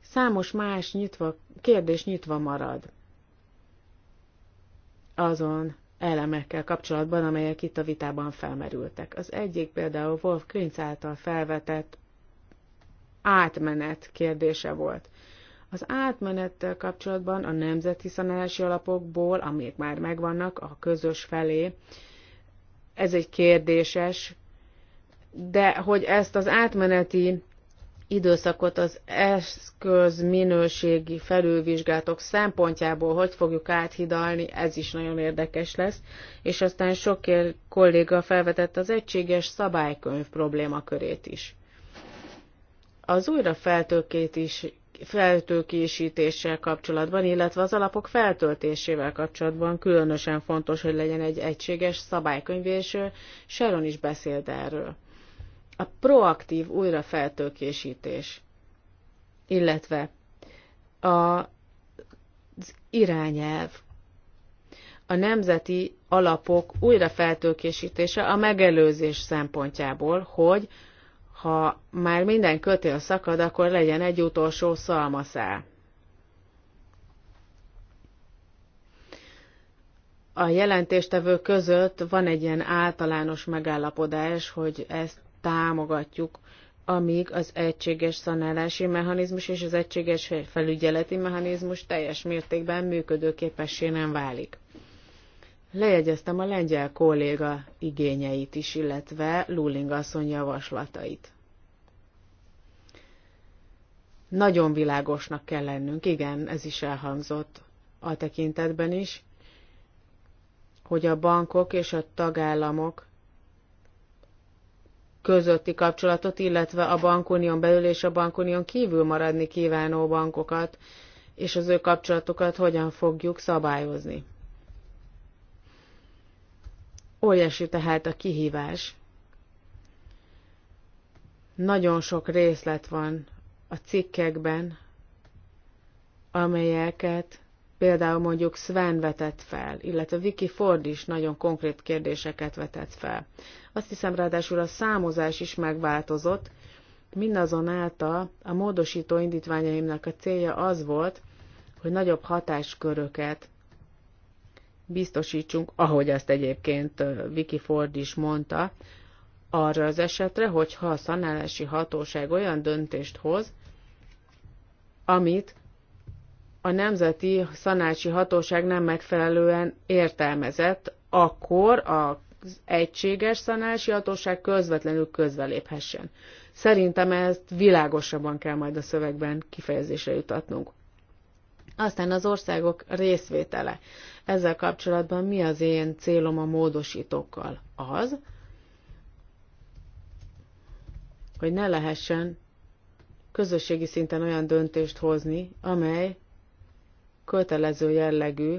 Speaker 2: számos más nyitva, kérdés nyitva marad azon elemekkel kapcsolatban, amelyek itt a vitában felmerültek. Az egyik például Wolf Klinz által felvetett átmenet kérdése volt. Az átmenettel kapcsolatban a nemzeti szanálási alapokból, amik már megvannak, a közös felé, ez egy kérdéses, de hogy ezt az átmeneti időszakot az eszköz minőségi felülvizsgátok szempontjából hogy fogjuk áthidalni, ez is nagyon érdekes lesz. És aztán sok kolléga felvetett az egységes szabálykönyv problémakörét is az újra feltőkét is feltőkésítéssel kapcsolatban, illetve az alapok feltöltésével kapcsolatban különösen fontos, hogy legyen egy egységes szabálykönyv, és Sharon is beszélt erről. A proaktív újrafeltőkésítés, illetve a, az irányelv, a nemzeti alapok újrafeltőkésítése a megelőzés szempontjából, hogy ha már minden kötél szakad, akkor legyen egy utolsó szalmaszál. A jelentéstevő között van egy ilyen általános megállapodás, hogy ezt támogatjuk, amíg az egységes szanálási mechanizmus és az egységes felügyeleti mechanizmus teljes mértékben működőképessé nem válik. Lejegyeztem a lengyel kolléga igényeit is, illetve Luling asszony javaslatait. Nagyon világosnak kell lennünk, igen, ez is elhangzott a tekintetben is, hogy a bankok és a tagállamok közötti kapcsolatot, illetve a bankunión belül és a bankunión kívül maradni kívánó bankokat és az ő kapcsolatukat hogyan fogjuk szabályozni. Óriási tehát a kihívás. Nagyon sok részlet van a cikkekben, amelyeket például mondjuk Sven vetett fel, illetve Vicky Ford is nagyon konkrét kérdéseket vetett fel. Azt hiszem ráadásul a számozás is megváltozott, mindazonáltal a módosító indítványaimnak a célja az volt, hogy nagyobb hatásköröket biztosítsunk, ahogy azt egyébként Vicky Ford is mondta, arra az esetre, hogyha a szanálási hatóság olyan döntést hoz, amit a Nemzeti Szanálási Hatóság nem megfelelően értelmezett, akkor az egységes szanálási hatóság közvetlenül közveléphessen. Szerintem ezt világosabban kell majd a szövegben kifejezésre jutatnunk. Aztán az országok részvétele. Ezzel kapcsolatban mi az én célom a módosítókkal? Az, hogy ne lehessen közösségi szinten olyan döntést hozni, amely kötelező jellegű,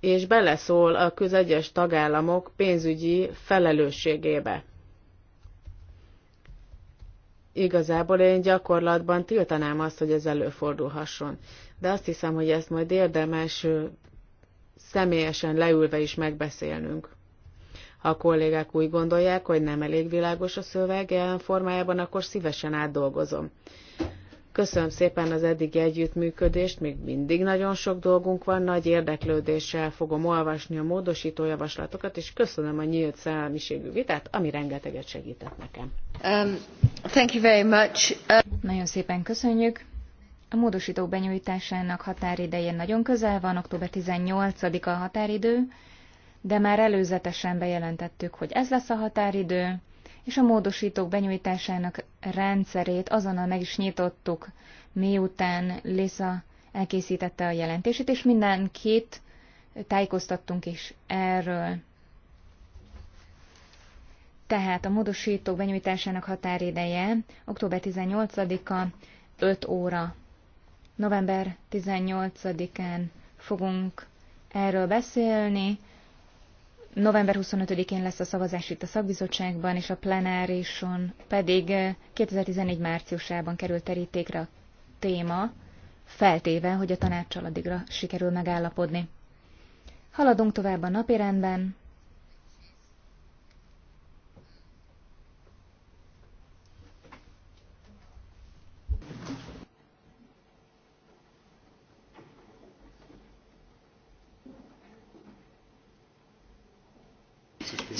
Speaker 2: és beleszól a közegyes tagállamok pénzügyi felelősségébe. Igazából én gyakorlatban tiltanám azt, hogy ez előfordulhasson de azt hiszem, hogy ezt majd érdemes személyesen leülve is megbeszélnünk. Ha a kollégák úgy gondolják, hogy nem elég világos a szöveg jelen formájában, akkor szívesen átdolgozom. Köszönöm szépen az eddigi együttműködést, még mindig nagyon sok dolgunk van, nagy érdeklődéssel fogom olvasni a módosító javaslatokat, és köszönöm a nyílt szellemiségű vitát, ami rengeteget segített
Speaker 1: nekem.
Speaker 3: Um, thank you very much. Uh... Nagyon szépen köszönjük. A módosító benyújtásának határideje nagyon közel van, október 18-a a határidő, de már előzetesen bejelentettük, hogy ez lesz a határidő, és a módosítók benyújtásának rendszerét azonnal meg is nyitottuk, miután Lisa elkészítette a jelentését, és mindenkit tájékoztattunk is erről. Tehát a módosítók benyújtásának határideje október 18-a 5 óra november 18-án fogunk erről beszélni. November 25-én lesz a szavazás itt a szakbizottságban, és a plenárison pedig 2014 eh, márciusában kerül terítékre a téma, feltéve, hogy a tanácssal addigra sikerül megállapodni. Haladunk tovább a napirendben.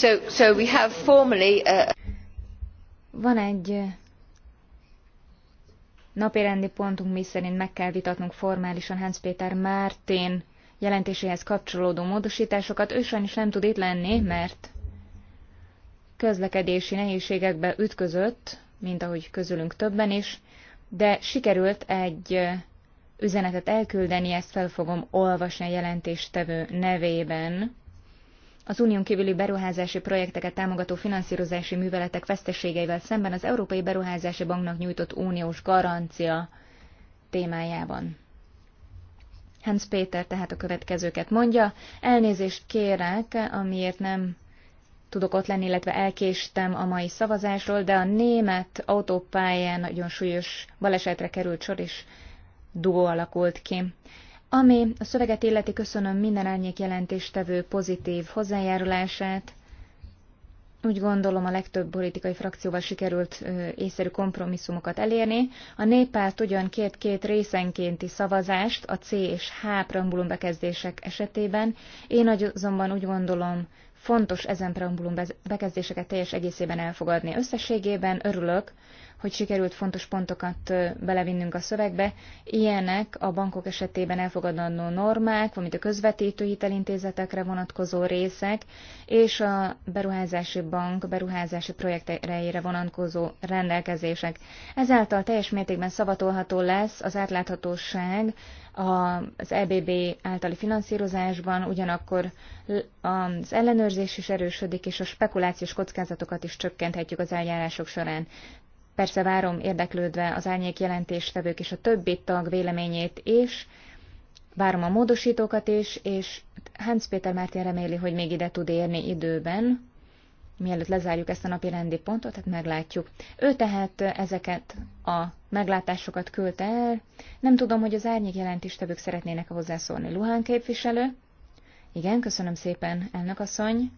Speaker 3: Uh, Van egy uh, napirendi pontunk, miszerint meg kell vitatnunk formálisan Hans Péter Mártén jelentéséhez kapcsolódó módosításokat. Ő sajnos nem tud itt lenni, mert közlekedési nehézségekbe ütközött, mint ahogy közülünk többen is, de sikerült egy uh, üzenetet elküldeni, ezt fel fogom olvasni a jelentéstevő nevében az unión kívüli beruházási projekteket támogató finanszírozási műveletek veszteségeivel szemben az Európai Beruházási Banknak nyújtott uniós garancia témájában. Hans Péter tehát a következőket mondja. Elnézést kérek, amiért nem tudok ott lenni, illetve elkéstem a mai szavazásról, de a német autópályán nagyon súlyos balesetre került sor, és dugó alakult ki. Ami a szöveget illeti, köszönöm minden árnyék jelentéstevő pozitív hozzájárulását. Úgy gondolom, a legtöbb politikai frakcióval sikerült észszerű kompromisszumokat elérni. A néppárt ugyan két-két részenkénti szavazást a C és H preambulum bekezdések esetében. Én azonban úgy gondolom, fontos ezen preambulum bekezdéseket teljes egészében elfogadni. Összességében örülök, hogy sikerült fontos pontokat belevinnünk a szövegbe. Ilyenek a bankok esetében elfogadandó normák, valamint a közvetítő hitelintézetekre vonatkozó részek, és a beruházási bank beruházási projekteire vonatkozó rendelkezések. Ezáltal teljes mértékben szavatolható lesz az átláthatóság az EBB általi finanszírozásban, ugyanakkor az ellenőrzés is erősödik, és a spekulációs kockázatokat is csökkenthetjük az eljárások során. Persze várom érdeklődve az árnyék jelentéstevők és a többi tag véleményét is, várom a módosítókat is, és Hans Péter Mártin reméli, hogy még ide tud érni időben, mielőtt lezárjuk ezt a napi rendi pontot, tehát meglátjuk. Ő tehát ezeket a meglátásokat küldte el. Nem tudom, hogy az árnyék jelentéstevők szeretnének -e hozzászólni. Luhán képviselő? Igen, köszönöm szépen, elnök asszony.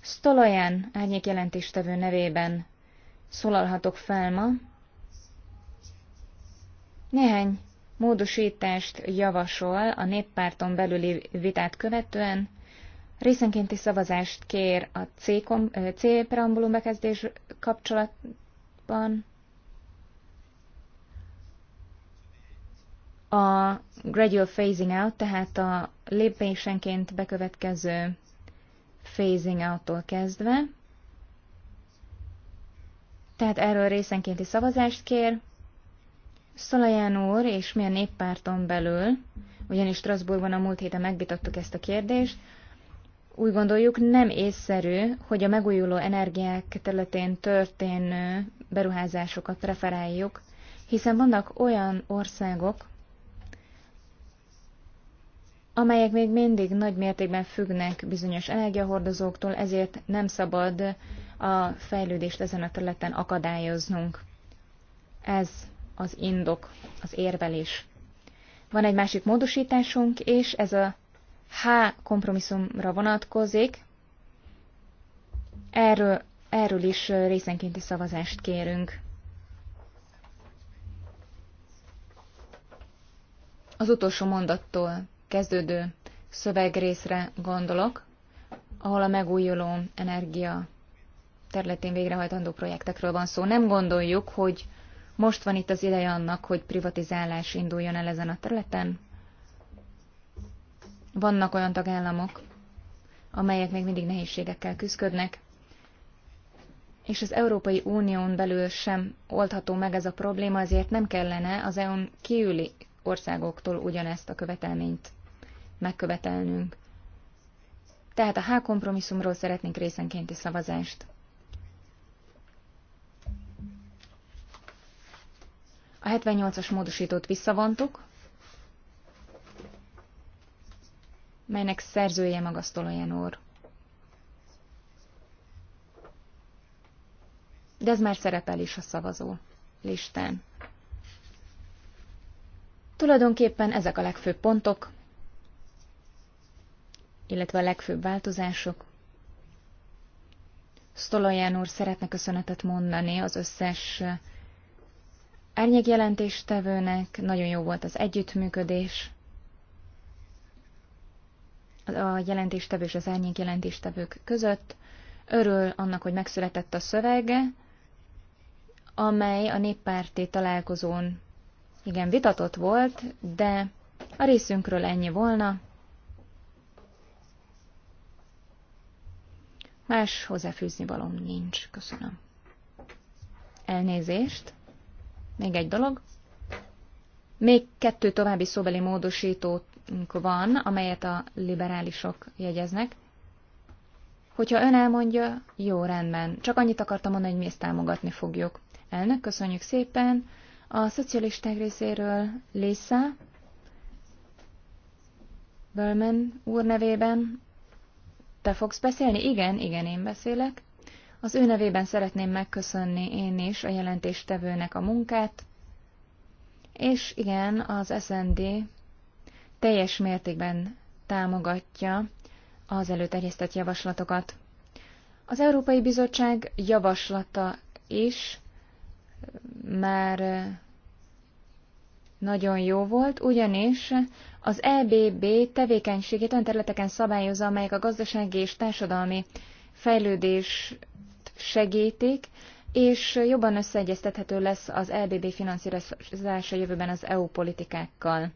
Speaker 3: Stolojan árnyék jelentéstevő nevében szólalhatok fel ma. Néhány módosítást javasol a néppárton belüli vitát követően, részenkénti szavazást kér a C, C preambulum bekezdés kapcsolatban, a gradual phasing out, tehát a lépésenként bekövetkező phasing out-tól kezdve, tehát erről részenkénti szavazást kér. Szolaján úr és mi a néppárton belül, ugyanis Strasbourgban a múlt héten megvitattuk ezt a kérdést, úgy gondoljuk nem észszerű, hogy a megújuló energiák területén történő beruházásokat preferáljuk, hiszen vannak olyan országok, amelyek még mindig nagy mértékben függnek bizonyos energiahordozóktól, ezért nem szabad a fejlődést ezen a területen akadályoznunk. Ez az indok, az érvelés. Van egy másik módosításunk, és ez a H kompromisszumra vonatkozik. Erről, erről is részenkénti szavazást kérünk. Az utolsó mondattól kezdődő szövegrészre gondolok, ahol a megújuló energia területén végrehajtandó projektekről van szó. Nem gondoljuk, hogy most van itt az ideje annak, hogy privatizálás induljon el ezen a területen. Vannak olyan tagállamok, amelyek még mindig nehézségekkel küzdködnek, és az Európai Unión belül sem oldható meg ez a probléma, azért nem kellene az EU-n kiüli országoktól ugyanezt a követelményt megkövetelnünk. Tehát a H kompromisszumról szeretnénk részenkénti szavazást. A 78-as módosítót visszavontuk, melynek szerzője magasztolóján úr. De ez már szerepel is a szavazó listán. Tulajdonképpen ezek a legfőbb pontok, illetve a legfőbb változások. Sztolaján úr szeretne köszönetet mondani az összes árnyék jelentéstevőnek, nagyon jó volt az együttműködés, a jelentéstevő és az árnyék jelentéstevők között. Örül annak, hogy megszületett a szövege, amely a néppárti találkozón igen vitatott volt, de a részünkről ennyi volna. Más hozzáfűzni valom nincs. Köszönöm. Elnézést. Még egy dolog. Még kettő további szóbeli módosítónk van, amelyet a liberálisok jegyeznek. Hogyha ön elmondja, jó, rendben. Csak annyit akartam mondani, hogy mi ezt támogatni fogjuk. Elnök, köszönjük szépen. A szocialisták részéről Lisa Berman úr nevében. Te fogsz beszélni? Igen, igen, én beszélek. Az ő nevében szeretném megköszönni én is a jelentéstevőnek a munkát, és igen, az SND teljes mértékben támogatja az előterjesztett javaslatokat. Az Európai Bizottság javaslata is már nagyon jó volt, ugyanis az EBB tevékenységét olyan területeken szabályozza, amelyek a gazdasági és társadalmi fejlődés segítik, és jobban összeegyeztethető lesz az LBB finanszírozása jövőben az EU politikákkal.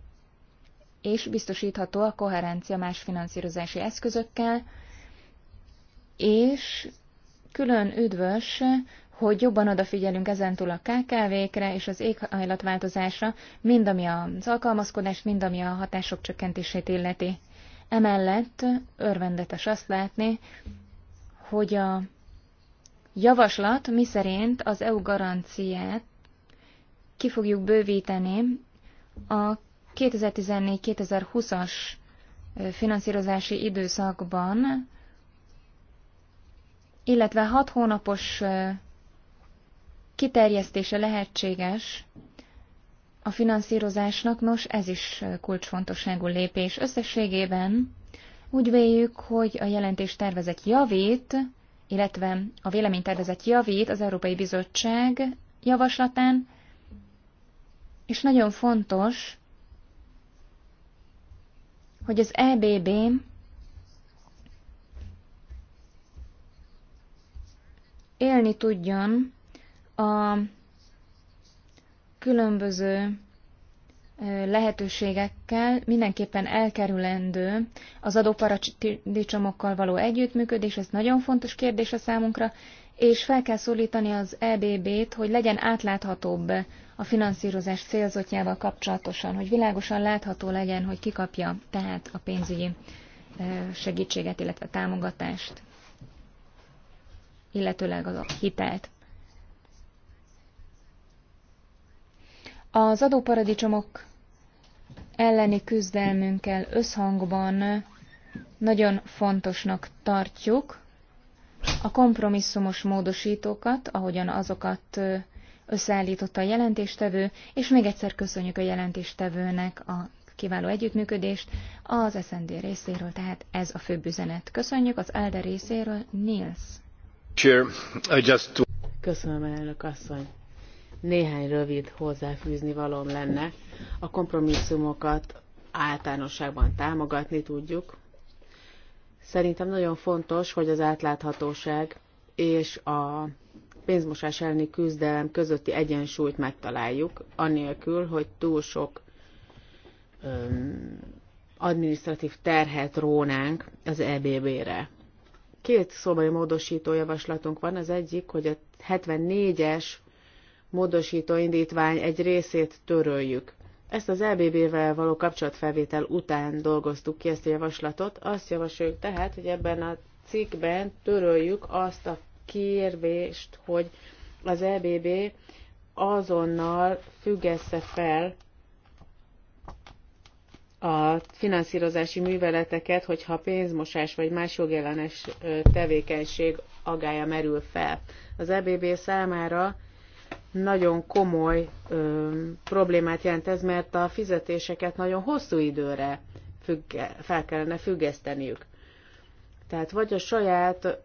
Speaker 3: És biztosítható a koherencia más finanszírozási eszközökkel, és külön üdvös, hogy jobban odafigyelünk ezentúl a KKV-kre és az éghajlatváltozásra, mind ami az alkalmazkodást, mind ami a hatások csökkentését illeti. Emellett örvendetes azt látni, hogy a javaslat, miszerint az EU garanciát ki fogjuk bővíteni a 2014-2020-as finanszírozási időszakban, illetve hat hónapos kiterjesztése lehetséges a finanszírozásnak, nos ez is kulcsfontosságú lépés. Összességében úgy véljük, hogy a jelentés tervezett javít illetve a véleménytervezet javít az Európai Bizottság javaslatán, és nagyon fontos, hogy az EBB élni tudjon a különböző lehetőségekkel mindenképpen elkerülendő az adóparadicsomokkal való együttműködés, ez nagyon fontos kérdés a számunkra, és fel kell szólítani az EBB-t, hogy legyen átláthatóbb a finanszírozás célzottjával kapcsolatosan, hogy világosan látható legyen, hogy kikapja tehát a pénzügyi segítséget, illetve támogatást, illetőleg a hitelt. Az adóparadicsomok elleni küzdelmünkkel összhangban nagyon fontosnak tartjuk a kompromisszumos módosítókat, ahogyan azokat összeállította a jelentéstevő, és még egyszer köszönjük a jelentéstevőnek a kiváló együttműködést az SND részéről, tehát ez a főbb üzenet. Köszönjük az ELDE részéről, Nils. Köszönöm, elnök asszony.
Speaker 2: Néhány rövid hozzáfűzni valóm lenne. A kompromisszumokat általánosságban támogatni tudjuk. Szerintem nagyon fontos, hogy az átláthatóság és a pénzmosás elleni küzdelem közötti egyensúlyt megtaláljuk, anélkül, hogy túl sok öm, administratív terhet rónánk az EBB-re. Két szobai módosító javaslatunk van, az egyik, hogy a 74-es módosító indítvány egy részét töröljük. Ezt az EBB-vel való kapcsolatfelvétel után dolgoztuk ki ezt a javaslatot. Azt javasoljuk tehát, hogy ebben a cikkben töröljük azt a kérvést, hogy az EBB azonnal függesse fel a finanszírozási műveleteket, hogyha pénzmosás vagy más jogellenes tevékenység agája merül fel. Az EBB számára nagyon komoly ö, problémát jelent ez, mert a fizetéseket nagyon hosszú időre függe, fel kellene függeszteniük. Tehát vagy a saját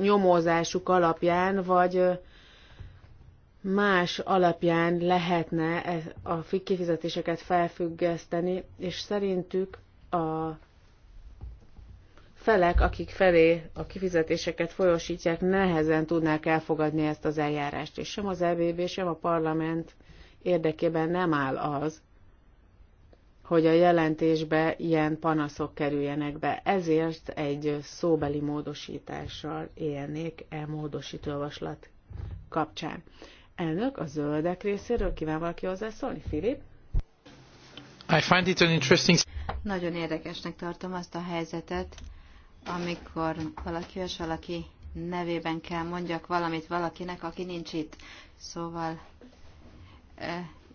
Speaker 2: nyomozásuk alapján, vagy más alapján lehetne e, a kifizetéseket felfüggeszteni, és szerintük a felek, akik felé a kifizetéseket folyosítják, nehezen tudnák elfogadni ezt az eljárást, és sem az EBB, sem a parlament érdekében nem áll az, hogy a jelentésbe ilyen panaszok kerüljenek be. Ezért egy szóbeli módosítással élnék e módosítóvaslat kapcsán. Elnök a zöldek részéről kíván valaki hozzászólni? Filip?
Speaker 4: I find it an interesting...
Speaker 2: Nagyon érdekesnek tartom azt a helyzetet,
Speaker 4: amikor valaki és valaki nevében kell mondjak valamit valakinek, aki nincs itt. Szóval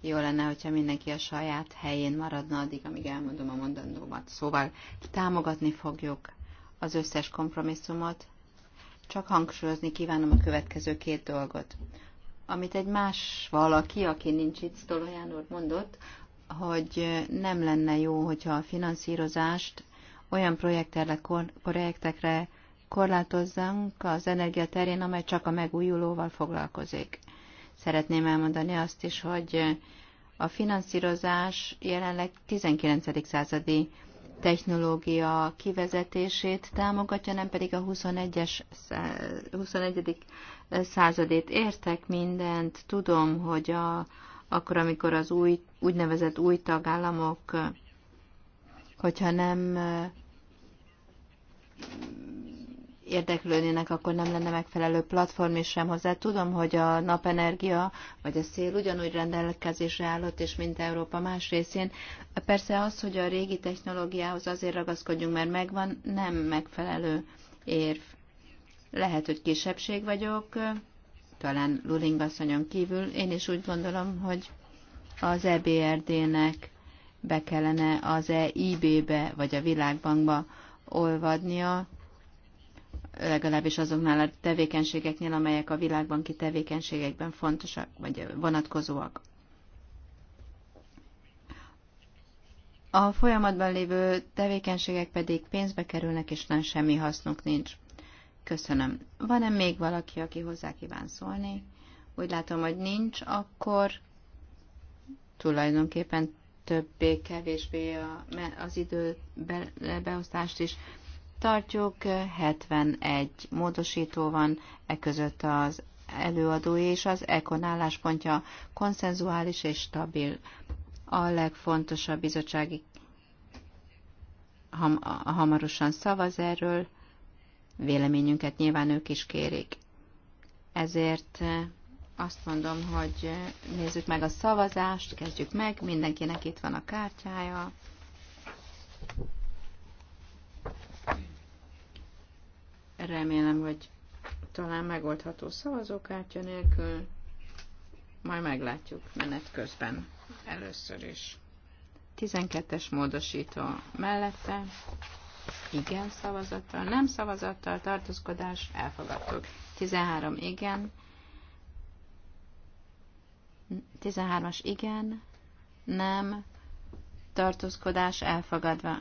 Speaker 4: jó lenne, hogyha mindenki a saját helyén maradna addig, amíg elmondom a mondandómat. Szóval támogatni fogjuk az összes kompromisszumot, csak hangsúlyozni kívánom a következő két dolgot. Amit egy más valaki, aki nincs itt, Stolojan mondott, hogy nem lenne jó, hogyha a finanszírozást olyan projektekre korlátozzunk az energia terén, amely csak a megújulóval foglalkozik. Szeretném elmondani azt is, hogy a finanszírozás jelenleg 19. századi technológia kivezetését támogatja, nem pedig a 21-es, 21. századét. Értek mindent, tudom, hogy a, akkor, amikor az új, úgynevezett új tagállamok Hogyha nem érdeklődnének, akkor nem lenne megfelelő platform is sem hozzá. Tudom, hogy a napenergia vagy a szél ugyanúgy rendelkezésre állott, és mint Európa más részén. Persze az, hogy a régi technológiához azért ragaszkodjunk, mert megvan, nem megfelelő érv. Lehet, hogy kisebbség vagyok, talán Luling asszonyon kívül. Én is úgy gondolom, hogy az EBRD-nek be kellene az EIB-be vagy a Világbankba olvadnia, legalábbis azoknál a tevékenységeknél, amelyek a világbanki tevékenységekben fontosak vagy vonatkozóak. A folyamatban lévő tevékenységek pedig pénzbe kerülnek, és nem semmi hasznuk nincs. Köszönöm. Van-e még valaki, aki hozzá kíván szólni? Úgy látom, hogy nincs, akkor tulajdonképpen többé-kevésbé az idő beosztást is tartjuk. 71 módosító van, e között az előadó és az ekon álláspontja konszenzuális és stabil. A legfontosabb bizottsági ham- hamarosan szavaz erről, véleményünket nyilván ők is kérik. Ezért azt mondom, hogy nézzük meg a szavazást, kezdjük meg, mindenkinek itt van a kártyája. Remélem, hogy talán megoldható szavazókártya nélkül. Majd meglátjuk menet közben először is. 12-es módosító mellette, igen szavazattal, nem szavazattal, tartózkodás, elfogadtuk. 13 igen, 13-as igen, nem, tartózkodás elfogadva.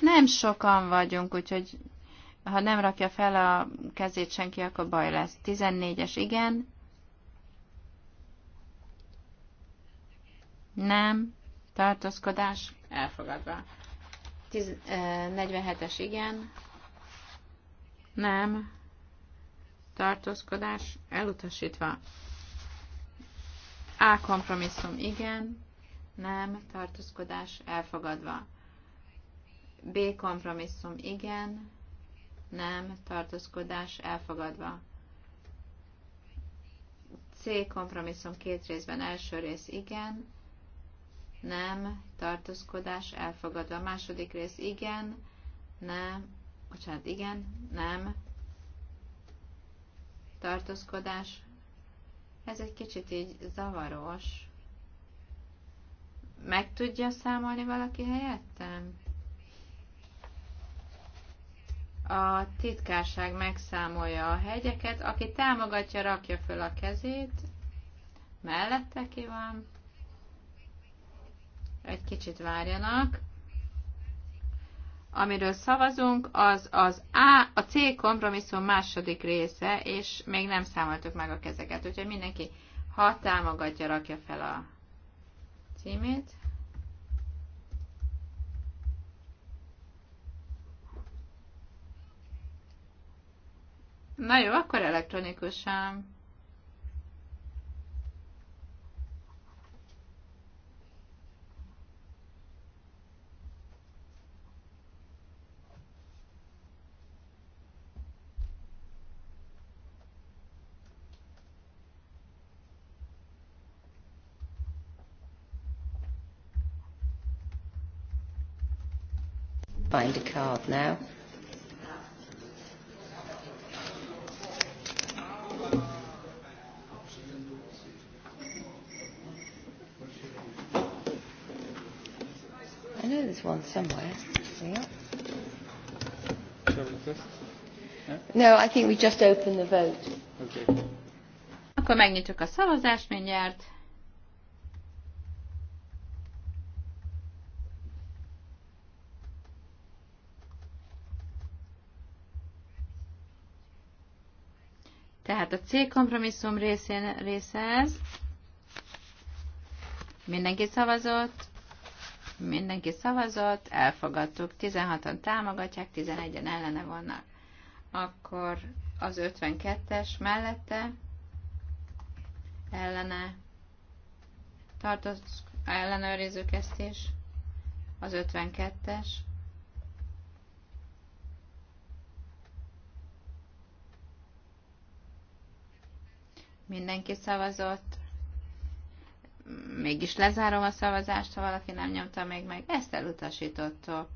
Speaker 4: Nem sokan vagyunk, úgyhogy ha nem rakja fel a kezét senki, akkor baj lesz. 14-es igen, nem, tartózkodás elfogadva. 47-es igen, nem, tartózkodás elutasítva. A kompromisszum igen, nem, tartózkodás elfogadva. B kompromisszum igen, nem, tartózkodás elfogadva. C kompromisszum két részben, első rész igen, nem, tartózkodás elfogadva. Második rész igen, nem, bocsánat, igen, nem, tartózkodás ez egy kicsit így zavaros. Meg tudja számolni valaki helyettem? A titkárság megszámolja a hegyeket. Aki támogatja, rakja föl a kezét. Mellette ki van. Egy kicsit várjanak amiről szavazunk, az az A, a C kompromisszum második része, és még nem számoltuk meg a kezeket. Úgyhogy mindenki, ha támogatja, rakja fel a címét.
Speaker 1: Na jó, akkor
Speaker 4: elektronikusan.
Speaker 1: Find a card now. I know there's one somewhere. Yeah. No, I think we just open the vote. Okay.
Speaker 4: Akkor megnyitjuk a szavazást mindjárt. Tehát a C kompromisszum részén, része ez. Mindenki szavazott. Mindenki szavazott, elfogadtuk. 16-an támogatják, 11-en ellene vannak. Akkor az 52-es mellette ellene tartoz, ellenőrizzük ezt is. Az 52-es. Mindenki szavazott. Mégis lezárom a szavazást, ha valaki nem nyomta még meg. Ezt elutasítottok.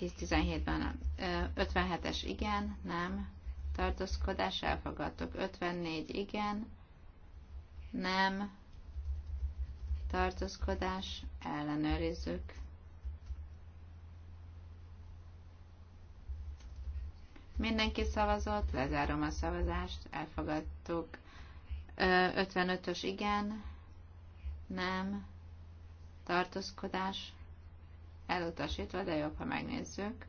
Speaker 4: 10-17-ben 57-es igen, nem. Tartózkodás elfogadtok. 54 igen, nem. Tartózkodás ellenőrizzük. Mindenki szavazott, lezárom a szavazást, elfogadtuk. 55-ös igen, nem, tartózkodás, elutasítva, de jobb, ha megnézzük.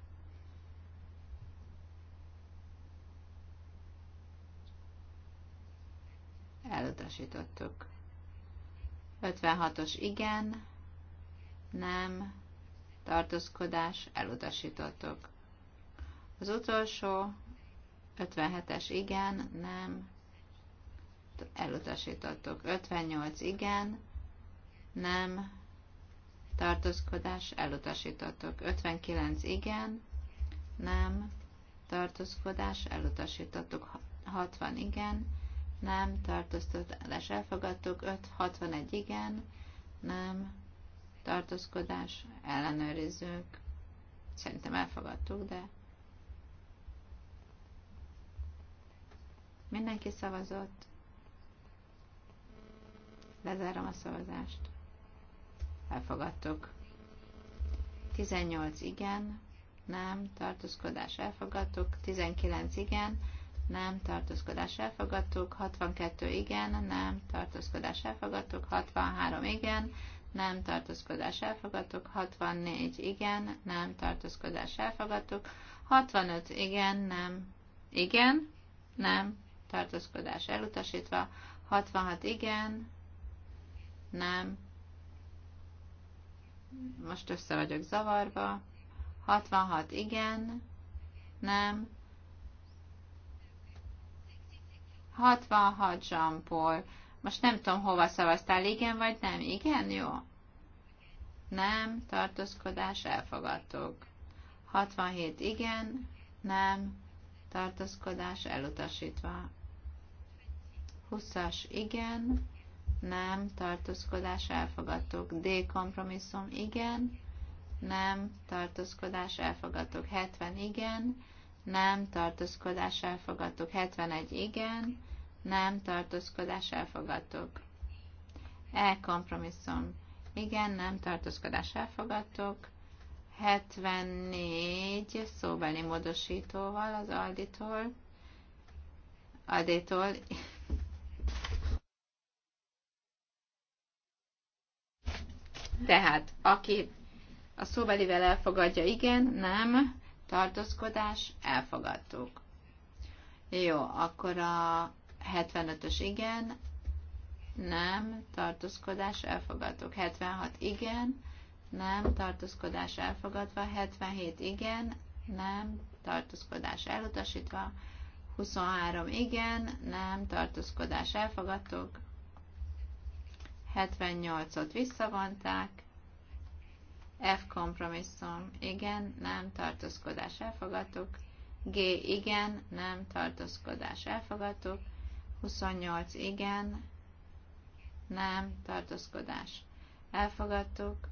Speaker 4: Elutasítottuk. 56-os igen, nem, tartózkodás, elutasítottuk. Az utolsó, 57-es igen, nem, elutasítottuk. 58 igen, nem, tartózkodás, elutasítottuk. 59 igen, nem, tartózkodás, elutasítottuk. 60 igen, nem, tartózkodás, elfogadtuk. 5, 61 igen, nem, tartózkodás, ellenőrizzük. Szerintem elfogadtuk, de Mindenki szavazott. Lezárom a szavazást. Elfogadtuk. 18 igen, nem, tartózkodás elfogadtuk. 19 igen, nem, tartózkodás elfogadtuk. 62 igen, nem, tartózkodás elfogadtuk. 63 igen, nem, tartózkodás elfogadtuk. 64 igen, nem, tartózkodás elfogadtuk. 65 igen, nem, igen, nem, tartózkodás elutasítva, 66 igen, nem, most össze vagyok zavarva, 66 igen, nem, 66 zsampol, Most nem tudom, hova szavaztál, igen vagy nem. Igen, jó? Nem, tartózkodás, elfogadtuk. 67 igen, nem, tartózkodás, elutasítva. 20-as igen, nem, tartózkodás elfogadtuk. D kompromisszum igen, nem, tartózkodás elfogadtuk. 70 igen, nem, tartózkodás elfogadtuk. 71 igen, nem, tartózkodás elfogadtuk. E kompromisszum igen, nem, tartózkodás elfogadtuk. 74 szóbeli módosítóval az Alditól. Alditól Tehát, aki a szóbelivel elfogadja, igen, nem, tartózkodás, elfogadtuk. Jó, akkor a 75-ös igen, nem, tartózkodás, elfogadtuk. 76 igen, nem, tartózkodás elfogadva. 77 igen, nem, tartózkodás elutasítva. 23 igen, nem, tartózkodás elfogadtuk. 78-ot visszavonták, F kompromisszum, igen, nem, tartózkodás, elfogadtuk, G igen, nem, tartózkodás, elfogadtuk, 28 igen, nem, tartózkodás, elfogadtuk,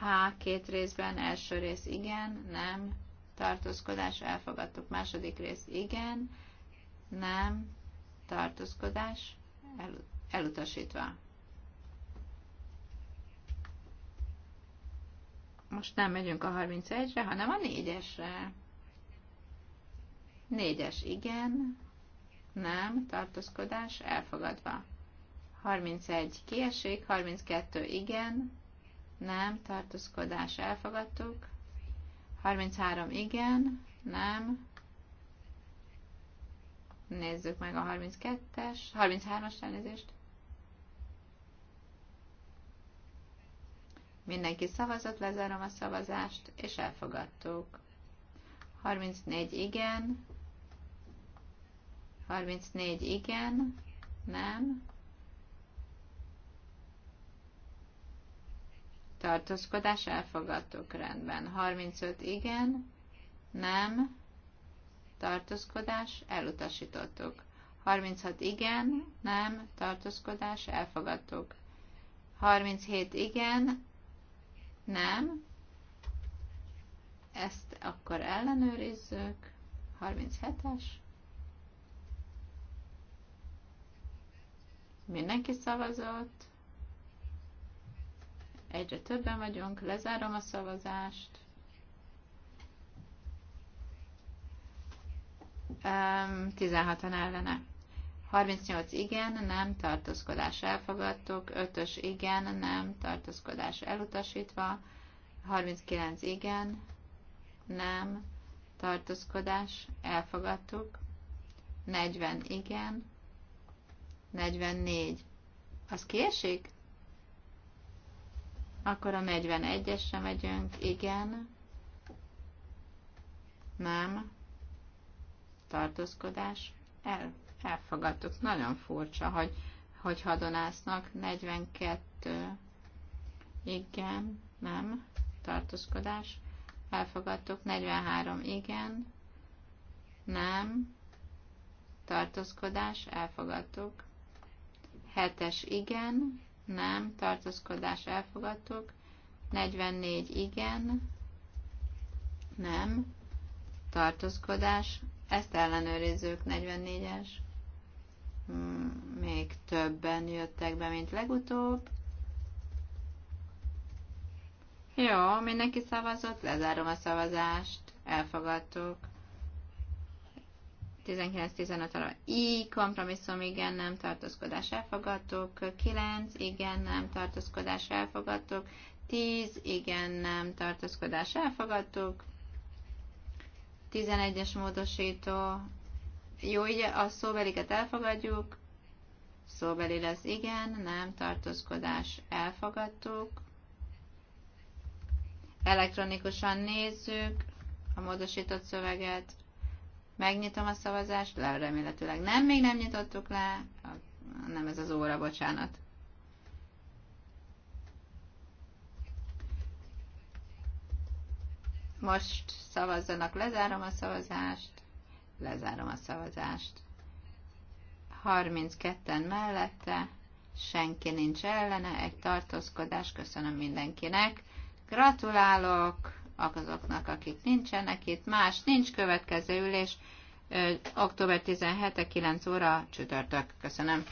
Speaker 4: H két részben, első rész igen, nem, tartózkodás, elfogadtuk, második rész igen, nem, tartózkodás, elutasítottuk elutasítva. Most nem megyünk a 31-re, hanem a 4-esre. 4-es igen, nem, tartózkodás elfogadva. 31 kiesik, 32 igen, nem, tartózkodás elfogadtuk. 33 igen, nem. Nézzük meg a 32-es, 33-as elnézést. Mindenki szavazott, lezárom a szavazást, és elfogadtuk. 34 igen, 34 igen, nem. Tartózkodás elfogadtuk, rendben. 35 igen, nem. Tartózkodás elutasítottuk. 36 igen, nem. Tartózkodás elfogadtuk. 37 igen, nem. Ezt akkor ellenőrizzük. 37-es. Mindenki szavazott. Egyre többen vagyunk. Lezárom a szavazást. Um, 16-an ellenek. 38 igen, nem, tartózkodás elfogadtuk, 5-ös igen, nem, tartózkodás elutasítva, 39 igen, nem, tartózkodás elfogadtuk, 40 igen, 44. Az kiesik? Akkor a 41-esre megyünk, igen, nem, tartózkodás, elfogadtuk elfogadtuk. Nagyon furcsa, hogy, hogy hadonásznak 42, igen, nem, tartózkodás, elfogadtuk, 43, igen, nem, tartózkodás, elfogadtuk, 7-es, igen, nem, tartózkodás, elfogadtuk, 44, igen, nem, tartózkodás, ezt ellenőrizzük, 44-es. Mm, még többen jöttek be, mint legutóbb. Jó, mindenki szavazott, lezárom a szavazást, elfogadtuk. 19-15 arra I, kompromisszum, igen, nem, tartózkodás, elfogadtuk. 9, igen, nem, tartózkodás, elfogadtuk. 10, igen, nem, tartózkodás, elfogadtuk. 11-es módosító, jó, így a szóbeliket elfogadjuk. Szóbeli lesz igen, nem, tartózkodás elfogadtuk. Elektronikusan nézzük a módosított szöveget. Megnyitom a szavazást, le reméletőleg nem, még nem nyitottuk le. Nem ez az óra, bocsánat. Most szavazzanak, lezárom a szavazást. Lezárom a szavazást. 32-en mellette, senki nincs ellene, egy tartózkodás, köszönöm mindenkinek. Gratulálok azoknak, akik nincsenek itt, más nincs következő ülés, október 17-9 óra csütörtök. Köszönöm.